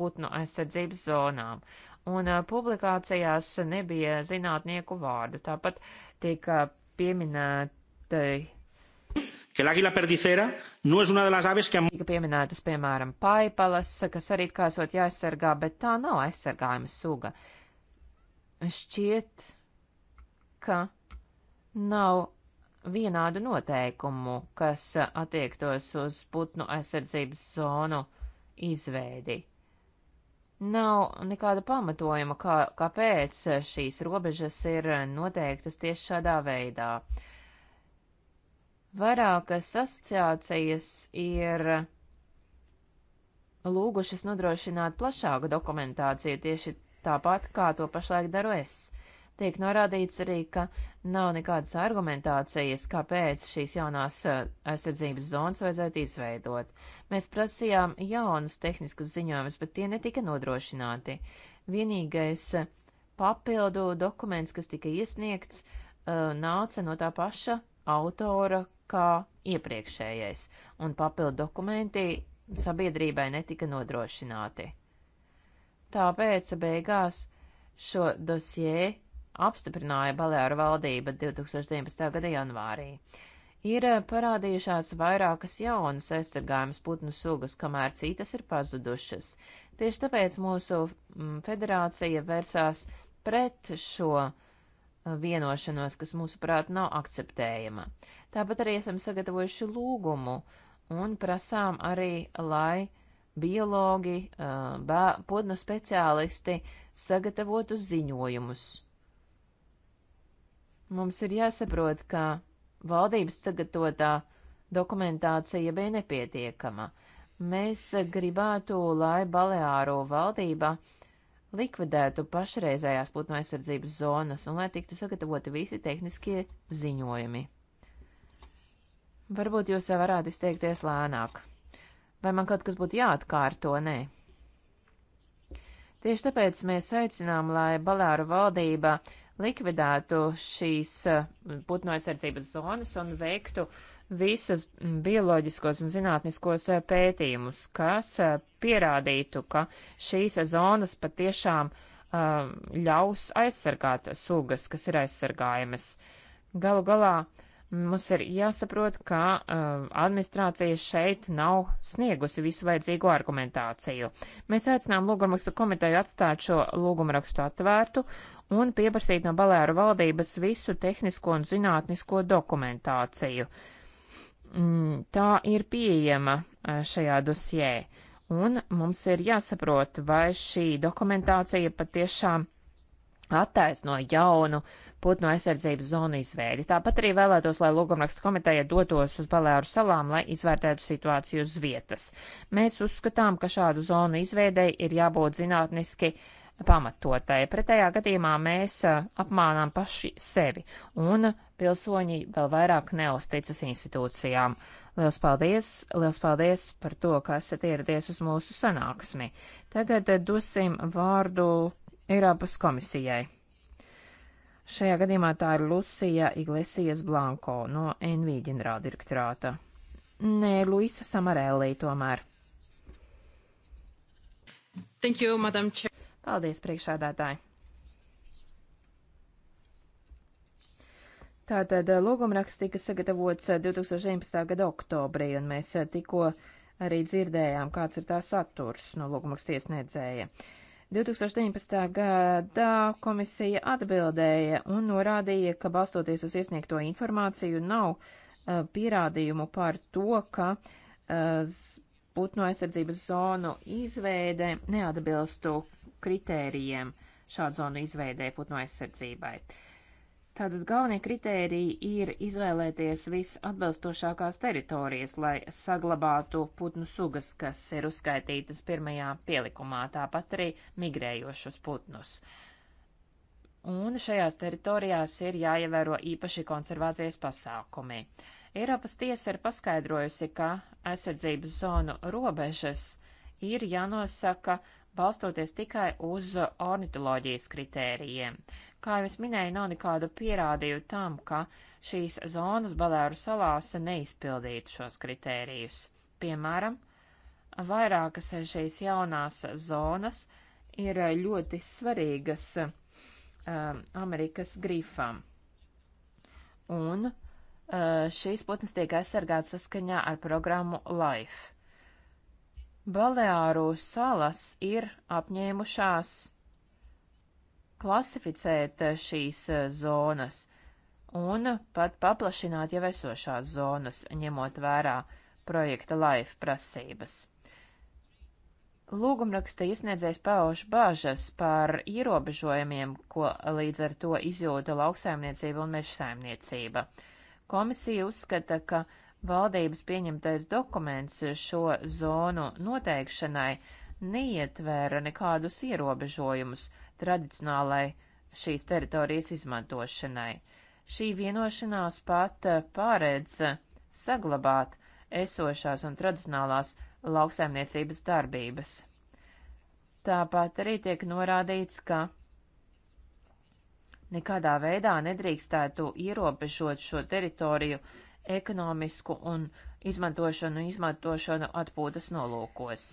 putnu aizsardzības zonām un publikācijās nebija zinātnieku vārdu. Tāpat tika pieminēti. Que el águila perdicera no es una de las aves que... Tika pieminētas, piemēram, paipalas, kas arī kā esot jāaizsargā, bet tā nav aizsargājuma suga. Šķiet, ka nav vienādu noteikumu, kas attiektos uz putnu aizsardzības zonu izveidi. Nav nekāda pamatojuma, kā, kāpēc šīs robežas ir noteiktas tieši šādā veidā. Vairākas asociācijas ir lūgušas nodrošināt plašāku dokumentāciju tieši tāpat, kā to pašlaik daru es. Tiek norādīts arī, ka nav nekādas argumentācijas, kāpēc šīs jaunās uh, aizsardzības zonas vajadzētu izveidot. Mēs prasījām jaunus tehniskus ziņojumus, bet tie netika nodrošināti. Vienīgais uh, papildu dokuments, kas tika iesniegts, uh, nāca no tā paša autora kā iepriekšējais, un papildu dokumenti sabiedrībai netika nodrošināti. Tāpēc beigās šo dosjē apstiprināja Balēru valdība 2019. gada janvārī. Ir eh, parādījušās vairākas jaunas aizsargājumas putnu sugas, kamēr citas ir pazudušas. Tieši tāpēc mūsu mm, federācija vērsās pret šo eh, vienošanos, kas mūsuprāt nav akceptējama. Tāpat arī esam sagatavojuši lūgumu un prasām arī, lai biologi, eh, putnu speciālisti sagatavotu ziņojumus Mums ir jāsaprot, ka valdības sagatavotā dokumentācija bija nepietiekama. Mēs gribētu, lai Baleāru valdība likvidētu pašreizējās putnu aizsardzības zonas un lai tiktu sagatavoti visi tehniskie ziņojumi. Varbūt jūs varētu izteikties lēnāk. Vai man kaut kas būtu jāatkārto? Nē. Tieši tāpēc mēs aicinām, lai Balāru valdība uh, likvidētu šīs eh, putnu aizsardzības zonas un veiktu visus bioloģiskos un zinātniskos eh, pētījumus, kas eh, pierādītu, ka šīs zonas patiešām ļaus aizsargāt sugas, kas ir aizsargājamas. Galu galā mums ir jāsaprot, ka uh, administrācija šeit nav sniegusi visu vajadzīgo argumentāciju. Mēs aicinām lūgumrakstu komiteju atstāt šo lūgumrakstu atvērtu un pieprasīt no Balēru valdības visu tehnisko un zinātnisko dokumentāciju. Mm, tā ir pieejama eh, šajā dosjē, un mums ir jāsaprot, vai šī dokumentācija patiešām attaisno jaunu putnu aizsardzības zonu izveidi. Tāpat arī vēlētos, lai lūgumraksts komiteja dotos uz Balēru salām, lai izvērtētu situāciju uz vietas. Mēs uzskatām, ka šādu zonu izveidei ir jābūt zinātniski uh, pamatotai. Pretējā gadījumā mēs uh, apmānām paši sevi, un pilsoņi vēl vairāk neusticas institūcijām. Lielas paldies, liels paldies par to, ka esat ieradies uz mūsu sanāksmi. Tagad uh, dosim vārdu Eiropas komisijai. Šajā gadījumā tā ir Lucija Iglesijas Blanko no NV ģenerāldirektorāta. Nē, Luisa Samarēlī tomēr. Thank you, Madam Chair. Paldies, priekšādātāji! Tātad eh, lūgumraksts tika sagatavots 2019. Eh, gada oktobrī, un mēs eh, tikko arī dzirdējām, kāds ir tā saturs no lūgumraksta iesniedzēja. 2019. gadā komisija atbildēja un norādīja, ka balstoties uz iesniegto informāciju nav uh, pierādījumu par to, ka uh, putnu aizsardzības zonu izveide neatbilstu kritērijiem šādu zonu izveidē putnu aizsardzībai. Tātad galvenie kritēriji ir izvēlēties visatbilstošākās teritorijas, lai saglabātu putnu sugas, kas ir uzskaitītas pirmajā pielikumā, tāpat arī migrējošus putnus. Un šajās teritorijās ir jāievēro īpaši konservācijas pasākumi. Eiropas tiesa ir paskaidrojusi, ka aizsardzības zonu robežas ir jānosaka balstoties tikai uz ornitoloģijas kritērijiem. Kā jau es minēju, nav nekādu pierādīju tam, ka šīs zonas Balēru salās neizpildītu šos kritērijus. Piemēram, vairākas šīs jaunās zonas ir ļoti svarīgas um, Amerikas grifām. Un uh, šīs putnas tiek aizsargātas saskaņā ar programmu LIFE. Baleāru salas ir apņēmušās klasificēt šīs zonas un pat paplašināt jau esošās zonas, ņemot vērā projekta LIFE prasības. Lūgumraksta iesniedzējs pauž bāžas par ierobežojumiem, ko līdz ar to izjūta lauksaimniecība un mežsaimniecība. Komisija uzskata, ka Valdības pieņemtais dokuments šo zonu noteikšanai neietvēra nekādus ierobežojumus tradicionālai šīs teritorijas izmantošanai. Šī vienošanās pat pārēdz saglabāt esošās un tradicionālās lauksaimniecības darbības. Tāpat arī tiek norādīts, ka nekādā veidā nedrīkstētu ierobežot šo teritoriju ekonomisku un izmantošanu, izmantošanu atpūtas nolūkos.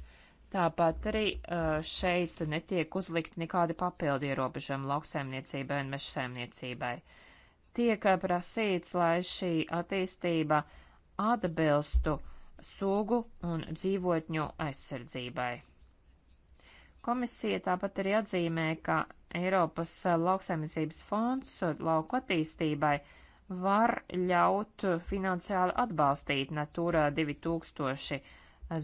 Tāpat arī eh, šeit netiek uzlikti nekādi papildi ierobežojumi lauksaimniecībai un mežsaimniecībai. Tiek eh, prasīts, lai šī attīstība atbilstu sugu un dzīvotņu aizsardzībai. Komisija tāpat arī atzīmē, ka Eiropas eh, lauksaimniecības fonds lauku attīstībai uh, var ļaut finansiāli atbalstīt Natūra 2000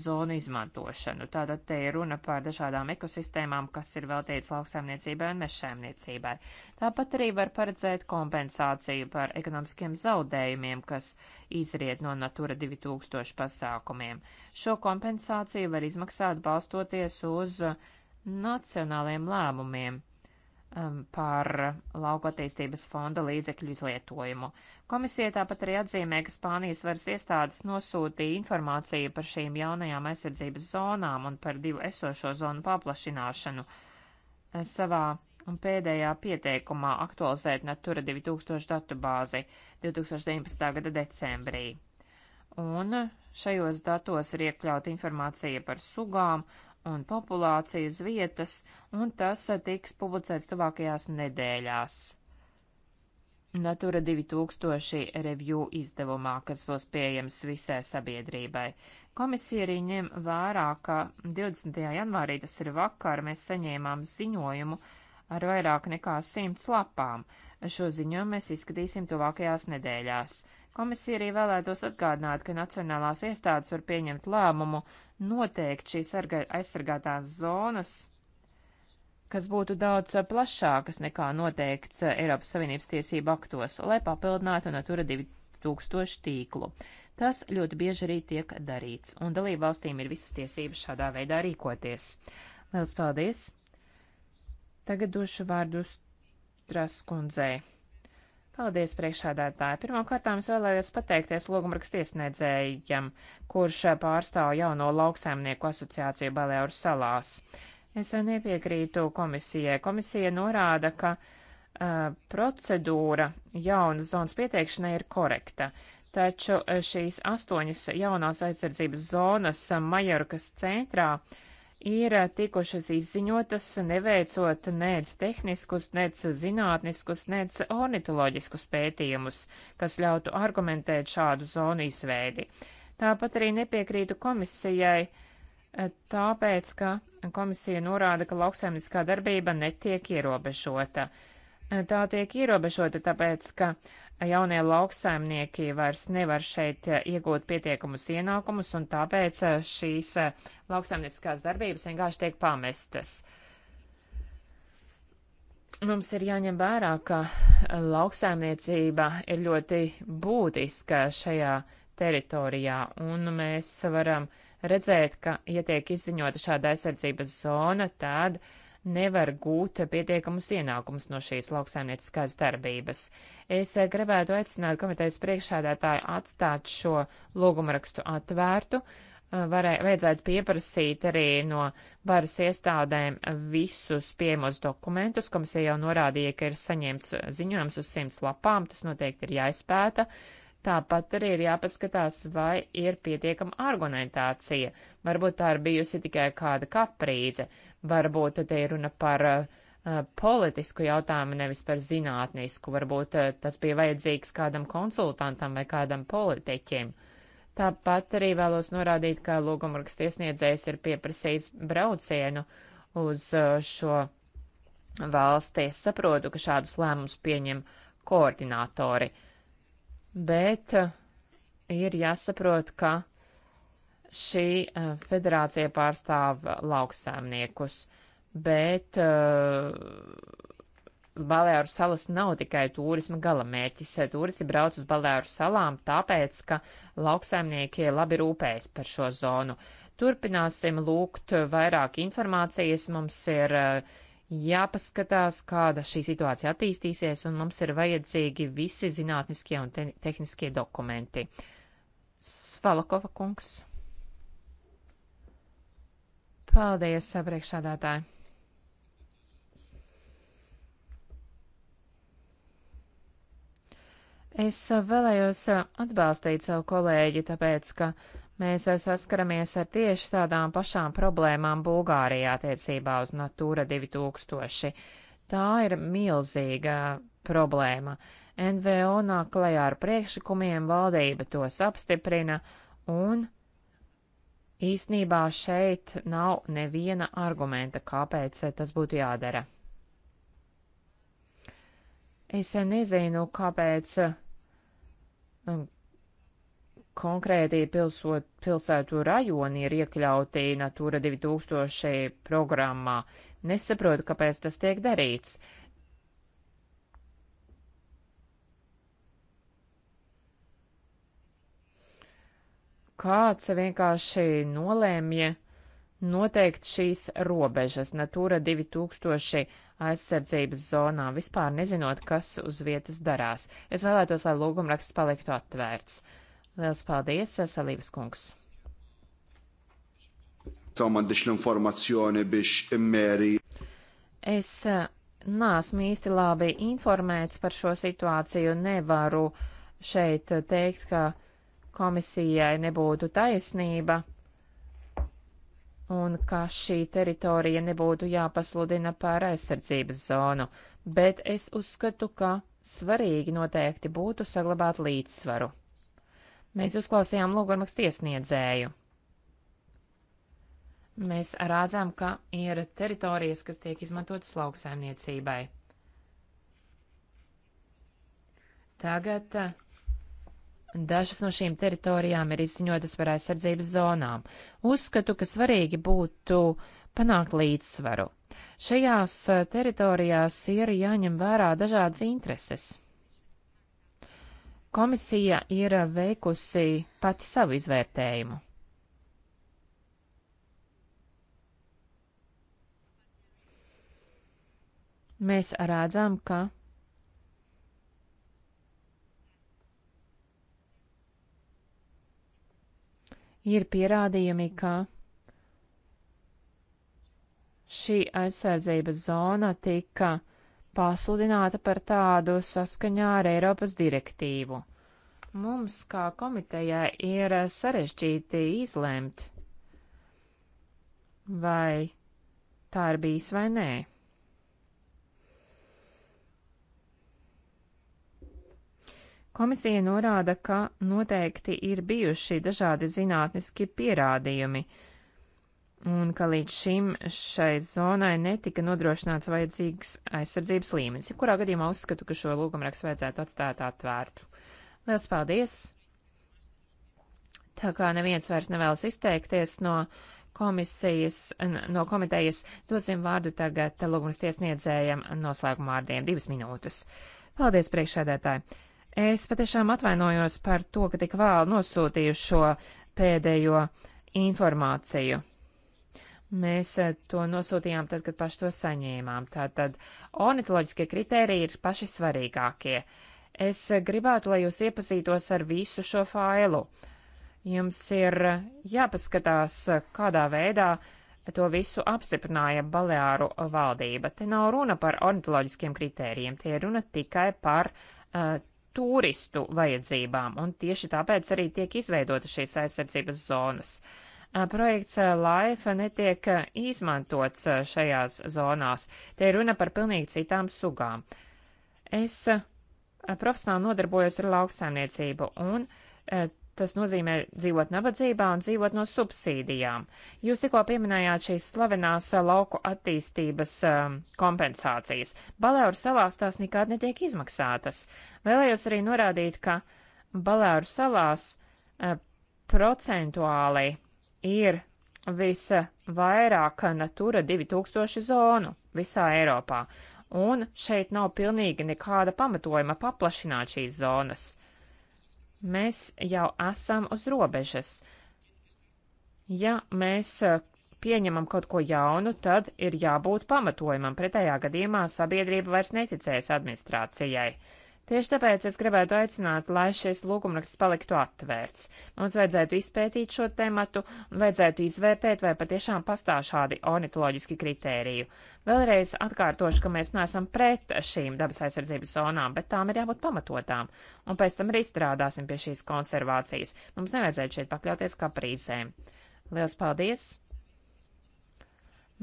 zonu izmantošanu. Tātad te ir runa par dažādām ekosistēmām, kas ir veltītas lauksaimniecībai un mežsaimniecībai. Tāpat arī var paredzēt kompensāciju par ekonomiskiem zaudējumiem, kas izriet no Natura 2000 pasākumiem. Šo kompensāciju var izmaksāt balstoties uz nacionāliem lēmumiem Um, par lauku attīstības fonda līdzekļu izlietojumu. Komisija tāpat arī atzīmē, ka Spānijas varas iestādes nosūtīja informāciju par šīm jaunajām aizsardzības zonām un par divu esošo zonu paplašināšanu savā pēdējā pieteikumā aktualizēt Natura 2000 datu bāzi 2019. gada decembrī. Un šajos datos ir iekļauta informācija par sugām un populācijas vietas, un tas eh, tiks publicēts tuvākajās nedēļās. Natura 2000 review izdevumā, kas būs pieejams visai sabiedrībai. Komisija arī ņem vērā, ka 20. janvārī, tas ir vakar, mēs saņēmām ziņojumu ar vairāk nekā simts lapām. Šo ziņojumu mēs izskatīsim tuvākajās nedēļās. Komisija arī vēlētos atgādināt, ka nacionālās iestādes var pieņemt lēmumu noteikt šīs aizsargātās zonas, kas būtu daudz plašākas nekā noteikts eh, Eiropas Savienības tiesību aktos, lai papildinātu Natura 2000 tīklu. Tas ļoti bieži arī tiek darīts, un dalību valstīm ir visas tiesības šādā veidā rīkoties. Lielas paldies! Tagad došu vārdu Straskundzei. Paldies, priekšādātāji. Pirmkārtām es vēlējos pateikties logumrakstiesniedzējam, kurš pārstāv jauno lauksaimnieku asociāciju Balēru salās. Es nepiekrītu komisijai. Komisija norāda, ka uh, procedūra jaunas zonas pieteikšanai ir korekta, taču šīs astoņas jaunās aizsardzības zonas Majorkas centrā uh, ir eh, tikušas izziņotas neveicot nec tehniskus, nec zinātniskus, nec ornitoloģiskus pētījumus, kas ļautu argumentēt šādu zonu izveidi. Tāpat arī nepiekrītu komisijai, eh, tāpēc, ka komisija norāda, ka lauksaimniskā darbība netiek ierobežota. Eh, tā tiek ierobežota tāpēc, ka jaunie lauksaimnieki vairs nevar šeit eh, iegūt pietiekumus ienākumus, un tāpēc eh, šīs eh, lauksaimnieciskās darbības vienkārši tiek pamestas. Mums ir jāņem vērā, ka lauksaimniecība ir ļoti būtiska šajā teritorijā, un mēs varam redzēt, ka, ja tiek izziņota šāda aizsardzības zona, tad uh, nevar gūt pietiekamus ienākumus no šīs lauksaimnieciskās darbības. Es eh, gribētu aicināt komitejas priekšādātāju atstāt šo lūgumrakstu atvērtu. Eh, varē, vajadzētu pieprasīt arī no varas iestādēm visus piemos dokumentus. Komisija jau norādīja, ka ir saņemts ziņojums uz simts lapām, tas noteikti ir jāizpēta. Tāpat arī ir jāpaskatās, vai ir pietiekama argumentācija. Varbūt tā ir bijusi tikai kāda kaprīze, Varbūt te ir runa par uh, politisku jautājumu, nevis par zinātnisku. Varbūt uh, tas bija vajadzīgs kādam konsultantam vai kādam politiķim. Tāpat arī vēlos norādīt, ka lūgumraksta iesniedzējs ir pieprasījis braucienu uz uh, šo valsti. Es saprotu, ka šādus lēmumus pieņem koordinātori, bet ir jāsaprot, ka Šī eh, federācija pārstāv lauksaimniekus, bet eh, Balēru salas nav tikai turisma galamērķis. Turisti brauc uz Balēru salām tāpēc, ka lauksaimnieki labi rūpējas par šo zonu. Turpināsim lūgt vairāk informācijas. Mums ir eh, jāpaskatās, kāda šī situācija attīstīsies, un mums ir vajadzīgi visi zinātniskie un te tehniskie dokumenti. Svalakova kungs. Paldies, priekšādātāji! Es vēlējos atbalstīt savu kolēģi, tāpēc, ka mēs saskaramies ar tieši tādām pašām problēmām Bulgārijā attiecībā uz Natūra 2000. Tā ir milzīga problēma. NVO nāk klajā ar priekšlikumiem, valdība tos apstiprina, un Īsnībā šeit nav neviena argumenta, kāpēc tas būtu jādara. Es nezinu, kāpēc um, konkrēti pilsot, pilsētu rajoni ir iekļauti Natūra 2000 programmā. Nesaprotu, kāpēc tas tiek darīts. kāds vienkārši nolēmja noteikt šīs robežas Natūra 2000 aizsardzības zonā, vispār nezinot, kas uz vietas darās. Es vēlētos, lai lūgumraksts paliktu atvērts. Liels paldies, Salīvas kungs! Savu man dišu informāciju bieži immērī. Es eh, nāsmu īsti labi informēts par šo situāciju, nevaru šeit eh, teikt, ka komisijai nebūtu taisnība un ka šī teritorija nebūtu jāpasludina par aizsardzības zonu, bet es uzskatu, ka svarīgi noteikti būtu saglabāt līdzsvaru. Mēs uzklausījām lūgumaks tiesniedzēju. Mēs rādzām, ka ir teritorijas, kas tiek izmantotas lauksaimniecībai. Tagad Dažas no šīm teritorijām ir izziņotas par aizsardzības zonām. Uzskatu, ka svarīgi būtu panākt līdzsvaru. Šajās eh, teritorijās ir jāņem vērā dažādas intereses. Komisija ir veikusi pati savu izvērtējumu. Mēs redzam, ka Ir pierādījumi, ka šī aizsardzības zona tika pasludināta par tādu saskaņā ar Eiropas direktīvu. Mums, kā komitejai, ir sarežģīti izlemt, vai tā ir bijis vai nē. Komisija norāda, ka noteikti ir bijuši dažādi zinātniski pierādījumi, un ka līdz šim šai zonai netika nodrošināts vajadzīgs aizsardzības līmenis. Jebkurā gadījumā uzskatu, ka šo lūgumrakstu vajadzētu atstāt atvērtu. Lielas paldies! Tā kā neviens vairs nevēlas izteikties no komisijas, no komitejas, dosim vārdu tagad lūgumas tiesniedzējiem noslēguma vārdiem divas minūtes. Paldies, priekšsēdētāji! Es patiešām atvainojos par to, ka tik vēl nosūtīju šo pēdējo informāciju. Mēs eh, to nosūtījām tad, kad paši to saņēmām. Tātad ornitoloģiskie kriteriji ir paši svarīgākie. Es eh, gribētu, lai jūs iepazītos ar visu šo failu. Jums ir eh, jāpaskatās, kādā veidā to visu apstiprināja Baleāru valdība. Te nav runa par ornitoloģiskiem kritērijiem, tie ir runa tikai par uh, turistu vajadzībām, un tieši tāpēc arī tiek izveidota šīs aizsardzības zonas. Projekts Life netiek izmantots šajās zonās. Te ir runa par pilnīgi citām sugām. Es profesionāli nodarbojos ar lauksaimniecību, un Tas nozīmē dzīvot nabadzībā un dzīvot no subsīdijām. Jūs tikko pieminējāt šīs slavenās eh, lauku attīstības um, kompensācijas. Balēru salās tās nekad netiek izmaksātas. Vēlējos arī norādīt, ka Balēru salās uh, procentuāli ir visa vairāk Natura 2000 zonu visā Eiropā, un šeit nav pilnīgi nekāda pamatojuma paplašināt šīs zonas. Mēs jau esam uz robežas. Ja mēs eh, pieņemam kaut ko jaunu, tad ir jābūt pamatojumam. Pretējā gadījumā sabiedrība vairs neticēs administrācijai. Uh, Tieši tāpēc es gribētu aicināt, lai šis lūgumraksts paliktu atvērts. Mums vajadzētu izpētīt šo tematu un vajadzētu izvērtēt, vai patiešām pastāv šādi ornitoloģiski kritēriju. Vēlreiz atkārtošu, ka mēs neesam pret šīm dabas aizsardzības zonām, bet tām ir jābūt pamatotām, un pēc tam arī strādāsim pie šīs konservācijas. Mums nevajadzētu šeit pakļauties kaprīzēm. Liels paldies!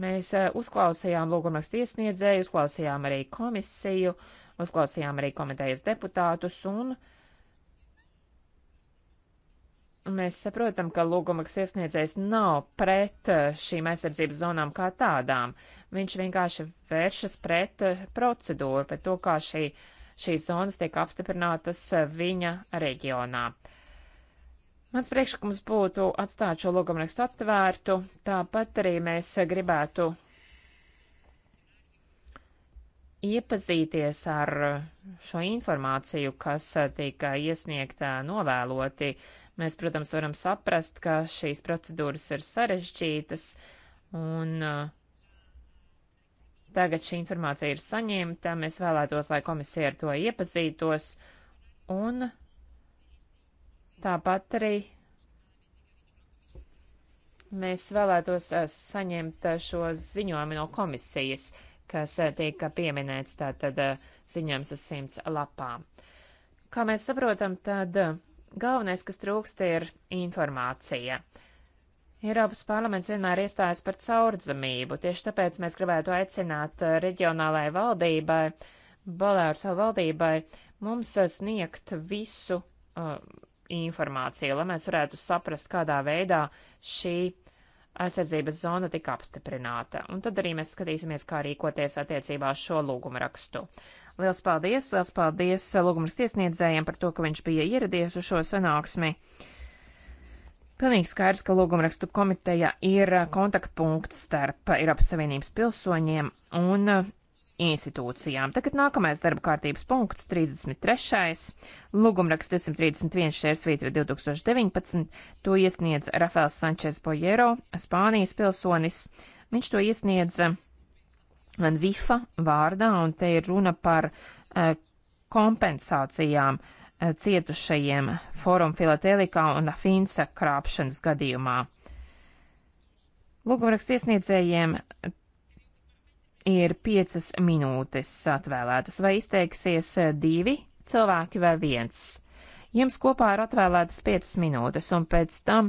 Mēs eh, uzklausījām lūgumrakstu iesniedzēju, uzklausījām arī komisiju. Uh, Uzklausījām arī komitejas deputātus un mēs saprotam, ka lūgumaks iesniedzējs nav pret eh, šīm aizsardzības zonām kā tādām. Viņš vienkārši vēršas pret eh, procedūru, pret to, kā šī, šīs zonas tiek apstiprinātas eh, viņa reģionā. Mans priekšlikums būtu atstāt šo lūgumrakstu atvērtu, tāpat arī mēs gribētu iepazīties ar šo informāciju, kas eh, tika iesniegta novēloti. Mēs, protams, varam saprast, ka šīs procedūras ir sarežģītas, un eh, tagad šī informācija ir saņemta. Mēs vēlētos, lai komisija ar to iepazītos, un tāpat arī mēs vēlētos eh, saņemt šo ziņojumu no komisijas kas eh, tika pieminēts tātad eh, ziņojums uz simts lapām. Kā mēs saprotam, tad eh, galvenais, kas trūkst, ir informācija. Eiropas parlaments vienmēr iestājas par caurdzamību, tieši tāpēc mēs gribētu aicināt reģionālajai valdībai, Balēru savu valdībai, mums sniegt visu uh, informāciju, lai mēs varētu saprast, kādā veidā šī aizsardzības zona tika apstiprināta. Un tad arī mēs skatīsimies, kā rīkoties attiecībā uz šo lūgumrakstu. Liels paldies, liels paldies lūgumrakstu iesniedzējiem par to, ka viņš bija ieradies uz šo sanāksmi. Pilnīgi skaidrs, ka lūgumrakstu komiteja ir kontaktpunkts starp Eiropas Savienības pilsoņiem un institūcijām. Tagad nākamais darba kārtības punkts, 33. Lūgumraksts 231 šērsvītra 2019. To iesniedz Rafēls Sančes Bojero, Spānijas pilsonis. Viņš to iesniedz eh, Vifa vārdā, un te ir runa par eh, kompensācijām eh, cietušajiem Forum Filatēlikā un Afinsa krāpšanas gadījumā. Lūgumraksts iesniedzējiem ir piecas minūtes atvēlētas, vai izteiksies eh, divi cilvēki vai viens. Jums kopā ir atvēlētas piecas minūtes, un pēc tam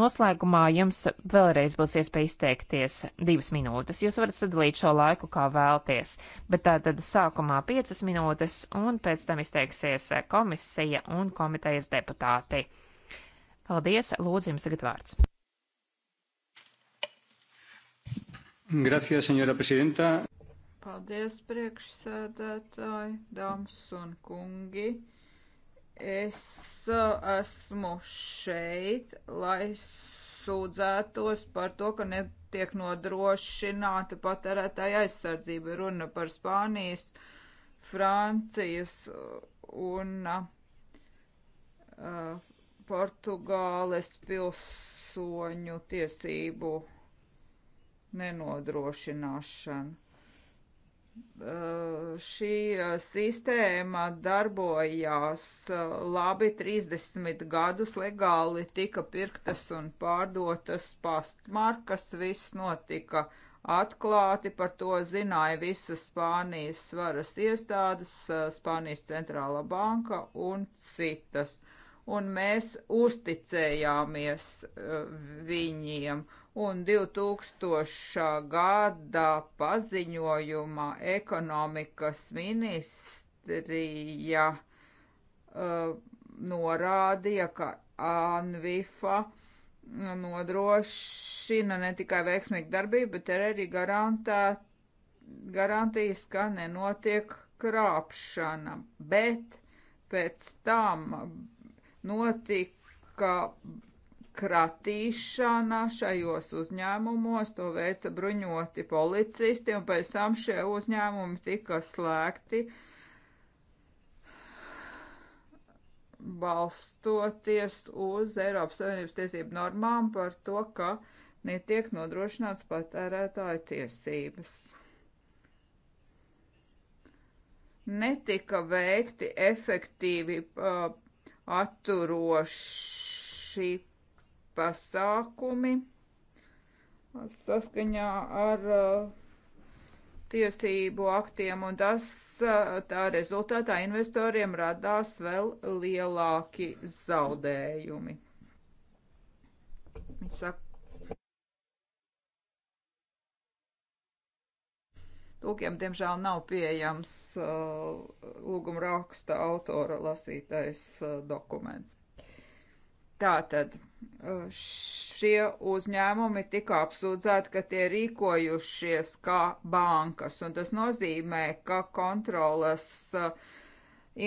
noslēgumā jums vēlreiz būs iespēja izteikties divas minūtes. Jūs varat sadalīt šo laiku, kā vēlties, bet tā tad sākumā piecas minūtes, un pēc tam izteiksies eh, komisija un komitejas deputāti. Paldies, lūdzu jums tagad vārds. Gracias, senora presidenta. Paldies, priekšsēdētāji, dāmas un kungi. Es uh, esmu šeit, lai sūdzētos par to, ka netiek nodrošināta patērētāja aizsardzība. Runa par Spānijas, Francijas uh, un uh, Portugāles pilsoņu tiesību nenodrošināšanu. Eh, šī eh, sistēma darbojās eh, labi 30 gadus, legāli tika pirktas un pārdotas pastmarkas, viss notika atklāti par to zināja visas Spānijas varas iestādes, Spānijas centrālā banka un citas. Un mēs uzticējāmies viņiem. Uh, un 2000. gada paziņojumā ekonomikas ministrija uh, norādīja, ka Anvifa nodrošina ne tikai veiksmīgu darbību, bet ir arī garantē, garantijas, ka nenotiek krāpšana. Bet pēc tam notika kratīšana šajos uzņēmumos, to veica bruņoti policisti, un pēc tam šie uzņēmumi tika slēgti balstoties uz Eiropas Savienības tiesību normām par to, ka netiek nodrošināts patērētāju tiesības. Netika veikti efektīvi uh, atturoši pasākumi saskaņā ar uh, tiesību aktiem, un tas uh, tā rezultātā investoriem radās vēl lielāki zaudējumi. Viņš saka, Lūkiem, diemžēl, nav pieejams uh, lūguma raksta autora lasītais uh, dokuments. Tātad uh, šie uzņēmumi tika apsūdzēti, ka tie rīkojušies kā bankas, un tas nozīmē, ka kontrolas uh,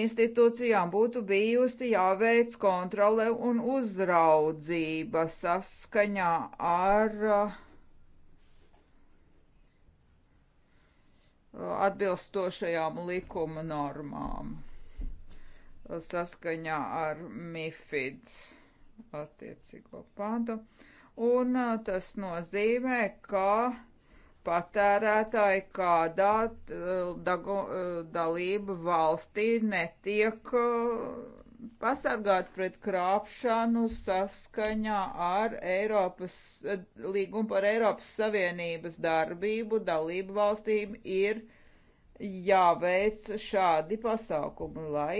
institūcijām būtu bijusi jāveic kontrole un uzraudzība saskaņā ar uh, atbilstošajām likuma normām saskaņā ar MIFIDS attiecīgo pantu. Un tas nozīmē, ka patērētāji kādā dagu, dalību valstī netiek pasargāti pret krāpšanu saskaņā ar Eiropas līgumu par Eiropas Savienības darbību dalību valstīm ir jāveic šādi pasākumi, lai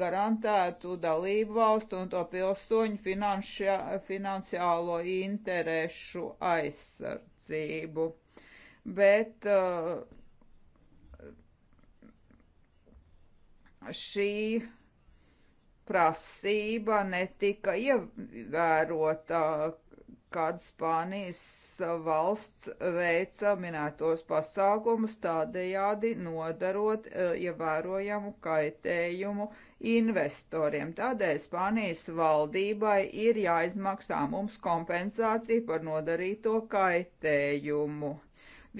garantētu dalību valstu un to pilsoņu finanšia, finansiālo interešu aizsardzību. Bet eh, šī prasība netika ievērota kad Spānijas valsts veica minētos pasākumus tādējādi nodarot e, ievērojamu kaitējumu investoriem. Tādēļ Spānijas valdībai ir jāizmaksā mums kompensācija par nodarīto kaitējumu.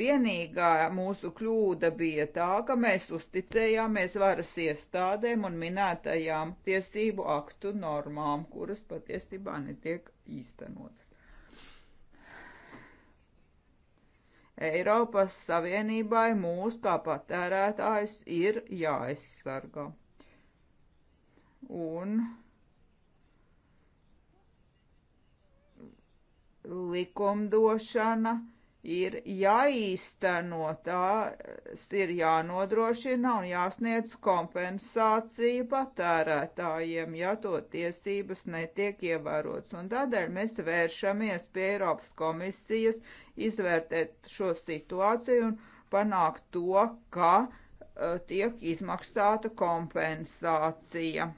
Vienīgā mūsu kļūda bija tā, ka mēs uzticējāmies varas iestādēm un minētajām tiesību aktu normām, kuras patiesībā netiek īstenotas. Eiropas Savienībai mūs kā patērētājs ir jāaizsarga. Un likumdošana ir jāīsteno, tās ir jānodrošina un jāsniedz kompensācija patērētājiem, ja to tiesības netiek ievērots. Un tādēļ mēs vēršamies pie Eiropas komisijas izvērtēt šo situāciju un panākt to, ka uh, tiek izmaksāta kompensācija.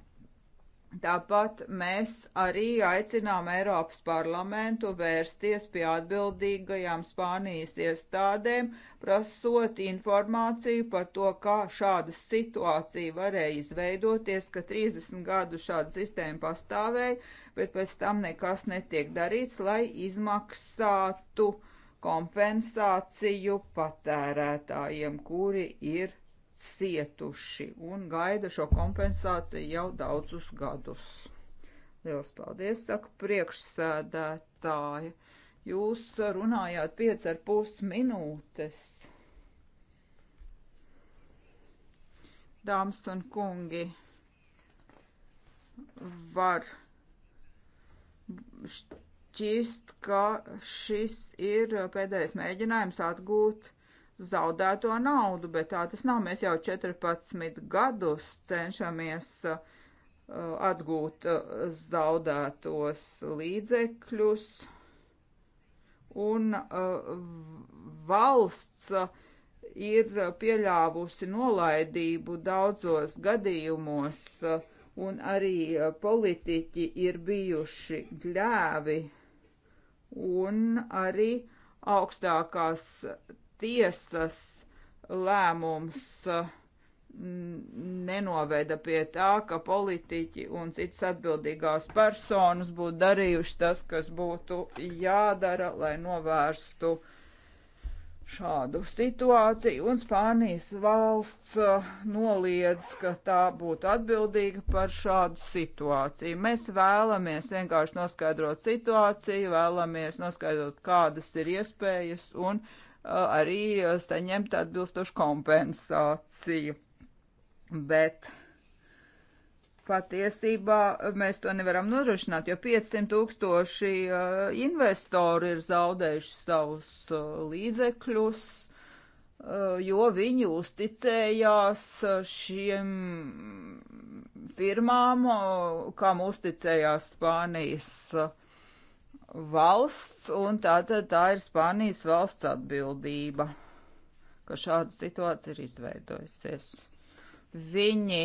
Tāpat mēs arī aicinām Eiropas parlamentu vērsties pie atbildīgajām Spānijas iestādēm, prasot informāciju par to, kā šāda situācija varēja izveidoties, ka 30 gadu šāda sistēma pastāvēja, bet pēc tam nekas netiek darīts, lai izmaksātu kompensāciju patērētājiem, kuri ir cietuši un gaida šo kompensāciju jau daudzus gadus. Lielas paldies, saka priekšsēdētāja. Jūs runājāt 5,5 minūtes. Dāmas un kungi, var šķist, ka šis ir pēdējais mēģinājums atgūt zaudēto naudu, bet tā tas nav. Mēs jau 14 gadus cenšamies uh, atgūt uh, zaudētos līdzekļus, un uh, valsts uh, ir pieļāvusi nolaidību daudzos gadījumos, uh, un arī uh, politiķi ir bijuši gļēvi, un arī augstākās tiesas lēmums mm, nenoveda pie tā, ka politiķi un citas atbildīgās personas būtu darījuši tas, kas būtu jādara, lai novērstu uh, šādu situāciju, un Spānijas valsts uh, noliedz, ka tā būtu atbildīga par šādu situāciju. Mēs vēlamies vienkārši noskaidrot situāciju, vēlamies noskaidrot, kādas ir iespējas un arī eh, saņemt atbilstošu kompensāciju. Bet patiesībā eh, mēs to nevaram nodrošināt, jo 500 tūkstoši eh, investori ir zaudējuši savus līdzekļus, jo viņi uzticējās šiem firmām, kam uzticējās Spānijas uh, valsts, un tātad tā ir Spānijas valsts atbildība, ka šāda situācija ir izveidojusies. Viņi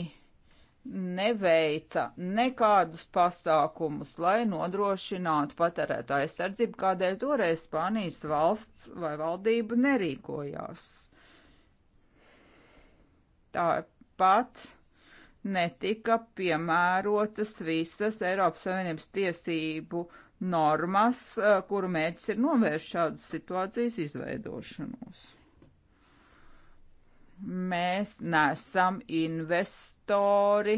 neveica nekādus pasākumus, lai nodrošinātu patērētu aizsardzību, kādēļ toreiz Spānijas valsts vai valdība nerīkojās. Tāpat netika piemērotas visas Eiropas Savienības tiesību uh, normas, eh, kuru mērķis ir novērst šādas situācijas izveidošanos. Mēs nesam investori,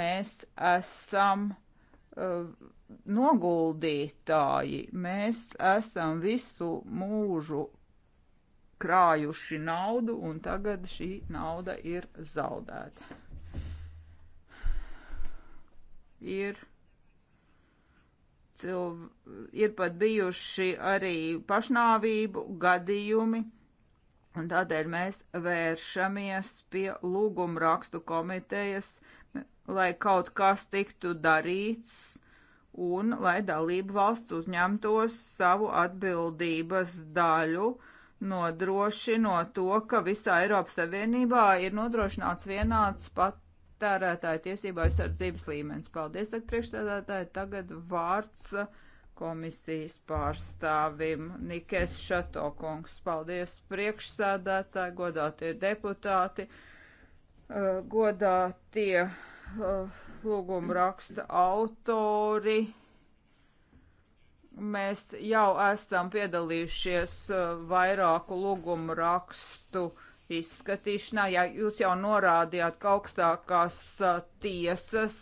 mēs esam uh, noguldītāji, mēs esam visu mūžu krājuši naudu, un tagad šī nauda ir zaudēta. Ir ir pat bijuši arī pašnāvību gadījumi, un tādēļ mēs vēršamies pie lūguma rakstu komitejas, lai kaut kas tiktu darīts un lai dalību valsts uzņemtos savu atbildības daļu, nodrošinot to, ka visā Eiropas Savienībā ir nodrošināts vienāds pat tērētāju tiesību aizsardzības līmenis. Paldies, ak, priekšstādātāji. Tagad vārds komisijas pārstāvim Nikes Šatokungs. Paldies, priekšsādātāji, godātie deputāti, uh, godātie uh, lūguma raksta autori. Mēs jau esam piedalījušies uh, vairāku lūgumu rakstu uh, izskatīšanā. Ja jūs jau norādījāt, ka augstākās tiesas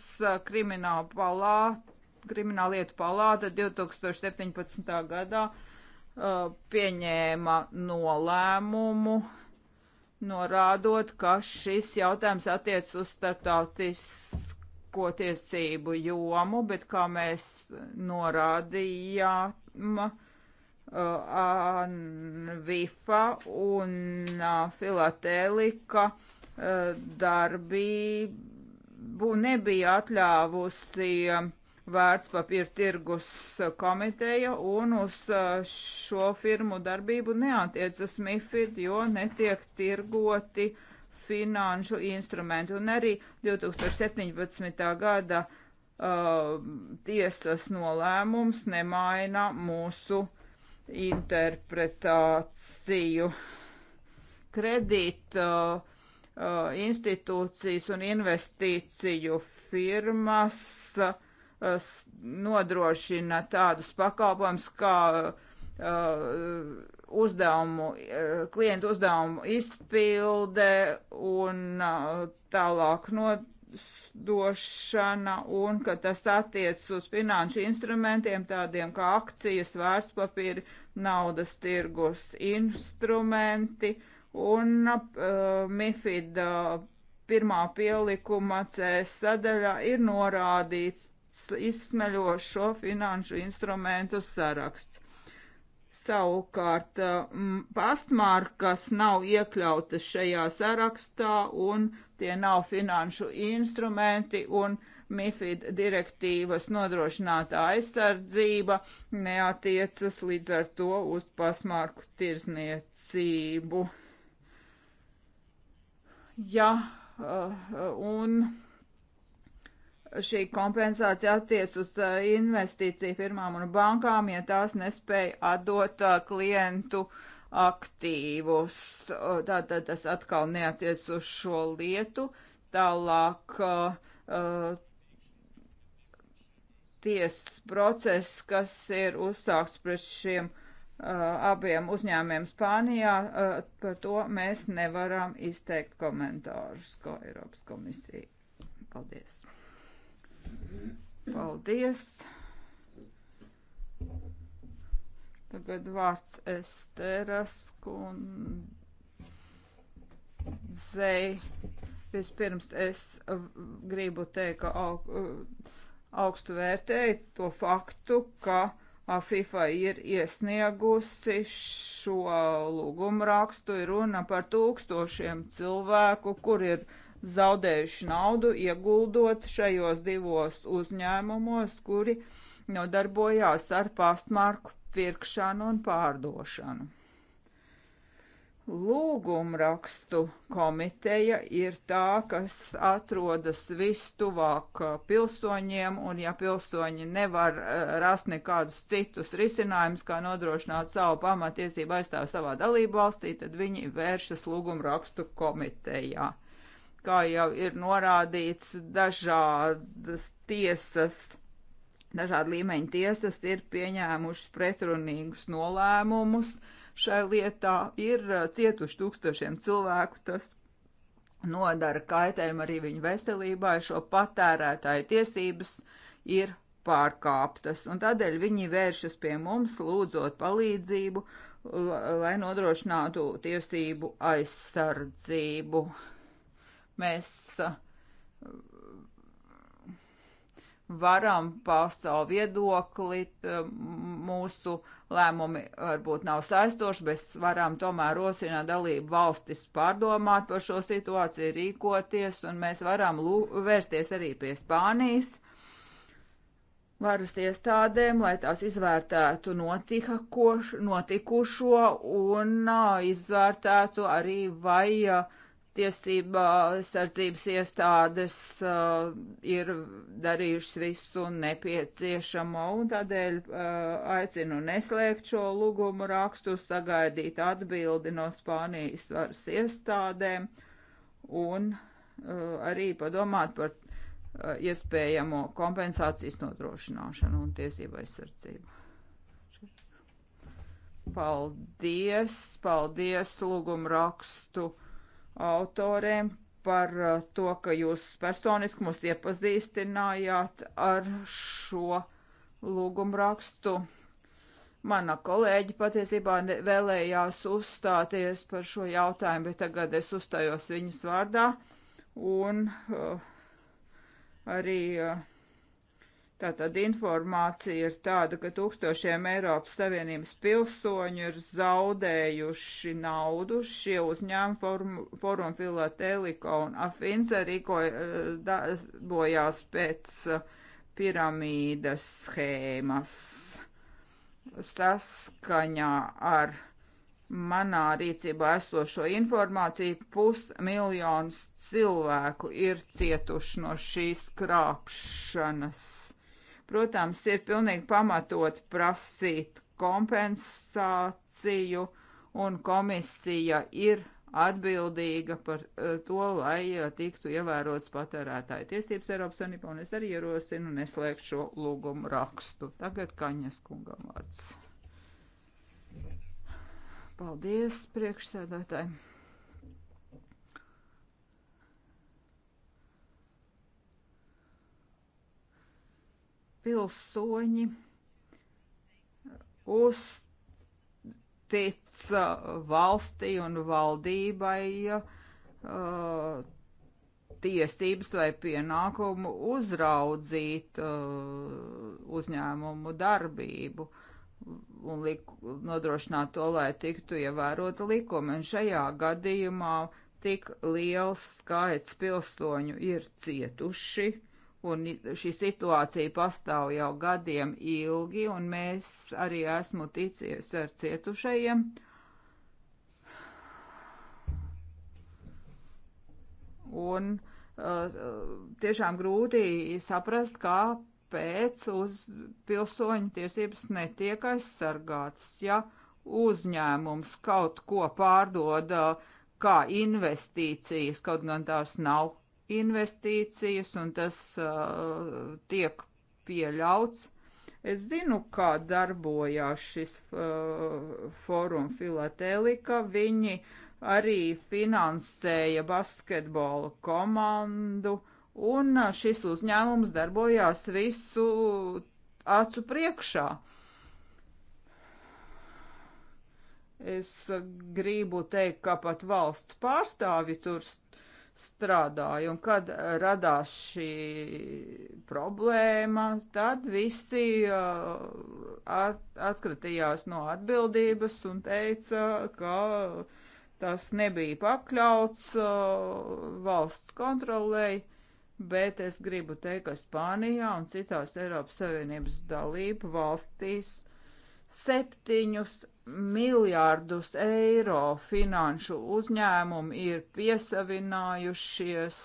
krimināla palāta, krimināla lietu palāta 2017. gadā uh, pieņēma nolēmumu, norādot, ka šis jautājums attiec uz starptautisko tiesību jomu, bet kā mēs norādījām, Uh, Anvifa un uh, Filatēlika uh, darbību nebija atļāvusi um, vērtspapīra tirgus komiteja un uz šo firmu darbību neatiecas MIFID, jo netiek tirgoti finanšu instrumenti. Un arī 2017. gada uh, tiesas nolēmums nemaina mūsu interpretāciju. Kredīta uh, institūcijas un investīciju firmas uh, nodrošina tādus pakalpojumus kā uh, uzdevumu, uh, klientu uzdevumu izpilde un uh, tālāk no likumdošana un ka tas attiec uz finanšu instrumentiem tādiem kā akcijas, vērtspapīri, naudas tirgus instrumenti un uh, MIFID uh, pirmā pielikuma C sadaļā ir norādīts izsmeļošo finanšu instrumentu saraksts. Savukārt eh, pastmarkas nav iekļautas šajā sarakstā un tie nav finanšu instrumenti un MIFID direktīvas nodrošinātā aizsardzība neatiecas līdz ar to uz pasmārku tirzniecību. Ja, eh, un šī kompensācija attiec uz uh, investīciju firmām un bankām, ja tās nespēja atdot uh, klientu aktīvus. Tātad tas atkal neatiec uz šo lietu. Tālāk uh, uh tiesas process, kas ir uzsāks pret šiem uh, abiem uzņēmiem Spānijā, uh, par to mēs nevaram izteikt komentārus, ko Eiropas komisija. Paldies! Paldies! Tagad vārds Esteras kundzei. Vispirms es gribu teikt, ka aug, augstu vērtēju to faktu, ka FIFA ir iesniegusi šo lūgumu rakstu. Ir runa par tūkstošiem cilvēku, kur ir zaudējuši naudu, ieguldot šajos divos uzņēmumos, kuri nodarbojās ar pastmarku pirkšanu un pārdošanu. Lūgumrakstu komiteja ir tā, kas atrodas vistuvāk pilsoņiem, un ja pilsoņi nevar eh, rast nekādus citus risinājumus, kā nodrošināt savu pamatiesību aizstāv savā dalību valstī, tad viņi vēršas lūgumrakstu komitejā kā jau ir norādīts, dažādas tiesas, dažāda līmeņa tiesas ir pieņēmušas pretrunīgus nolēmumus. Šai lietā ir uh, cietuši tūkstošiem cilvēku, tas nodara kaitējumu arī viņu veselībai, šo patērētāju tiesības ir pārkāptas, un tādēļ viņi vēršas pie mums, lūdzot palīdzību, lai nodrošinātu tiesību aizsardzību. Mēs uh, varam paust savu viedokli, uh, mūsu lēmumi varbūt nav saistoši, bet varam tomēr rosināt dalību valstis pārdomāt par šo situāciju, rīkoties, un mēs varam vērsties arī pie Spānijas varas iestādēm, lai tās izvērtētu notikušo un uh, izvērtētu arī vai uh, tiesībā sardzības iestādes uh, ir darījušas visu nepieciešamo un tādēļ uh, aicinu neslēgt šo lūgumu rakstu, sagaidīt atbildi no Spānijas varas iestādēm un uh, arī padomāt par uh, iespējamo kompensācijas nodrošināšanu un tiesību aizsardzību. Paldies, paldies lūgumu rakstu autoriem par uh, to, ka jūs personiski mūs iepazīstinājāt ar šo lūgumrakstu. Mana kolēģi patiesībā vēlējās uzstāties par šo jautājumu, bet tagad es uzstājos viņas vārdā un uh, arī uh, Tātad informācija ir tāda, ka tūkstošiem Eiropas Savienības pilsoņu ir zaudējuši naudu. Šie uzņēmumi Forum, forum Filatēlika un Afinza rīkojās eh, pēc eh, piramīdas schēmas. Saskaņā ar manā rīcībā esošo informāciju pusmiljons cilvēku ir cietuši no šīs krāpšanas Protams, ir pilnīgi pamatot prasīt kompensāciju, un komisija ir atbildīga par eh, to, lai eh, tiktu ievērots patērētāju tiesības Eiropas Sanībā, un es arī ierosinu neslēgt šo lūgumu rakstu. Tagad Kaņas kungam vārds. Paldies priekšsēdētāji! pilsoņi uztica valstī un valdībai uh, tiesības vai pienākumu uzraudzīt uh, uzņēmumu darbību un liku, nodrošināt to, lai tiktu ievērota likuma. Un šajā gadījumā tik liels skaits pilsoņu ir cietuši Un šī situācija pastāv jau gadiem ilgi, un mēs arī esmu ticies ar cietušajiem. Un uh, tiešām grūti saprast, kāpēc uz pilsoņu tiesības netiek aizsargātas. Ja uzņēmums kaut ko pārdod kā investīcijas, kaut gan tās nav investīcijas, un tas uh, tiek pieļauts. Es zinu, kā darbojās šis uh, fórums Filatēlika. Viņi arī finansēja basketbola komandu, un uh, šis uzņēmums darbojās visu acu priekšā. Es uh, gribu teikt, ka pat valsts pārstāvi tur strādā strādāja. Un kad radās šī problēma, tad visi uh, at, atkritījās no atbildības un teica, ka tas nebija pakļauts uh, valsts kontrolēji. Bet es gribu teikt, ka Spānijā un citās Eiropas Savienības dalību valstīs septiņus miljārdus eiro finanšu uzņēmumi ir piesavinājušies,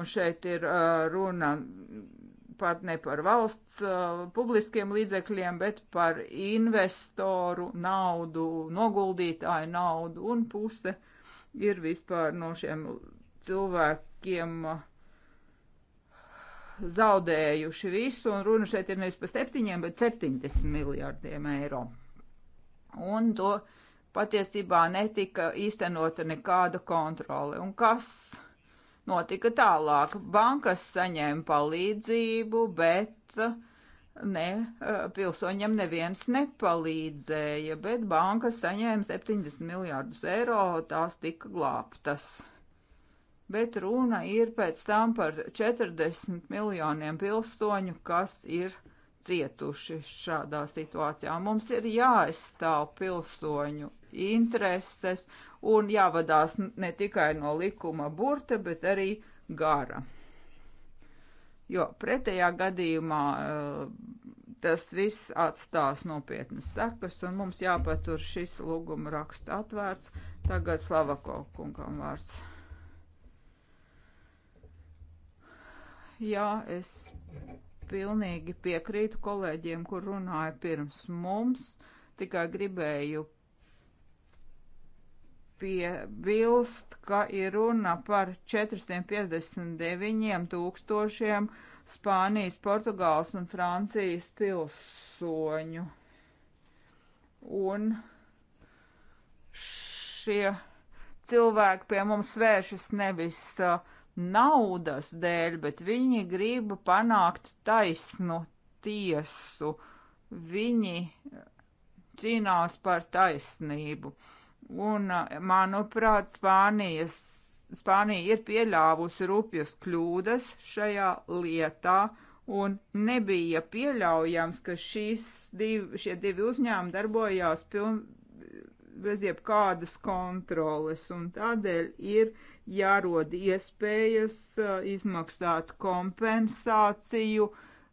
un šeit ir uh, runa pat ne par valsts uh, publiskiem līdzekļiem, bet par investoru naudu, noguldītāju naudu, un puse ir vispār no šiem cilvēkiem uh, zaudējuši visu, un runa šeit ir nevis par septiņiem, bet septiņdesmit miljārdiem eiro un to patiesībā netika īstenota nekāda kontrole. Un kas notika tālāk? Bankas saņēma palīdzību, bet uh, ne, uh, pilsoņiem neviens nepalīdzēja, bet bankas saņēma 70 miljārdus eiro, tās tika glābtas bet runa ir pēc tam par 40 miljoniem pilsoņu, kas ir cietuši šādā situācijā. Mums ir jāaizstāv pilsoņu intereses un jāvadās ne tikai no likuma burta, bet arī gara. Jo pretējā gadījumā eh, tas viss atstās nopietnas sekas, un mums jāpatur šis lūguma raksts atvērts. Tagad Slavako kungam vārds. Jā, es pilnīgi piekrītu kolēģiem, kur runāja pirms mums, tikai gribēju piebilst, ka ir runa par 459 tūkstošiem Spānijas, Portugāles un Francijas pilsoņu. Un šie cilvēki pie mums vēršas nevis uh, naudas dēļ, bet viņi grib panākt taisnu tiesu. Viņi eh, cīnās par taisnību. Un, eh, manuprāt, Spānijas, Spānija ir pieļāvusi rupjas kļūdas šajā lietā, un nebija pieļaujams, ka div, šie divi uzņēmumi darbojās piln, bez jebkādas kontroles, un tādēļ ir jārod iespējas uh, izmaksāt kompensāciju uh,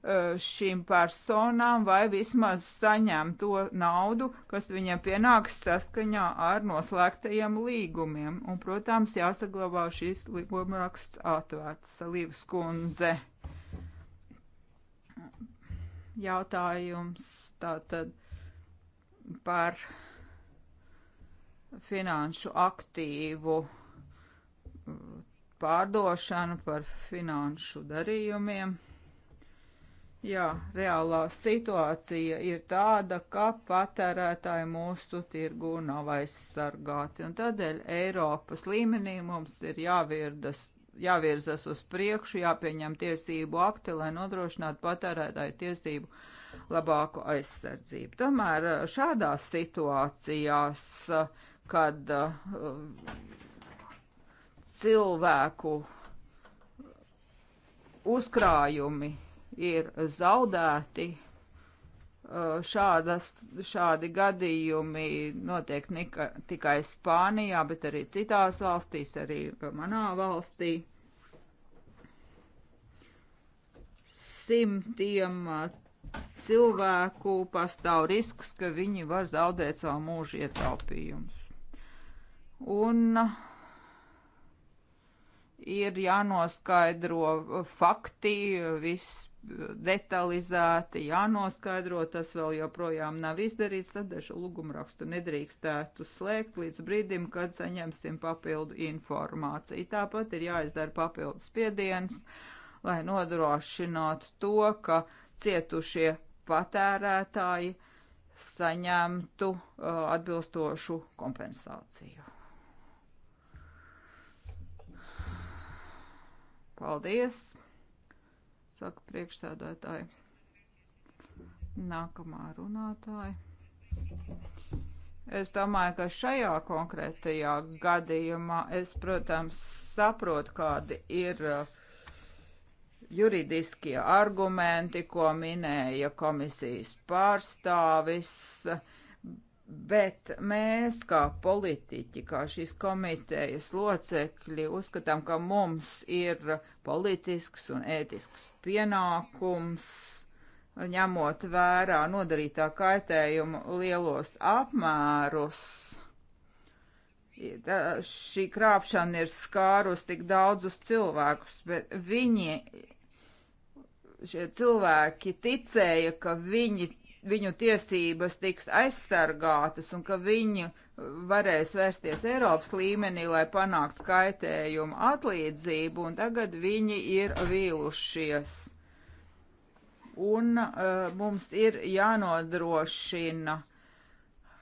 šīm personām vai vismaz saņemt to naudu, kas viņiem pienāks saskaņā ar noslēgtajiem līgumiem. Un, protams, jāsaglabā šīs līgumraksts atvērts, Salīvas kundze. Jautājums tātad par finanšu aktīvu mm, pārdošanu, par finanšu darījumiem. Jā, reālā situācija ir tāda, ka patērētāji mūsu tirgu nav aizsargāti, un tādēļ Eiropas līmenī mums ir jāvirdas, jāvirzas uz priekšu, jāpieņem tiesību akti, lai nodrošinātu patērētāju tiesību labāku aizsardzību. Tomēr šādās situācijās uh, kad uh, cilvēku uzkrājumi ir zaudēti. Uh, šādas, šādi gadījumi notiek nika, tikai Spānijā, bet arī citās valstīs, arī manā valstī. Simtiem uh, cilvēku pastāv risks, ka viņi var zaudēt savu mūžu ietaupījumus un uh, ir jānoskaidro uh, fakti, uh, viss detalizēti jānoskaidro, tas vēl joprojām nav izdarīts, tad šo lūgumrakstu nedrīkstētu slēgt līdz brīdim, kad saņemsim papildu informāciju. Tāpat ir jāizdara papildu spiediens, lai nodrošinātu to, ka cietušie patērētāji saņemtu uh, atbilstošu kompensāciju. Paldies, saka priekšsēdētāji. Nākamā runātāja. Es domāju, ka šajā konkrētajā gadījumā es, protams, saprotu, kādi ir uh, juridiskie argumenti, ko minēja komisijas pārstāvis. Uh, Bet mēs, kā politiķi, kā šīs komitejas locekļi, uzskatām, ka mums ir politisks un ētisks pienākums ņemot vērā nodarītā kaitējuma lielos apmērus. Šī krāpšana ir skārus tik daudzus cilvēkus, bet viņi, šie cilvēki ticēja, ka viņi viņu tiesības tiks aizsargātas un ka viņi varēs vērsties Eiropas līmenī, lai panāktu kaitējumu atlīdzību, un tagad viņi ir vīlušies. Un uh, mums ir jānodrošina uh,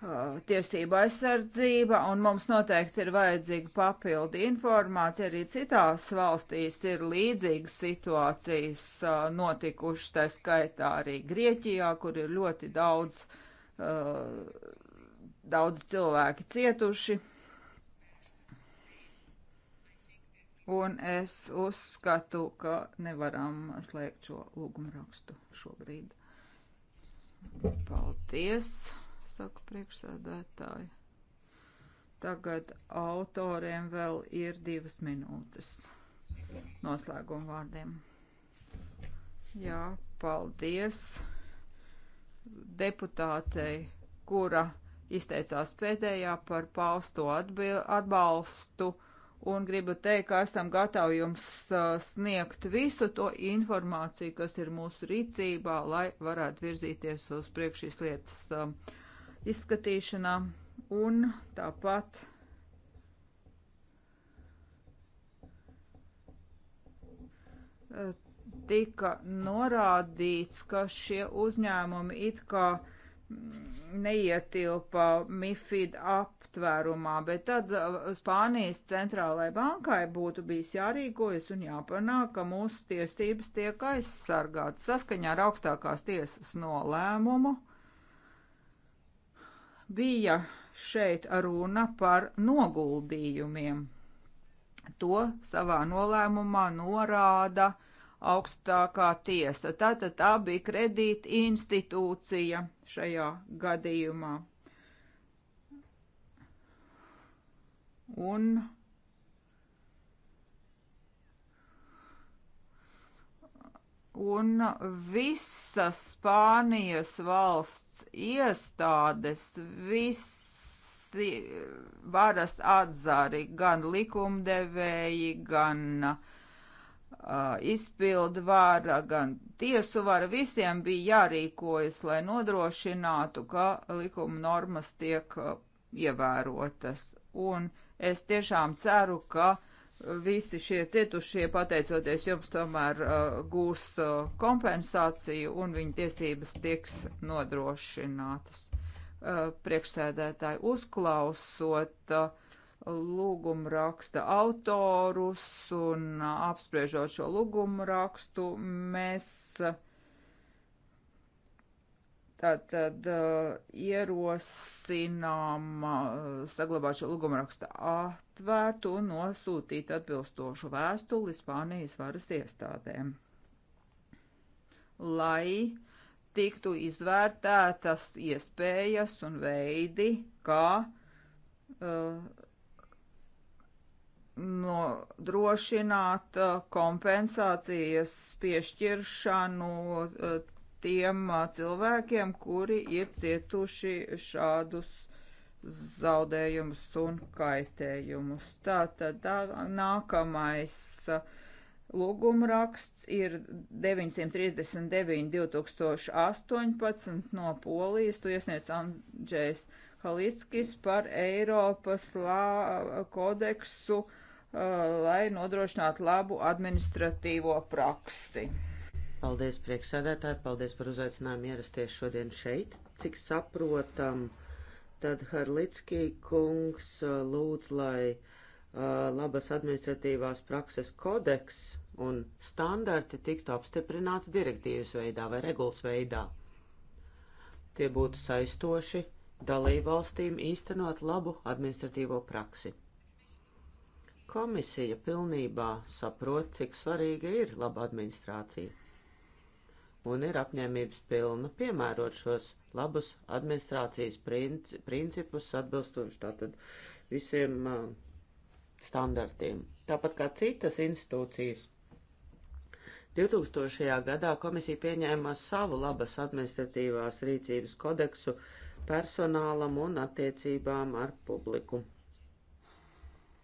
Uh, tiesība aizsardzība, un mums noteikti ir vajadzīga papildu informācija. Arī citās valstīs ir līdzīgas situācijas uh, notikušas, tā skaitā arī Grieķijā, kur ir ļoti daudz, uh, daudz cilvēki cietuši. Un es uzskatu, ka nevaram slēgt šo lūgumu rakstu šobrīd. Paldies! saka priekšsēdētāji. Tagad autoriem vēl ir divas minūtes noslēguma vārdiem. Jā, paldies deputātei, kura izteicās pēdējā par pausto atbalstu un gribu teikt, ka esam gatavi jums sniegt visu to informāciju, kas ir mūsu rīcībā, lai varētu virzīties uz priekš šīs lietas izskatīšanā un tāpat tika norādīts, ka šie uzņēmumi it kā neietilpa MIFID aptvērumā, bet tad uh, Spānijas centrālajai bankai būtu bijis jārīkojas un jāpanāk, ka mūsu tiesības tiek aizsargātas saskaņā ar augstākās tiesas nolēmumu bija šeit runa par noguldījumiem. To savā nolēmumā norāda augstākā tiesa. Tātad tā bija kredīta institūcija šajā gadījumā. Un un visas Spānijas valsts iestādes, visi varas atzari, gan likumdevēji, gan uh, izpildu vara, gan tiesu vara, visiem bija jārīkojas, lai nodrošinātu, ka likuma normas tiek uh, ievērotas. Un es tiešām ceru, ka uh, visi šie cietušie, pateicoties jums, tomēr uh, gūs uh, kompensāciju un viņu tiesības tiks nodrošinātas. Uh, priekšsēdētāji uzklausot uh, lūgumu raksta autorus un uh, apspriežot šo lūgumu rakstu, mēs uh, Tātad eh, ierosinām eh, saglabāt šo lūgumrakstu atvērtu un nosūtīt atbilstošu vēstuli Spānijas varas iestādēm, lai tiktu izvērtētas iespējas un veidi, kā uh, nodrošināt kompensācijas piešķiršanu tiem cilvēkiem, kuri ir cietuši šādus zaudējumus un kaitējumus. Tātad tā, nākamais lūgumraksts ir 939.2018 no Polijas. Tu iesniedz Andrzejs Halickis par Eiropas lā, kodeksu, uh, lai nodrošinātu labu administratīvo praksi. Paldies, priekšsēdētāji, paldies par uzaicinājumu ierasties šodien šeit. Cik saprotam, tad Harlickī kungs uh, lūdz, lai uh, labas administratīvās prakses kodeks un standarti tiktu apstiprināti direktīvas veidā vai regulas veidā. Tie būtu saistoši dalībvalstīm īstenot labu administratīvo praksi komisija pilnībā saprot, cik svarīga ir laba administrācija un ir apņēmības pilna piemērot šos labus administrācijas princi principus atbilstoši tātad visiem uh, standartiem. Tāpat kā citas institūcijas. 2000. gadā komisija pieņēma savu labas administratīvās rīcības kodeksu personālam un attiecībām ar publiku.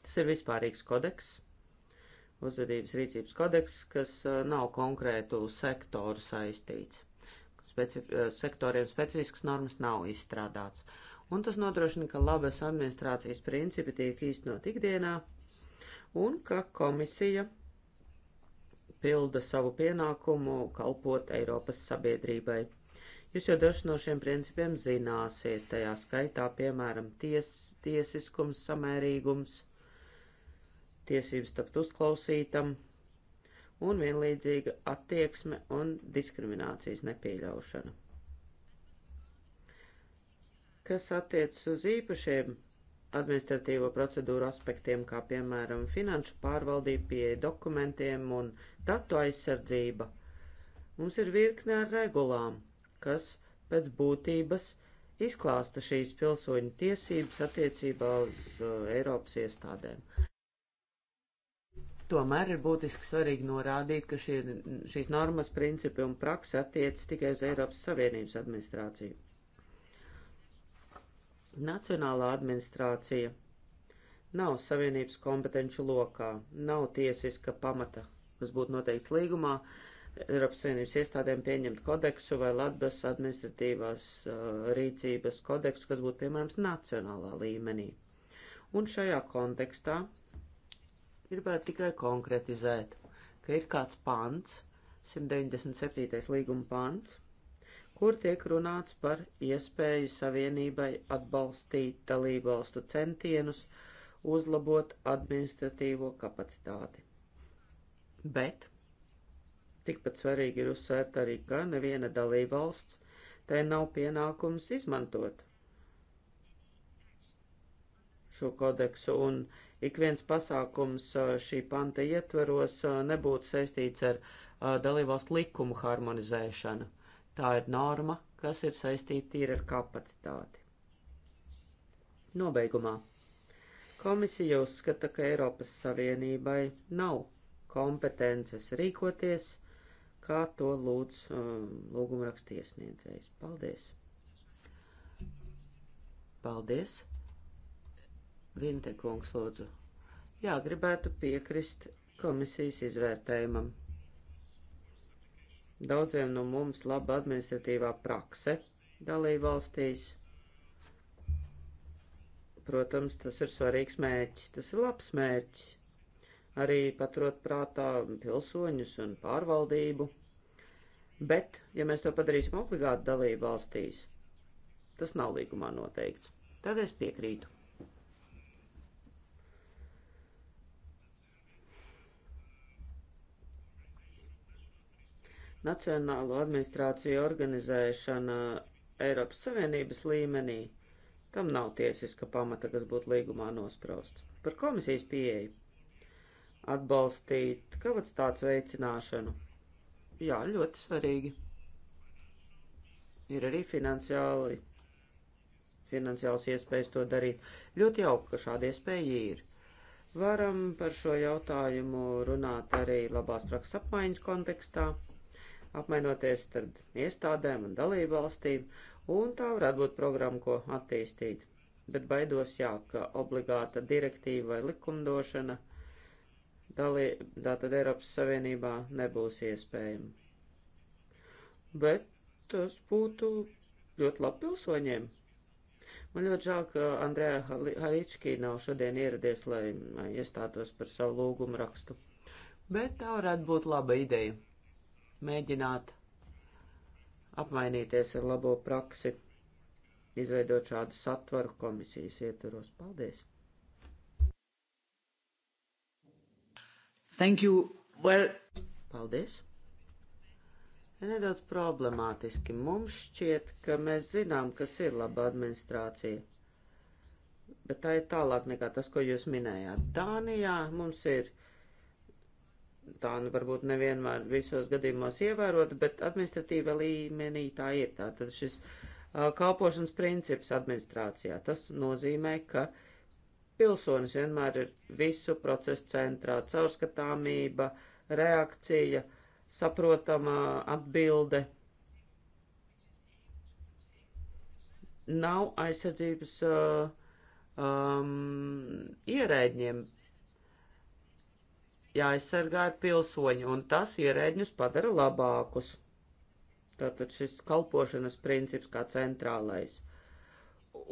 Tas ir vispārīgs kodeks, uzvedības rīcības kodeks, kas nav konkrētu sektoru saistīts. Specif sektoriem specifiskas normas nav izstrādāts. Un tas nodrošina, ka labas administrācijas principi tiek īstenot ikdienā un ka komisija pilda savu pienākumu kalpot Eiropas sabiedrībai. Jūs jau dažus no šiem principiem zināsiet, tajā skaitā, piemēram, ties, tiesiskums, samērīgums, uh, tiesības tapt uzklausītam un vienlīdzīga attieksme un diskriminācijas nepieļaušana. Kas attiecas uz īpašiem administratīvo procedūru aspektiem, kā piemēram finanšu pārvaldība, pieeja dokumentiem un datu aizsardzība, mums ir virkne ar regulām, kas pēc būtības izklāsta šīs pilsoņu tiesības attiecībā uz uh, Eiropas iestādēm. Tomēr ir būtiski svarīgi norādīt, ka šie, šīs normas, principi un praksa attiec tikai uz Eiropas Savienības administrāciju. Nacionālā administrācija nav Savienības kompetenču lokā, nav tiesiska pamata, kas būtu noteikts līgumā, Eiropas Savienības iestādēm pieņemt kodeksu vai Latvijas administratīvās uh, rīcības kodeksu, kas būtu piemērams nacionālā līmenī. Un šajā kontekstā Gribētu tikai konkretizēt, ka ir kāds pants, 197. līguma pants, kur tiek runāts par iespēju savienībai atbalstīt dalībvalstu centienus uzlabot administratīvo kapacitāti. Bet tikpat svarīgi ir uzsvērt arī, ka neviena dalībvalsts tai nav pienākums izmantot šo kodeksu un uh, ik viens pasākums šī panta ietveros nebūtu saistīts ar dalībvalstu likumu harmonizēšanu. Tā ir norma, kas ir saistīta tīri ar kapacitāti. Nobeigumā. Komisija uzskata, ka Eiropas Savienībai nav kompetences rīkoties, kā to lūdz um, lūgumrakstiesniedzējs. Paldies! Paldies! Vinte kungs, lūdzu. Jā, gribētu piekrist komisijas izvērtējumam. Daudziem no mums laba administratīvā prakse dalībvalstīs. Protams, tas ir svarīgs mērķis, tas ir labs mērķis. Arī paturot prātā pilsoņus un pārvaldību. Bet, ja mēs to padarīsim obligāti dalībvalstīs, tas nav līgumā noteikts. Tad es piekrītu. Nacionālo administrāciju organizēšana Eiropas Savienības līmenī tam nav tiesiska pamata, kas būtu līgumā nosprausts. Par komisijas pieeju atbalstīt kapacitātes veicināšanu. Jā, ļoti svarīgi. Ir arī finansiāli, finansiāls iespējas to darīt. Ļoti jauka, ka šāda iespēja ir. Varam par šo jautājumu runāt arī labās prakses apmaiņas kontekstā apmainoties starp iestādēm un dalībvalstīm, un tā varētu būt programma, ko attīstīt. Bet baidos, jā, ka obligāta direktīva vai likumdošana dalī, tātad Eiropas Savienībā nebūs iespējama. Bet tas būtu ļoti labi pilsoņiem. Man ļoti žēl, ka Andrēja Haličkī nav šodien ieradies, lai iestātos par savu lūgumu rakstu. Bet tā varētu būt laba ideja mēģināt apmainīties ar labo praksi, izveidot šādu satvaru komisijas ietvaros. Paldies! Thank you. Well... Paldies! Ir nedaudz problemātiski. Mums šķiet, ka mēs zinām, kas ir laba administrācija. Bet tā ir tālāk nekā tas, ko jūs minējāt. Dānijā mums ir uh, tā nu varbūt nevienmēr visos gadījumos ievērota, bet administratīva līmenī tā ir. Tātad šis uh, kalpošanas princips administrācijā, tas nozīmē, ka pilsonis vienmēr ir visu procesu centrā - caurskatāmība, reakcija, saprotama atbilde. Nav aizsardzības uh, um, ierēģiem, jāaizsargā ir pilsoņi, un tas ierēģņus padara labākus. Tātad šis kalpošanas princips kā centrālais.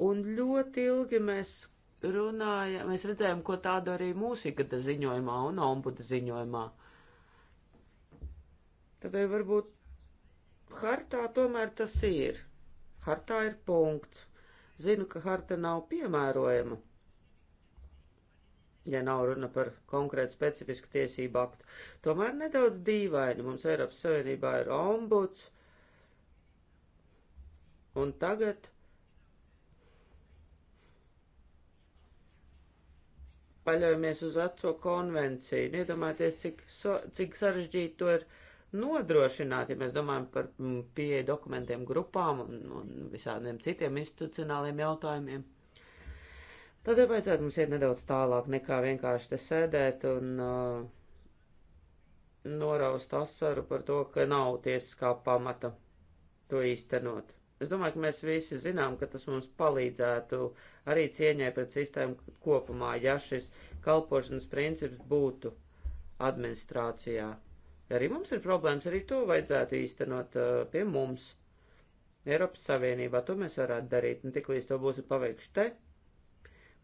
Un ļoti ilgi mēs runājam, mēs redzējām, ko tādu arī mūsu ikgada ziņojumā un ombuda ziņojumā. Tādēļ varbūt hartā tomēr tas ir. Hartā ir punkts. Zinu, ka harta nav piemērojama ja nav runa par konkrētu specifisku tiesību aktu. Tomēr nedaudz dīvaini mums Eiropas Savienībā ir ombuds, un tagad paļaujamies uz veco konvenciju. Iedomājieties, cik, so, cik sarežģīti to ir nodrošināt, ja mēs domājam par mm, pieeja dokumentiem grupām un, un visādiem citiem institucionāliem jautājumiem. Tādēļ vajadzētu mums iet nedaudz tālāk nekā vienkārši te sēdēt un uh, noraust asaru par to, ka nav tiesiskā pamata to īstenot. Es domāju, ka mēs visi zinām, ka tas mums palīdzētu arī cieņai pret sistēmu kopumā, ja šis kalpošanas princips būtu administrācijā. Arī mums ir problēmas, arī to vajadzētu īstenot uh, pie mums. Eiropas Savienībā to mēs varētu darīt, un tiklīdz to būsim paveikuši te,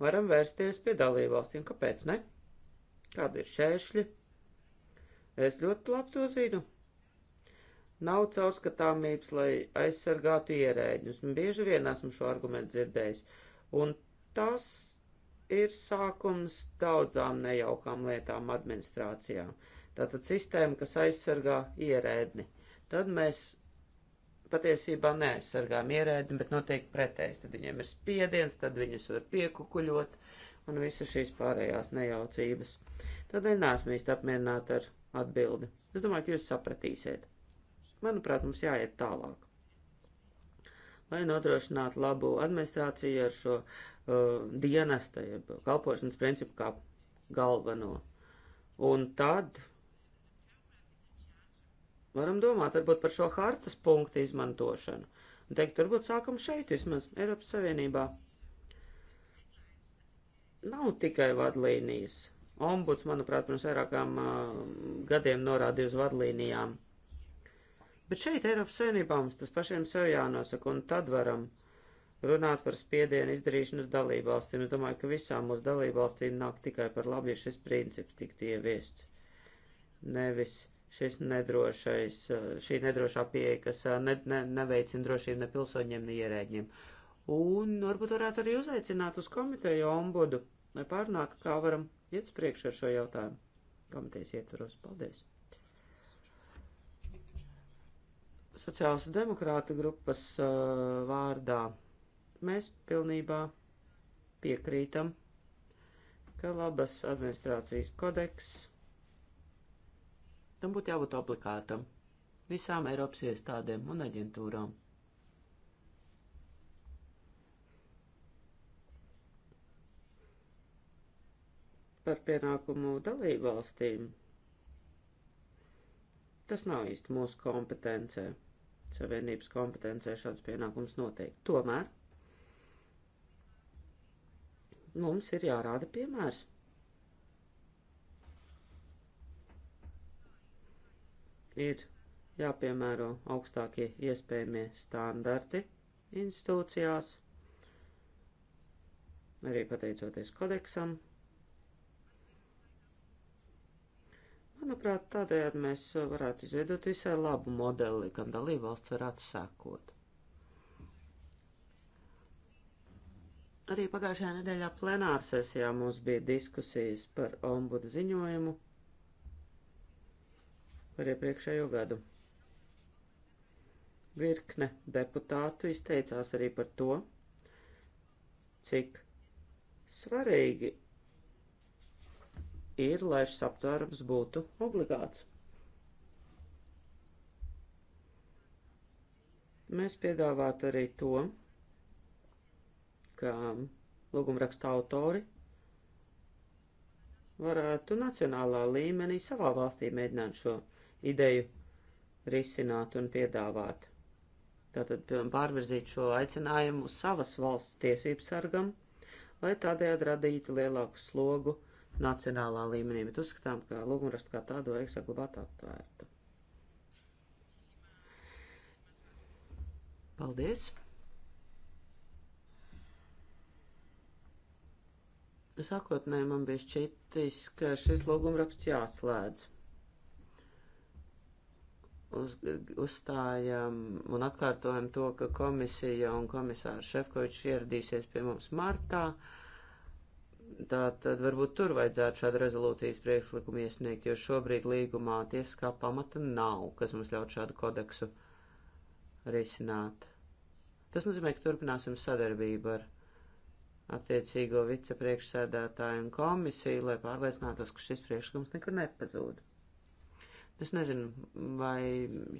varam vērsties pie dalībvalstīm. Kāpēc ne? Kādi ir šēršļi? Es ļoti labi to zinu. Nav caurskatāmības, lai aizsargātu ierēģus. Bieži vien esmu šo argumentu dzirdējis. Un tas ir sākums daudzām nejaukām lietām administrācijām. Tātad sistēma, kas aizsargā ierēdni. Tad mēs patiesībā neaizsargām ierēdni, bet noteikti pretējs. Tad viņiem ir spiediens, tad viņus var piekukuļot un visas šīs pārējās nejaucības. Tādēļ neesmu īsti apmierināta ar atbildi. Es domāju, ka jūs sapratīsiet. Manuprāt, mums jāiet tālāk. Lai nodrošinātu labu administrāciju ar šo uh, dienesta, jeb kalpošanas principu kā galveno. Un tad Varam domāt varbūt par šo hartas punktu izmantošanu. Un teikt, varbūt sākam šeit vismaz Eiropas Savienībā. Nav tikai vadlīnijas. Ombuds, manuprāt, pirms vairākām uh, gadiem norādīja uz vadlīnijām. Bet šeit Eiropas Savienībā mums tas pašiem sev jānosaka, un tad varam runāt par spiedienu izdarīšanu uz dalībvalstīm. Es domāju, ka visām mūsu dalībvalstīm nāk tikai par labu, ja šis princips tiktu ieviests. Nevis šis nedrošais, eh, šī nedrošā pieeja, kas eh, ne, ne, neveicina drošību ne pilsoņiem, ne ierēģiem. Un varbūt varētu arī uzaicināt uz komiteju ombudu, lai pārnāk, kā varam iet uz priekšu ar šo jautājumu. Komitejas ietvaros. Paldies! Sociālas demokrāta grupas uh, vārdā mēs pilnībā piekrītam, ka labas administrācijas kodeks Tam būtu jābūt obligātam visām Eiropas iestādēm un aģentūrām. Par pienākumu dalību valstīm tas nav īsti mūsu kompetencē, savienības kompetencē šāds pienākums noteikti. Tomēr mums ir jārāda piemērs. ir jāpiemēro augstākie iespējamie standarti institūcijās, arī pateicoties kodeksam. Manuprāt, tādējādi mēs varētu izveidot visai labu modeli, kam dalībvalsts varētu sekot. Arī pagājušajā nedēļā plenārsesijā mums bija diskusijas par ombudu ziņojumu par iepriekšējo gadu. Virkne deputātu izteicās arī par to, cik svarīgi ir, lai šis aptvērums būtu obligāts. Mēs piedāvātu arī to, ka lūgumraksta autori varētu nacionālā līmenī savā valstī mēģināt šo ideju risināt un piedāvāt. Tātad pārvirzīt šo aicinājumu savas valsts tiesību sargam, lai tādējādi radītu lielāku slogu nacionālā līmenī, bet uzskatām, ka lūgumrakstu kā tādu vajag saglabāt atvērtu. Paldies! Sākotnēji man bija šķitis, ka šis lūgumraksts jāslēdz uz, uzstājam un atkārtojam to, ka komisija un komisārs Šefkovičs ieradīsies pie mums martā. Tā tad varbūt tur vajadzētu šādu rezolūcijas priekšlikumu iesniegt, jo šobrīd līgumā tiesiskā pamata nav, kas mums ļaut šādu kodeksu risināt. Tas nozīmē, ka turpināsim sadarbību ar attiecīgo vicepriekšsēdētāju un komisiju, lai pārliecinātos, ka šis priekšlikums nekur nepazūda. Es nezinu, vai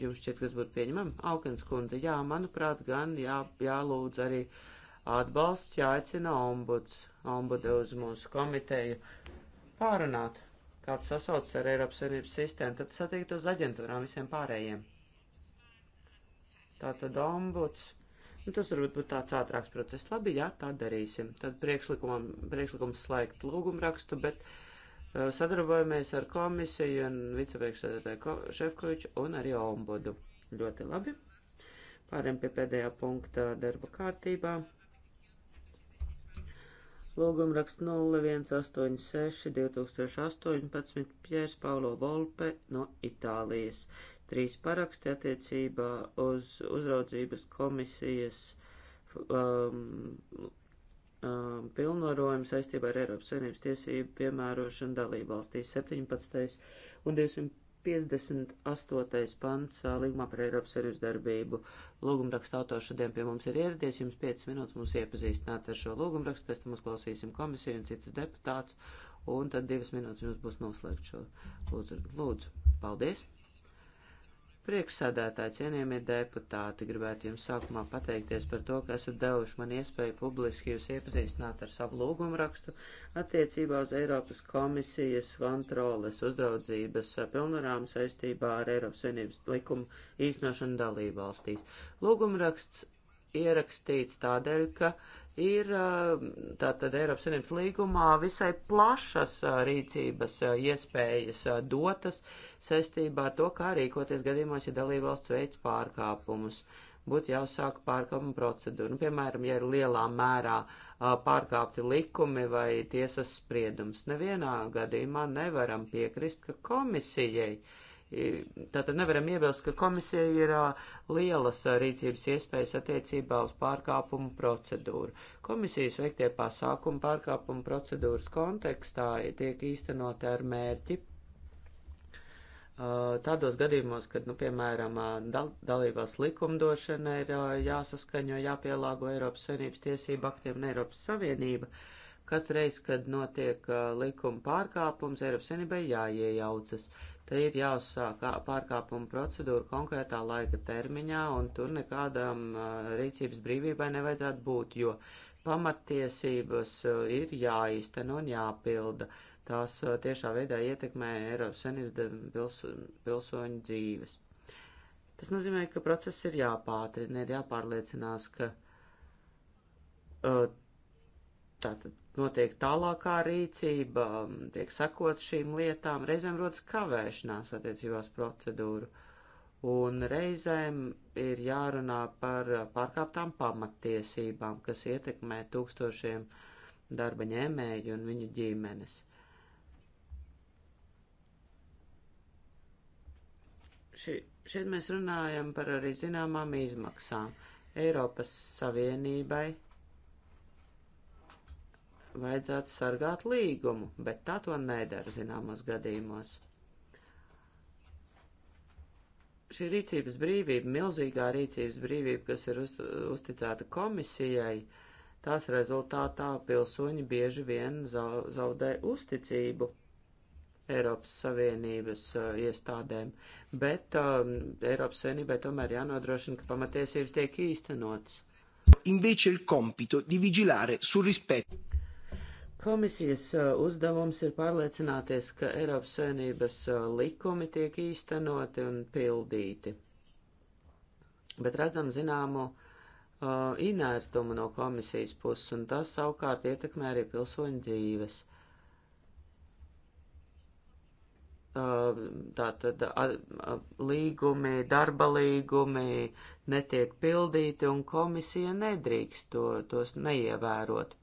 jums šķiet, kas būtu pieņemami. Aukens kundze, jā, manuprāt, gan jā, jālūdz arī atbalsts, jāicina ombuds, ombuda uz mūsu komiteju pārunāt, kāds sasaucas ar Eiropas Savienības sistēmu, tad satiektu uz aģentūrām visiem pārējiem. Tātad ombuds, nu, tas varbūt būtu tāds ātrāks process. Labi, jā, tā darīsim. Tad priekšlikumam, priekšlikums slēgt lūgumrakstu, bet Eh, sadarbojamies ar komisiju un vicepriekšsēdētāju Šefkoviču un arī ombudu. Ļoti labi. Pāriem pie pēdējā punkta darba kārtībā. Lūgumraksts 0186 2018 Piers Paulo Volpe no Itālijas. Trīs paraksti attiecībā uz uzraudzības komisijas um, um, pilnvarojumu saistībā ar Eiropas Savienības tiesību piemērošanu dalībvalstīs 17. un 258. pants uh, līgumā par Eiropas Savienības darbību. Lūgumrakstu autors šodien pie mums ir ieradies, jums 5 minūtes mums iepazīstināt ar šo lūgumrakstu, pēc tam uzklausīsim komisiju un citus deputātus, un tad 2 minūtes jums būs noslēgt šo lūdzu. lūdzu. Paldies! Prieksēdētāji, cienījamie deputāti, gribētu jums sākumā pateikties par to, ka esat devuši man iespēju publiski jūs iepazīstināt ar savu lūgumu rakstu attiecībā uz Eiropas komisijas kontroles uzraudzības pilnvarām saistībā ar Eiropas Savienības likumu īstenošanu dalībvalstīs. Lūgumraksts ierakstīts tādēļ, ka uh, ir eh, tātad Eiropas Savienības līgumā visai plašas eh, rīcības eh, iespējas dotas saistībā ar to, kā rīkoties gadījumos, ja dalībvalsts veids pārkāpumus. Būtu jāuzsāk pārkāpuma procedūra. Nu, piemēram, ja ir lielā mērā pārkāpti likumi vai tiesas spriedums, nevienā gadījumā nevaram piekrist, ka komisijai uh, Tātad nevaram iebilst, ka komisija ir lielas rīcības iespējas attiecībā uz pārkāpumu procedūru. Komisijas veiktie pasākumi pārkāpumu procedūras kontekstā tiek īstenoti ar mērķi. Tādos gadījumos, kad, nu, piemēram, dal dalībās likumdošana ir jāsaskaņo, jāpielāgo Eiropas Savienības tiesību aktiem un Eiropas Savienība, katreiz, kad notiek likuma pārkāpums, Eiropas Savienībai jāiejaucas. Uh, te ir jāuzsāk pārkāpuma procedūra konkrētā laika termiņā, un tur nekādām rīcības brīvībai nevajadzētu būt, jo pamattiesības ir jāīsten un jāpilda. Tās tiešā veidā ietekmē Eiropas Savienības pilsoņu dzīves. Tas nozīmē, ka process ir jāpātrina, ir jāpārliecinās, ka tātad notiek tālākā rīcība, um, tiek sakots šīm lietām, reizēm rodas kavēšanās attiecībās procedūru, un reizēm ir jārunā par pārkāptām pamattiesībām, kas ietekmē tūkstošiem darba ņēmēju un viņu ģimenes. Ši, šeit mēs runājam par arī zināmām izmaksām Eiropas Savienībai vajadzētu sargāt līgumu, bet tā to nedara zināmos gadījumos. Šī rīcības brīvība, milzīgā rīcības brīvība, kas ir uz, uzticēta komisijai, tās rezultātā pilsoņi bieži vien zaudē uzticību Eiropas Savienības uh, iestādēm, bet um, Eiropas Savienībai tomēr jānodrošina, ka pamatiesības tiek īstenotas. Invece il compito di vigilare sul rispetto. Komisijas uh, uzdevums ir pārliecināties, ka Eiropas Savienības uh, likumi tiek īstenoti un pildīti. Bet redzam zināmu uh, inertumu no komisijas puses, un tas savukārt ietekmē arī pilsoņu dzīves. Uh, Tātad līgumi, darba līgumi netiek pildīti, un komisija nedrīkst to, tos neievērot. Uh,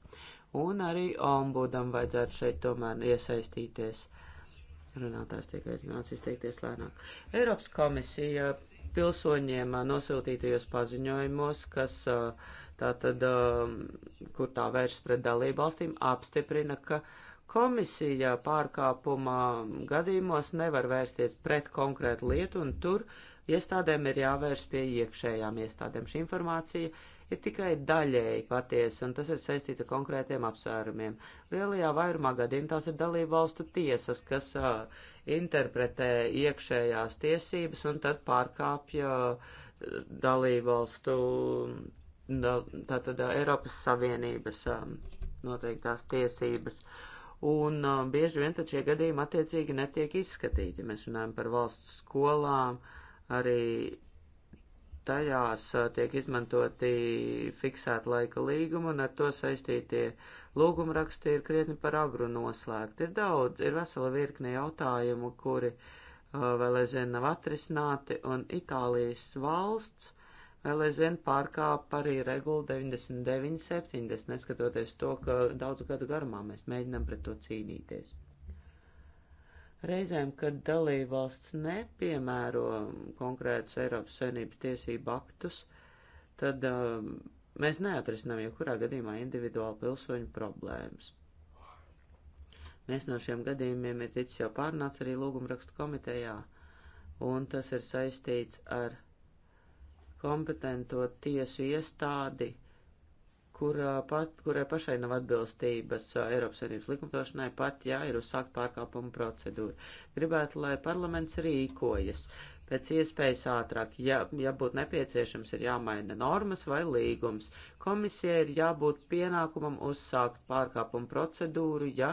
un arī ombudam vajadzētu šeit tomēr iesaistīties. Runātājs tiek aicināts izteikties lēnāk. Eiropas komisija pilsoņiem nosūtītajos paziņojumos, kas tātad, kur tā vēršas pret dalību valstīm, apstiprina, ka komisija pārkāpumā gadījumos nevar vērsties pret konkrētu lietu, un tur iestādēm ir jāvērst pie iekšējām iestādēm. Šī informācija ir tikai daļēji patiesa, un tas ir saistīts ar konkrētiem apsvērumiem. Lielajā vairumā gadījumā tās ir dalību valstu tiesas, kas uh, interpretē iekšējās tiesības un tad pārkāpja dalību valstu, da, tātad uh, Eiropas Savienības um, noteiktās tiesības. Un uh, bieži vien tad šie gadījumi attiecīgi netiek izskatīti. Mēs runājam par valsts skolām, arī tajās tiek izmantoti fiksēta laika līguma un ar to saistītie lūguma raksti ir krietni par agru noslēgti. Ir daudz, ir vesela virkne jautājumu, kuri vēl aizvien nav atrisināti, un Itālijas valsts vēl aizvien pārkāpa arī regulu 99-70, neskatoties to, ka daudzu gadu garumā mēs mēģinām pret to cīnīties. Reizēm, kad dalībvalsts nepiemēro konkrētus Eiropas Savienības tiesību aktus, tad um, mēs neatrisinām jebkurā gadījumā individuālu pilsoņu problēmas. Mēs no šiem gadījumiem ir ticis jau pārnāts arī lūgumrakstu komitejā, un tas ir saistīts ar kompetento tiesu iestādi, uh, kurā pat, kurai pašai nav atbilstības uh, Eiropas Savienības likumdošanai, pat, ja ir uzsākt pārkāpuma procedūra. Gribētu, lai parlaments rīkojas. Uh, pēc iespējas ātrāk. Ja, ja būtu nepieciešams, ir jāmaina normas vai līgums. Komisijai ir jābūt pienākumam uzsākt pārkāpumu procedūru, ja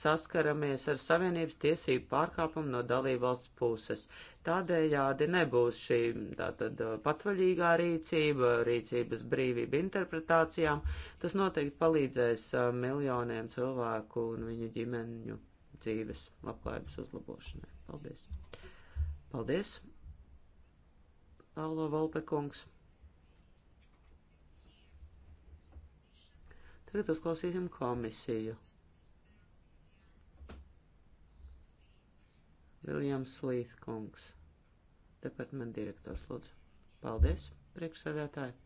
saskaramies ar Savienības tiesību pārkāpumu no dalībvalsts puses. Tādējādi nebūs šī tātad patvaļīgā rīcība, rīcības brīvība interpretācijām. Tas noteikti palīdzēs miljoniem cilvēku un viņu ģimeņu dzīves labklājības uzlabošanai. Paldies! Paldies! Paulo Volpe kungs. Tagad uzklausīsim komisiju. Viljams Līth kungs, departamenta direktors, lūdzu. Paldies, priekšsēdētāji!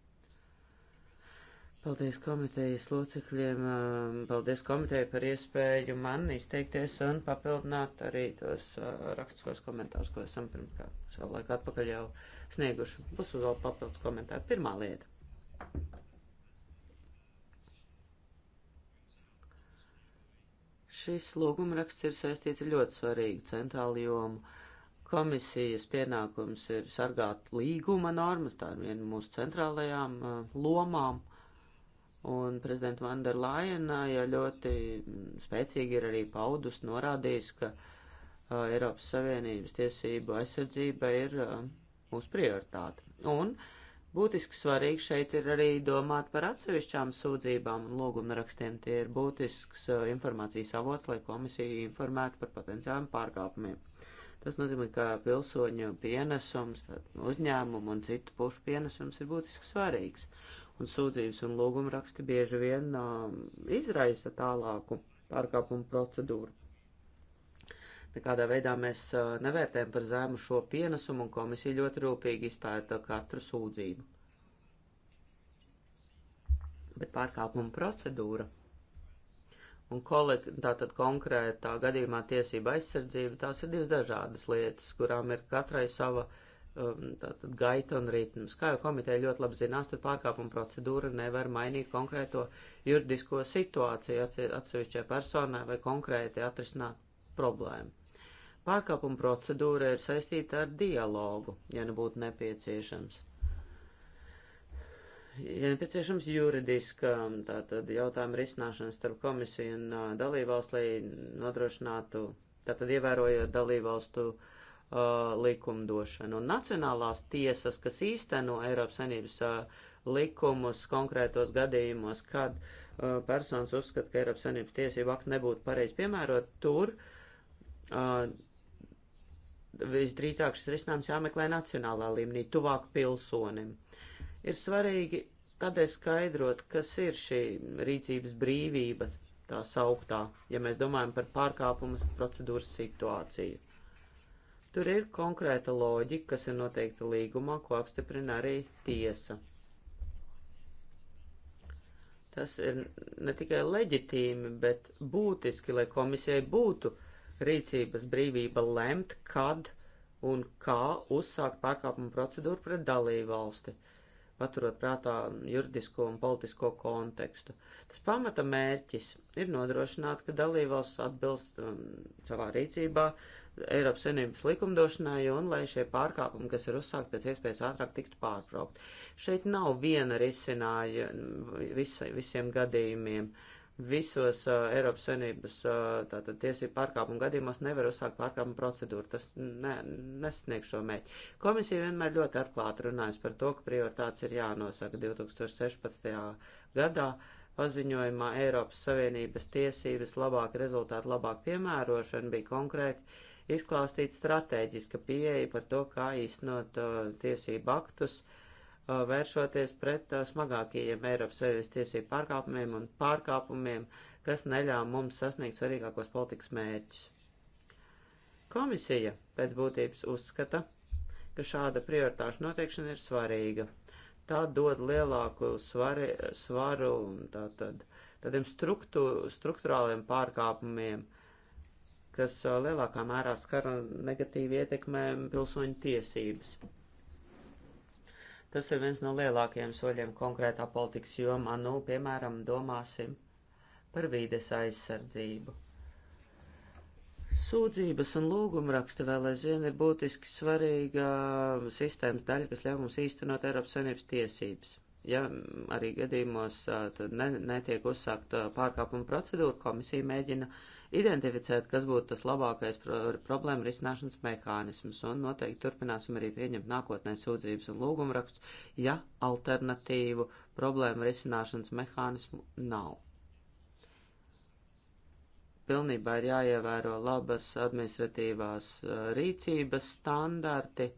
Paldies komitejas locekļiem, um, paldies komiteju par iespēju man izteikties un papildināt arī tos uh, rakstiskos komentārus, ko esam pirmkārt savu laiku atpakaļ jau snieguši. Būs vēl papildus komentāri. Pirmā lieta. Šis lūgumraksts ir saistīts ar ļoti svarīgu centrālu jomu. Komisijas pienākums ir sargāt līguma normas, tā ir viena no mūsu centrālajām uh, lomām Un prezidenta Vandera Lajena ja ļoti spēcīgi ir arī paudus norādījis, ka uh, Eiropas Savienības tiesību aizsardzība ir uh, mūsu prioritāte. Un būtiski svarīgi šeit ir arī domāt par atsevišķām sūdzībām un lūgumrakstiem. Tie ir būtisks uh, informācijas avots, lai komisija informētu par potenciāliem pārkāpumiem. Tas nozīmē, ka pilsoņu pienesums, uzņēmumu un citu pušu pienesums ir būtiski svarīgs. Un sūdzības un lūguma raksti bieži vien uh, izraisa tālāku pārkāpumu procedūru. Nekādā veidā mēs uh, nevērtējam par zēmu šo pienesumu, un komisija ļoti rūpīgi izpēta katru sūdzību. Bet pārkāpuma procedūra un kolek, tātad konkrētā gadījumā tiesība aizsardzība, tās ir divas dažādas lietas, kurām ir katrai sava uh, Um, tātad gaita un ritms. Kā jau komiteja ļoti labi zinās, tad pārkāpuma procedūra nevar mainīt konkrēto juridisko situāciju atsevišķai personai vai konkrēti atrisināt problēmu. Pārkāpuma procedūra ir saistīta ar dialogu, ja nebūtu nu nepieciešams. Ja nepieciešams juridiska um, tātad jautājuma risināšana starp komisiju un uh, dalībvalstu, lai nodrošinātu, tātad ievērojot dalībvalstu uh, uh, likumdošanu. Un nacionālās tiesas, kas īsteno Eiropas Savienības uh, likumus konkrētos gadījumos, kad uh, personas uzskata, ka Eiropas Savienības tiesība akti nebūtu pareizi piemērot, tur uh, visdrīzāk šis risinājums jāmeklē nacionālā līmenī, tuvāk pilsonim. Ir svarīgi tādēļ skaidrot, kas ir šī rīcības brīvība tā sauktā, ja mēs domājam par pārkāpumu procedūras situāciju. Tur ir konkrēta loģika, kas ir noteikta līgumā, ko apstiprina arī tiesa. Tas ir ne tikai leģitīmi, bet būtiski, lai komisijai būtu rīcības brīvība lemt, kad un kā uzsākt pārkāpumu procedūru pret dalību valsti, paturot prātā juridisko un politisko kontekstu. Tas pamata mērķis ir nodrošināt, ka dalību valsts atbilst um, savā rīcībā Eiropas Savienības likumdošanai un lai šie pārkāpumi, kas ir uzsākti pēc iespējas ātrāk, tiktu pārtraukt. Šeit nav viena risinājuma vis, visiem gadījumiem. Visos uh, Eiropas Savienības uh, tātad tiesību pārkāpumu gadījumos nevar uzsākt pārkāpumu procedūru. Tas ne, nesniegš šo mērķi. Komisija vienmēr ļoti atklāti runājas par to, ka prioritātes ir jānosaka 2016. gadā paziņojumā Eiropas Savienības tiesības labāk rezultātu, labāk piemērošana bija konkrēti izklāstīt strateģiska pieeja par to, kā īstenot uh, tiesību aktus, uh, vēršoties pret uh, smagākajiem Eiropas Savienības tiesību pārkāpumiem un pārkāpumiem, kas neļāva mums sasniegt svarīgākos politikas mērķus. Komisija pēc būtības uzskata, ka šāda prioritāšu noteikšana ir svarīga. Tā dod lielāku svari, svaru tātad, tādiem struktū, struktūrāliem pārkāpumiem, uh, kas lielākā mērā skar un negatīvi ietekmē pilsoņu tiesības. Tas ir viens no lielākajiem soļiem konkrētā politikas jomā, nu, piemēram, domāsim par vīdes aizsardzību. Sūdzības un lūgumraksti vēl aizvien ir būtiski svarīga sistēmas daļa, kas ļauj mums īstenot Eiropas Savienības tiesības. Ja arī gadījumos tad ne, netiek uzsākt pārkāpuma procedūra, komisija mēģina uh, identificēt, kas būtu tas labākais pro problēma risināšanas mehānisms, un noteikti turpināsim arī pieņemt nākotnē sūdzības un lūgumrakstus, ja alternatīvu problēmu risināšanas mehānismu nav. Pilnībā ir jāievēro labas administratīvās uh, rīcības standarti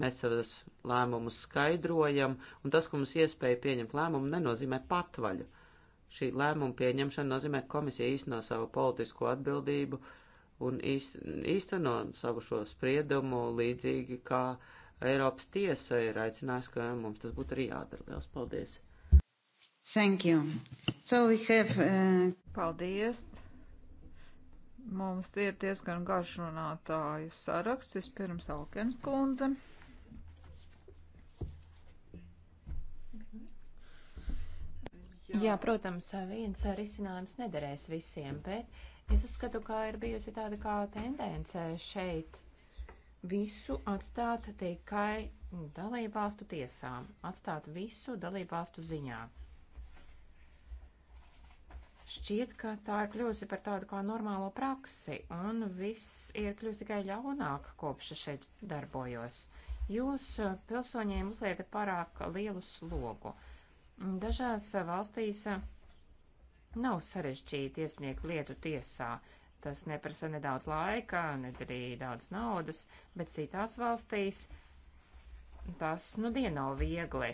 mēs savus lēmumus skaidrojam, un tas, ka mums iespēja pieņemt lēmumu, nenozīmē patvaļu. Šī lēmuma pieņemšana nozīmē, ka komisija īsteno savu politisko atbildību un īsteno savu šo spriedumu līdzīgi kā Eiropas tiesa ir aicinājusi, ka mums tas būtu arī jādara. Liels paldies! Thank you. So we have, uh... Paldies! Mums ir diezgan garš runātāju saraksts. Vispirms Alkens kundze. Jā, protams, viens risinājums nederēs visiem, bet es uzskatu, ka ir bijusi tāda kā tendence šeit visu atstāt tikai dalībvalstu tiesām, atstāt visu dalībvalstu ziņā. Šķiet, ka tā ir kļūsi par tādu kā normālo praksi, un viss ir kļūsi tikai ļaunāk, kopš šeit darbojos. Jūs eh, pilsoņiem uzliekat pārāk lielu slogu. Uh, Dažās valstīs eh, nav sarežģīti iesniegt lietu tiesā. Tas neprasa nedaudz laika, nedarīja daudz naudas, bet citās valstīs tas nu dien nav viegli.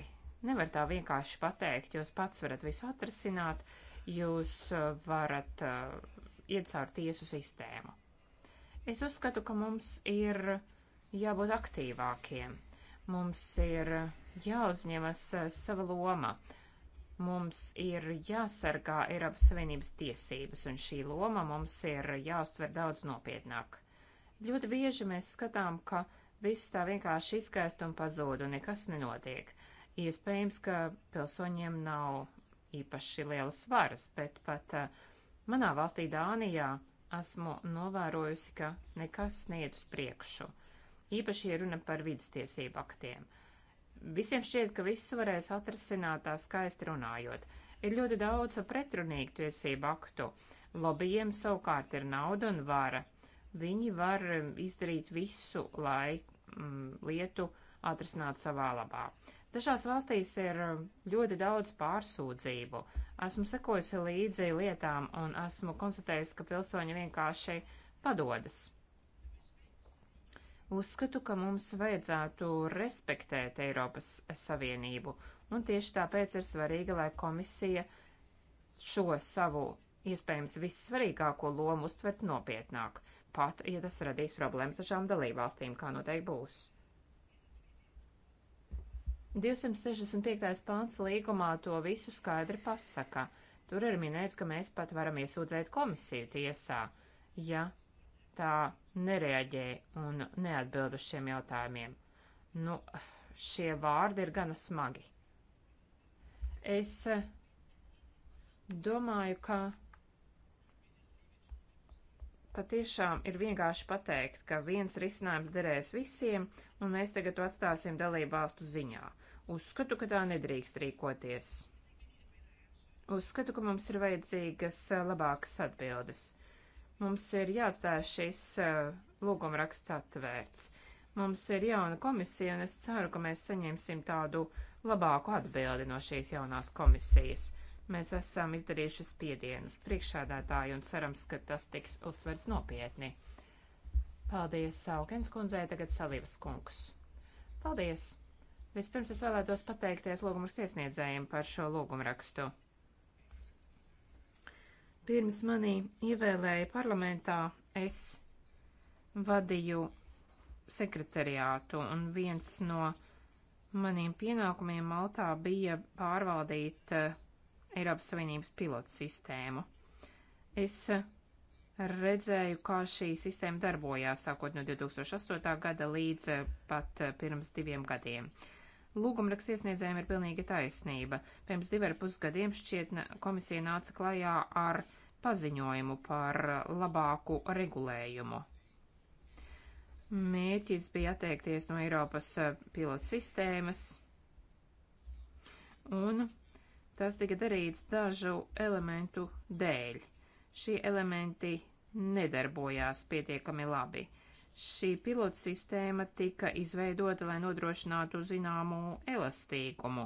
Nevar tā vienkārši pateikt, jūs pats varat visu atrasināt, jūs eh, varat uh, iet caur tiesu sistēmu. Es uzskatu, ka mums ir jābūt aktīvākiem. Mums ir uh, jāuzņemas eh, sava loma. Mums ir jāsargā Eiropas Savienības tiesības, un šī loma mums ir jāuztver daudz nopietnāk. Ļoti bieži mēs skatām, ka viss tā vienkārši izgaist un pazūd, un nekas nenotiek. Iespējams, ka pilsoņiem nav īpaši lielas varas, bet pat uh, manā valstī Dānijā esmu novērojusi, ka nekas neiet uz priekšu. Īpaši, ja runa par vidas tiesību aktiem. Uh, Visiem šķiet, ka viss varēs atrasināt tā skaisti runājot. Ir ļoti daudz pretrunīgu tiesību aktu. Lobbyiem savukārt ir nauda un vara. Viņi var um, izdarīt visu, lai mm, lietu atrisinātu savā labā. Dažās valstīs ir um, ļoti daudz pārsūdzību. Esmu sekojusi līdzi lietām un esmu konstatējusi, ka pilsoņi vienkārši padodas. Uzskatu, ka mums vajadzētu respektēt Eiropas Savienību, un tieši tāpēc ir svarīgi, lai komisija šo savu iespējams vissvarīgāko lomu uztvert nopietnāk, pat ja tas radīs problēmas ar šām dalībvalstīm, kā noteikti būs. 265. pāns līgumā to visu skaidri pasaka. Tur ir minēts, ka mēs pat varam iesūdzēt komisiju tiesā, ja tā nereaģēja un neatbild uz šiem jautājumiem. Nu, šie vārdi ir gana smagi. Es eh, domāju, ka patiešām ir vienkārši pateikt, ka viens risinājums derēs visiem, un mēs tagad to atstāsim dalībvalstu ziņā. Uzskatu, ka tā nedrīkst rīkoties. Uzskatu, ka mums ir vajadzīgas eh, labākas atbildes. Mums ir jāatstāj šis uh, lūgumraksts atvērts. Mums ir jauna komisija, un es ceru, ka mēs saņemsim tādu labāku atbildi no šīs jaunās komisijas. Mēs esam izdarījuši spiedienus priekšādātāju un cerams, ka tas tiks uzsverts nopietni. Paldies, Saukens kundzei, tagad Salivas kungs. Paldies! Vispirms es vēlētos pateikties lūgumrakstu iesniedzējiem par šo lūgumrakstu pirms manī ievēlēja parlamentā, es vadīju sekretariātu, un viens no maniem pienākumiem Maltā bija pārvaldīt eh, Eiropas Savienības pilotu sistēmu. Es eh, redzēju, kā šī sistēma darbojās sākot no 2008. gada līdz eh, pat pirms diviem gadiem. Lūgumraksta iesniedzējiem ir pilnīga taisnība. Pirms divar pusgadiem šķiet komisija nāca klajā ar uh, paziņojumu par labāku regulējumu. Mērķis bija atteikties no Eiropas eh, pilotu sistēmas, un tas tika darīts dažu elementu dēļ. Šie elementi nedarbojās pietiekami labi. Šī pilotu sistēma tika izveidota, lai nodrošinātu zināmu elastīgumu.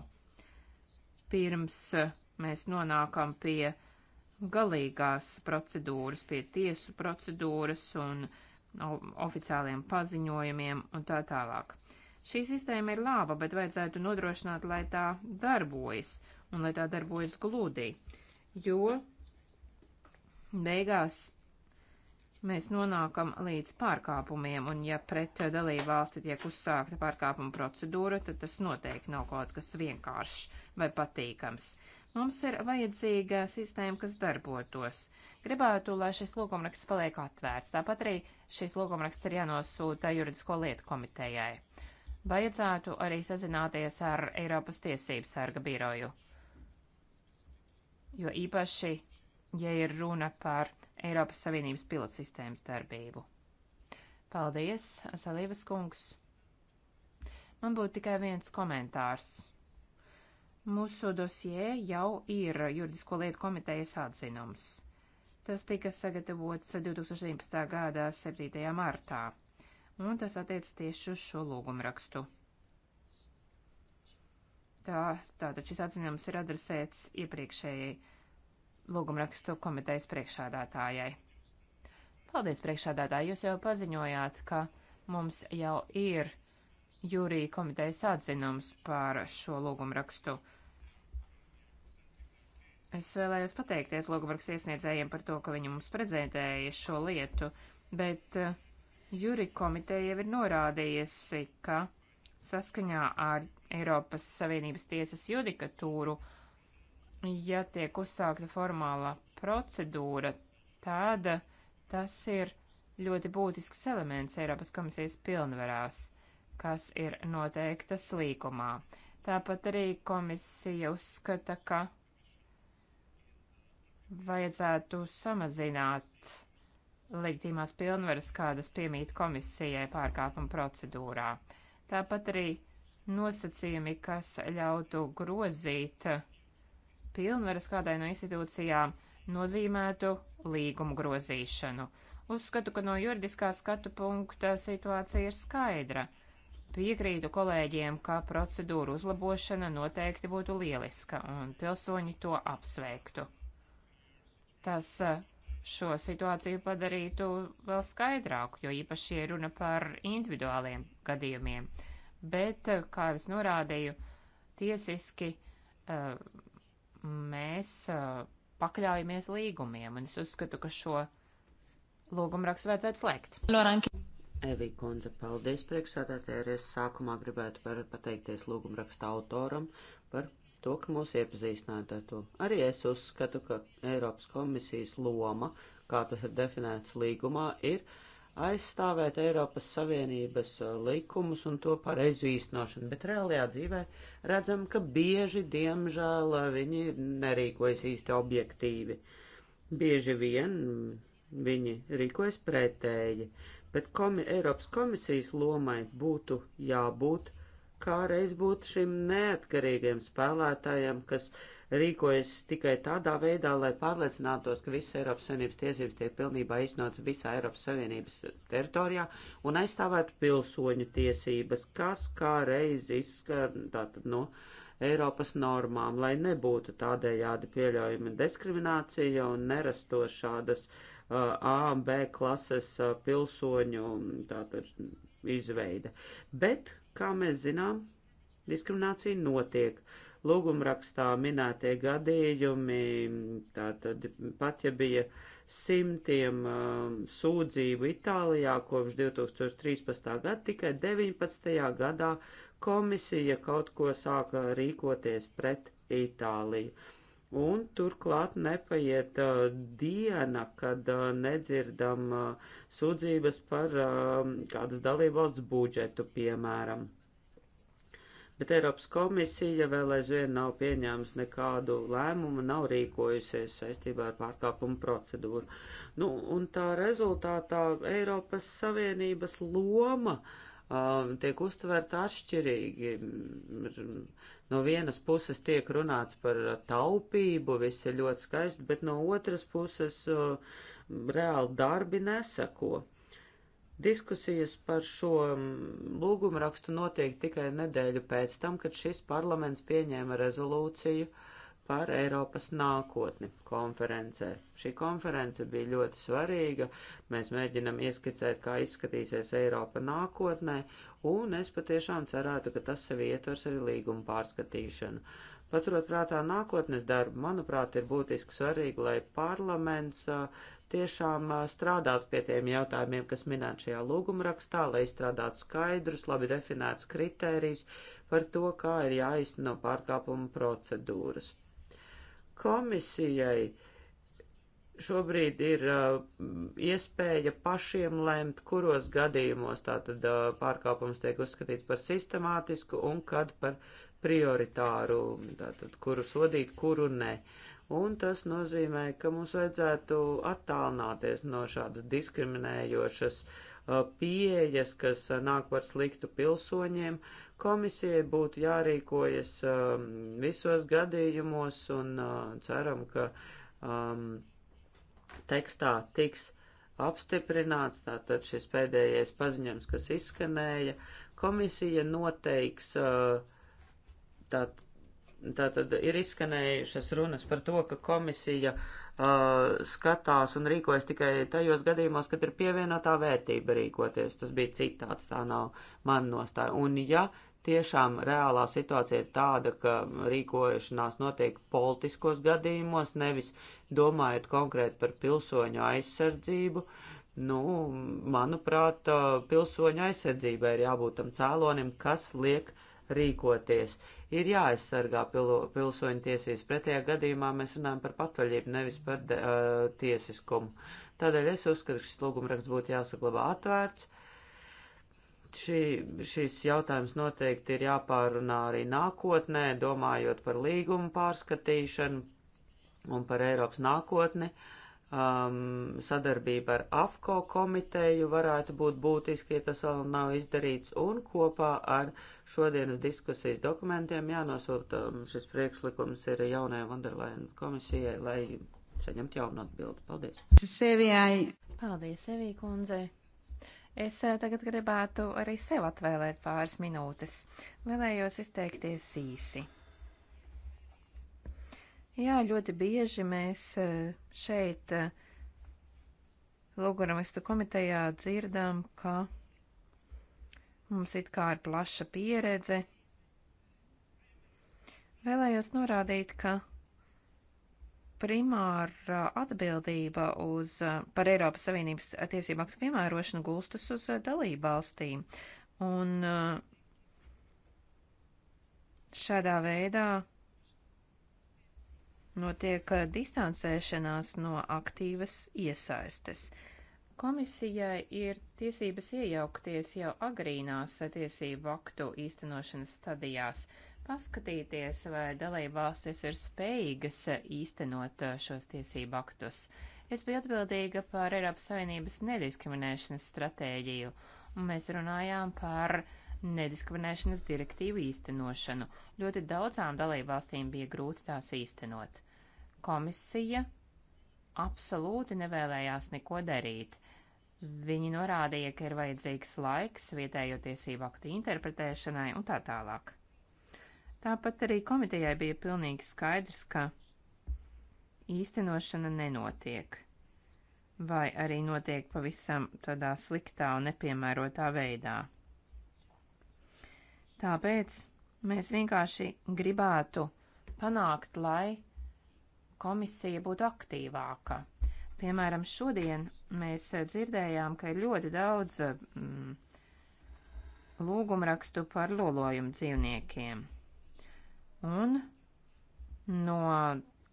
Pirms eh, mēs nonākam pie uh, galīgās procedūras, pie tiesu procedūras un oficiāliem paziņojumiem un tā tālāk. Šī sistēma ir laba, bet vajadzētu nodrošināt, lai tā darbojas un lai tā darbojas glūdī, jo beigās mēs nonākam līdz pārkāpumiem, un ja pret dalību valsti tiek uzsākta pārkāpuma procedūra, tad tas noteikti nav kaut kas vienkāršs vai patīkams. Uh, Mums ir vajadzīga sistēma, kas darbotos. Gribētu, lai šis lūgumraksts paliek atvērts. Tāpat arī šis lūgumraksts ir jānosūta juridisko lietu komitejai. Vajadzētu arī sazināties ar Eiropas tiesību sarga biroju. Jo īpaši, ja ir runa par Eiropas Savienības pilotsistēmas darbību. Paldies, Salīvas kungs! Man būtu tikai viens komentārs. Mūsu dosie jau ir juridisko lietu komitejas atzinums. Tas tika sagatavots 2017. gada 7. martā, un tas attiec tieši uz šo lūgumrakstu. Tā, tātad šis atzinums ir adresēts iepriekšējai lūgumrakstu komitejas priekšādātājai. Paldies, priekšādātāji, jūs jau paziņojāt, ka mums jau ir jūrija komitejas atzinums par šo lūgumrakstu. rakstu Es vēlējos pateikties Logbarks iesniedzējiem par to, ka viņi mums prezentēja šo lietu, bet eh, Juri komiteja jau ir norādījusi, ka saskaņā ar Eiropas Savienības tiesas judikatūru, ja tiek uzsākta formāla procedūra, tad eh, tas ir ļoti būtisks elements Eiropas komisijas pilnvarās, kas ir noteiktas līkumā. Tāpat arī komisija uzskata, ka vajadzētu samazināt leģitīmās pilnvaras, kādas piemīt komisijai pārkāpuma procedūrā. Tāpat arī nosacījumi, kas ļautu grozīt pilnvaras kādai no institūcijām, nozīmētu līgumu grozīšanu. Uzskatu, ka no juridiskā skatu punkta situācija ir skaidra. Piekrītu kolēģiem, ka procedūru uzlabošana noteikti būtu lieliska un pilsoņi to apsveiktu. Tas eh, šo situāciju padarītu vēl skaidrāku, jo īpaši ir runa par individuāliem gadījumiem. Bet, eh, kā jau es norādīju, tiesiski eh, mēs pakļaujamies līgumiem, un es uzskatu, ka šo lūgumrakstu vajadzētu slēgt. Loranki. Evī Konze, paldies priekšsādātē, arī es sākumā gribētu pateikties lūgumraksta autoram par to, ka mūs iepazīstināt ar to. Arī es uzskatu, ka Eiropas komisijas loma, kā tas ir definēts līgumā, ir aizstāvēt Eiropas Savienības uh, likumus un to pareizu īstenošanu, bet reālajā dzīvē redzam, ka bieži, diemžēl, uh, viņi nerīkojas īsti objektīvi. Bieži vien mm, viņi rīkojas pretēji, bet komi Eiropas komisijas lomai būtu jābūt kā reiz būt šim neatkarīgiem spēlētājiem, kas rīkojas tikai tādā veidā, lai pārliecinātos, ka visas Eiropas Savienības tiesības tiek pilnībā iznots visā Eiropas Savienības teritorijā un aizstāvētu pilsoņu tiesības, kas kā reiz izskar tātad no Eiropas normām, lai nebūtu tādējādi pieļaujama diskriminācija un nerastos šādas uh, A un B klases uh, pilsoņu tātad izveide. Bet Kā mēs zinām, diskriminācija notiek. Lūgumrakstā minētie gadījumi, tātad pat ja bija simtiem um, sūdzību Itālijā kopš 2013. gada, tikai 19. gadā komisija kaut ko sāka rīkoties pret Itāliju. Un turklāt nepaiet uh, diena, kad uh, nedzirdam uh, sūdzības par uh, kādas dalībvalsts budžetu, piemēram. Bet Eiropas komisija vēl aizvien nav pieņēmusi nekādu lēmumu, nav rīkojusies saistībā ar pārkāpumu procedūru. Nu, un tā rezultātā Eiropas Savienības loma uh, Um, tiek uztverta atšķirīgi. No vienas puses tiek runāts par taupību, viss ir ļoti skaisti, bet no otras puses um, reāli darbi nesako. Diskusijas par šo um, lūgumu rakstu notiek tikai nedēļu pēc tam, kad šis parlaments pieņēma rezolūciju uh, par Eiropas nākotni konferencē. Šī konference bija ļoti svarīga, mēs mēģinam ieskicēt, kā izskatīsies Eiropa nākotnē, un es patiešām cerētu, ka tas sev ietvers arī līguma pārskatīšanu. Paturot prātā nākotnes darbu, manuprāt, ir būtiski svarīgi, lai parlaments tiešām strādātu pie tiem jautājumiem, kas minēti šajā lūgumrakstā, lai izstrādātu skaidrus, labi definētus kritērijus par to, kā ir jāizsno pārkāpuma procedūras Komisijai šobrīd ir uh, iespēja pašiem lemt, kuros gadījumos tātad uh, pārkāpums tiek uzskatīts par sistemātisku un kad par prioritāru, tātad kuru sodīt, kuru ne. Un tas nozīmē, ka mums vajadzētu attālināties no šādas diskriminējošas uh, Uh, pieejas, kas uh, nāk par sliktu pilsoņiem. Komisijai būtu jārīkojas um, visos gadījumos un uh, ceram, ka um, tekstā tiks apstiprināts tātad šis pēdējais paziņojums, kas izskanēja. Komisija noteiks tātad. Tātad ir izskanējušas runas par to, ka komisija uh, uh, skatās un rīkojas tikai tajos gadījumos, kad ir pievienotā vērtība rīkoties. Tas bija citāts, tā nav mana nostāja. Un ja tiešām reālā situācija ir tāda, ka rīkošanās notiek politiskos gadījumos, nevis domājot konkrēti par pilsoņu aizsardzību, nu, manuprāt, uh, pilsoņu aizsardzībai ir jābūt tam cēlonim, kas liek uh, rīkoties. Ir jāaizsargā pilo, pilsoņu tiesības. Pretējā gadījumā mēs runājam par patvaļību, nevis par de, uh, tiesiskumu. Tādēļ es uzskatu, ka šis lūgumraksts būtu jāsaglabā atvērts. Šī, šis jautājums noteikti ir jāpārunā arī nākotnē, domājot par līgumu pārskatīšanu un par Eiropas nākotni. Uh, um, sadarbība ar AFCO komiteju varētu būt būtiski, ja tas vēl nav izdarīts, un kopā ar šodienas diskusijas dokumentiem jānosūta um, šis priekšlikums ir jaunajai Vanderlainas komisijai, lai saņemtu jaunu atbildi. Paldies! Sevijai! Paldies, Sevī kundzei! Es eh, tagad gribētu arī sev atvēlēt pāris minūtes. Vēlējos izteikties īsi. Jā, ļoti bieži mēs eh, šeit eh, Lūguramistu komitejā dzirdam, ka mums it kā ir plaša pieredze. Vēlējos norādīt, ka primāra atbildība uz, eh, par Eiropas Savienības tiesību aktu piemērošanu gulstas uz dalību valstīm. Un šādā veidā notiek eh, distancēšanās no aktīvas iesaistes. Komisijai ir tiesības iejaukties jau agrīnās tiesību aktu īstenošanas stadijās, paskatīties, vai dalībvalstis ir spējīgas eh, īstenot eh, šos tiesību aktus. Es biju atbildīga par Eiropas Savienības nediskriminēšanas stratēģiju, un mēs runājām par nediskriminēšanas direktīvu īstenošanu. Ļoti daudzām dalībvalstīm bija grūti tās īstenot komisija absolūti nevēlējās neko darīt. Viņi norādīja, ka ir vajadzīgs laiks vietējo tiesību aktu interpretēšanai un tā tālāk. Tāpat arī komitejai bija pilnīgi skaidrs, ka īstenošana nenotiek, vai arī notiek pavisam tādā sliktā un nepiemērotā veidā. Tāpēc mēs vienkārši gribētu panākt, lai komisija būtu aktīvāka. Piemēram, šodien mēs dzirdējām, ka ir ļoti daudz mm, lūgumrakstu par lolojumu dzīvniekiem. Un no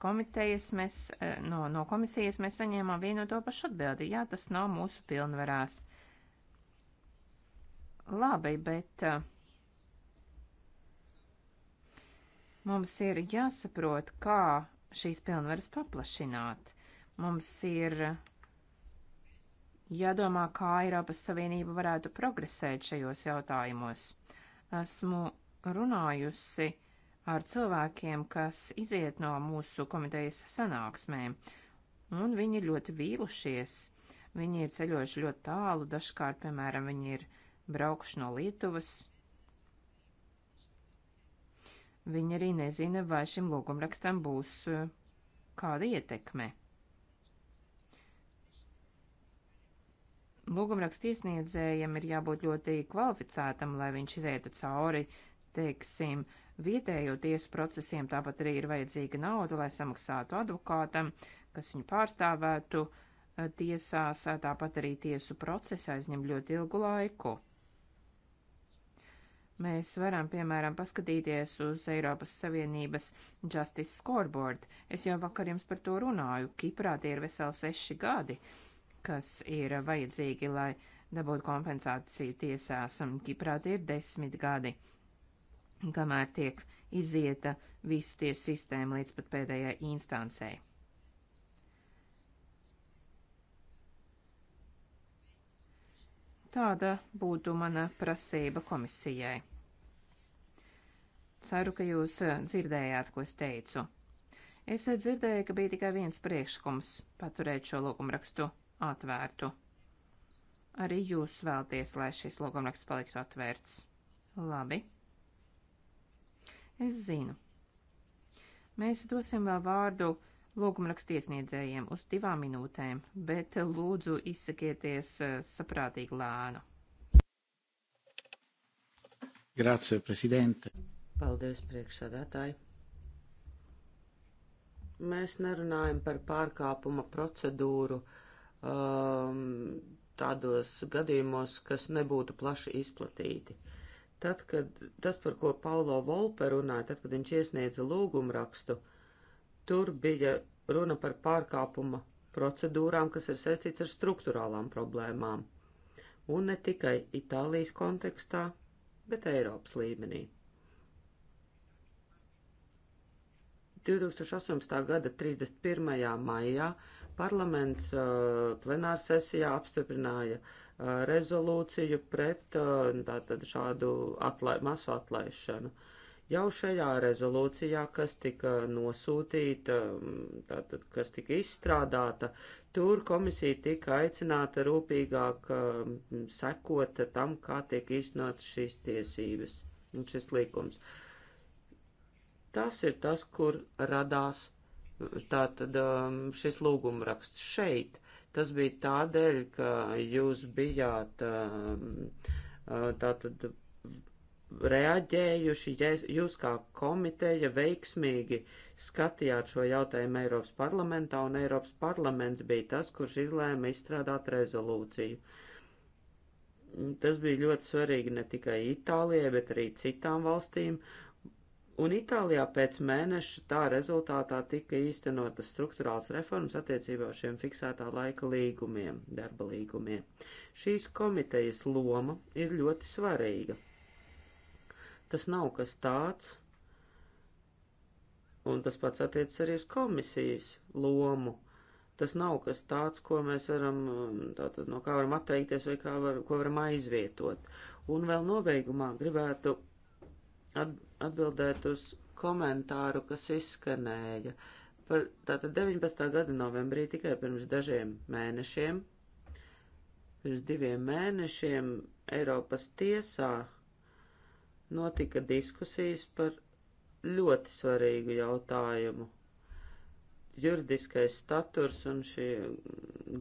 komitejas mēs, eh, no, no komisijas mēs saņēmām vienu to pašu atbildi. Jā, tas nav mūsu pilnvarās. Labi, bet eh, mums ir jāsaprot, kā šīs pilnvaras paplašināt. Mums ir jādomā, kā Eiropas Savienība varētu progresēt šajos jautājumos. Esmu runājusi ar cilvēkiem, kas iziet no mūsu komitejas sanāksmēm, un viņi ir ļoti vīlušies. Viņi ir ceļojuši ļoti tālu, dažkārt, piemēram, viņi ir braukuši no Lietuvas Viņi arī nezina, vai šim lūgumrakstam būs eh, kāda ietekme. Lūgumraksta iesniedzējiem ir jābūt ļoti kvalificētam, lai viņš izietu cauri, teiksim, vietējo tiesu procesiem. Tāpat arī ir vajadzīga nauda, lai samaksātu advokātam, kas viņu pārstāvētu eh, tiesās. Tāpat arī tiesu procesi aizņem ļoti ilgu laiku. Mēs varam, piemēram, paskatīties uz Eiropas Savienības Justice Scoreboard. Es jau vakar jums par to runāju. Kiprā tie ir veseli seši gadi, kas ir vajadzīgi, lai dabūtu kompensāciju tiesās. Kiprā tie ir desmit gadi, kamēr tiek izieta visu tiesu sistēmu līdz pat pēdējai instancei. Tāda būtu mana prasība komisijai. Ceru, ka jūs eh, dzirdējāt, ko es teicu. Es eh, dzirdēju, ka bija tikai viens priekšlikums paturēt šo lūgumrakstu atvērtu. Arī jūs vēlties, lai šis lūgumraksts paliktu atvērts. Labi. Es zinu. Mēs dosim vēl vārdu lūgumrakstiesniedzējiem uz divām minūtēm, bet eh, lūdzu izsakieties eh, saprātīgi lēnu. Grazie, prezidente. Paldies, priekšsādātāji. Mēs nerunājam par pārkāpuma procedūru um, tādos gadījumos, kas nebūtu plaši izplatīti. Tad, kad tas, par ko Paulo Volpe runāja, tad, kad viņš iesniedza lūgumu rakstu, uh, Tur bija runa par pārkāpuma procedūrām, kas ir saistīts ar struktūrālām problēmām, un ne tikai Itālijas kontekstā, bet Eiropas līmenī. 2018. gada 31. maijā parlaments uh, plenārs sesijā apstiprināja uh, rezolūciju pret uh, tātad šādu atlai, masu atlaišanu. Uh, Jau šajā rezolūcijā, kas tika nosūtīta, mm, tātad, kas tika izstrādāta, tur komisija tika aicināta rūpīgāk mm, sekot tam, kā tiek īstenotas šīs tiesības un šis likums. Tas ir tas, kur radās tātad mm, šis lūgumraksts šeit. Tas bija tādēļ, ka jūs bijāt tātad reaģējuši, ja jūs kā komiteja veiksmīgi skatījāt šo jautājumu Eiropas parlamentā, un Eiropas parlaments bija tas, kurš izlēma izstrādāt rezolūciju. Tas bija ļoti svarīgi ne tikai Itālijai, bet arī citām valstīm, un Itālijā pēc mēneša tā rezultātā tika īstenotas struktūrāls reformas attiecībā uz šiem fiksētā laika līgumiem, darba līgumiem. Šīs komitejas loma ir ļoti svarīga Tas nav kas tāds, un tas pats attiecas arī uz komisijas lomu. Tas nav kas tāds, ko mēs varam, um, tātad, no kā varam atteikties vai kā var, ko varam aizvietot. Un vēl nobeigumā gribētu atbildēt uz komentāru, kas izskanēja. Par, tātad 19. gada novembrī tikai pirms dažiem mēnešiem, pirms diviem mēnešiem Eiropas tiesā notika diskusijas par ļoti svarīgu jautājumu - juridiskais staturs un šie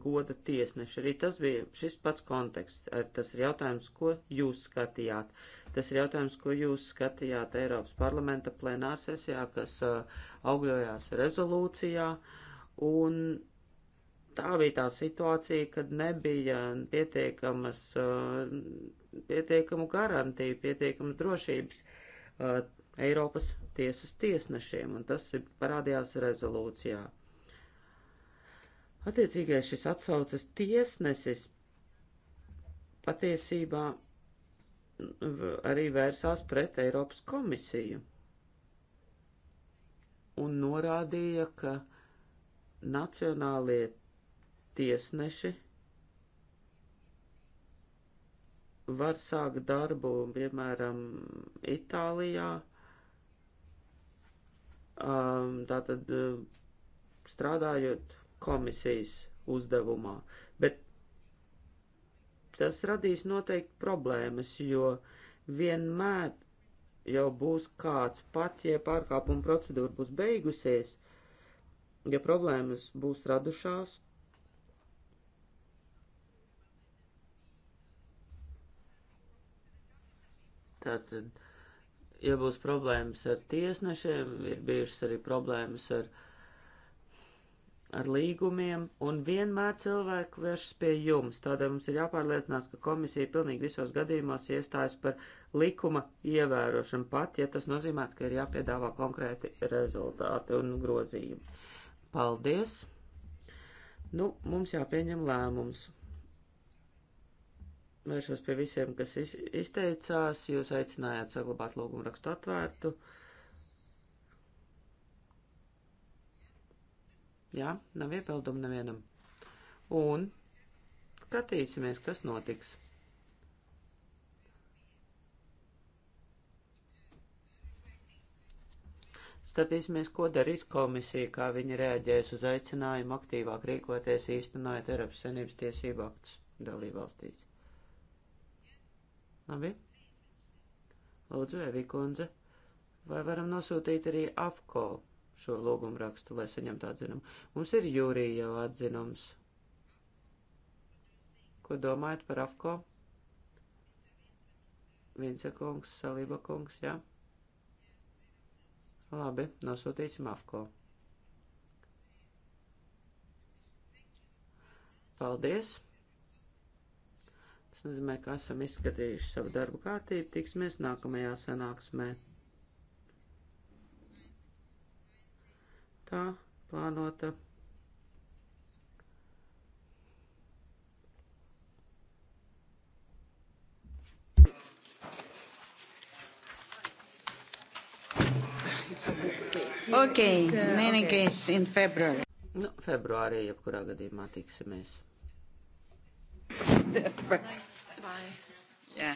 goda tiesneši. Arī tas bija šis pats konteksts. Ar tas ir jautājums, ko jūs skatījāt. Tas ir jautājums, ko jūs skatījāt Eiropas parlamenta plenārsesijā, kas uh, augļojās rezolūcijā. Un tā bija tā situācija, kad nebija pietiekamas uh, pietiekamu garantiju, pietiekamu drošības uh, Eiropas tiesas tiesnešiem, un tas parādījās rezolūcijā. Attiecīgais šis atsaucas tiesnesis patiesībā arī vērsās pret Eiropas komisiju un norādīja, ka nacionālie tiesneši var sākt darbu, piemēram, Itālijā, um, tātad uh, strādājot komisijas uzdevumā. Bet tas radīs noteikti problēmas, jo vienmēr jau būs kāds pat, ja pārkāpuma procedūra būs beigusies, ja problēmas būs radušās, Tātad, ja būs problēmas ar tiesnešiem, ir bijušas arī problēmas ar, ar līgumiem, un vienmēr cilvēki vēršas pie jums. Tādēļ mums ir jāpārliecinās, ka komisija pilnīgi visos gadījumos iestājas par likuma ievērošanu pat, ja tas nozīmē, ka ir jāpiedāvā konkrēti rezultāti un grozījumi. Paldies! Nu, mums jāpieņem lēmums vēršos pie visiem, kas izteicās. Jūs aicinājāt saglabāt lūgumu rakstu atvērtu. Jā, nav iebildumu nevienam. Un skatīsimies, kas notiks. Skatīsimies, ko darīs komisija, kā viņa reaģēs uz aicinājumu aktīvāk rīkoties īstenojot Eiropas Savienības tiesību aktus dalībvalstīs. Labi? Lūdzu, Evi kundze, vai varam nosūtīt arī AFCO šo lūgumu rakstu, lai saņemtu atzinumu? Mums ir jūrija jau atzinums. Ko domājat par AFCO? Vince kungs, Salība kungs, jā? Labi, nosūtīsim AFCO. Paldies! Tas nozīmē, ka esam izskatījuši savu darbu kārtību, tiksimies nākamajā sanāksmē. Tā plānota. Ok, many case in February. Nu, februārī jebkurā gadījumā tiksimies. Bye. Yeah.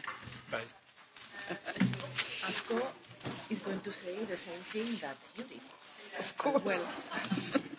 Bye. AFCO is going to say the same thing that you did. Of course. Well.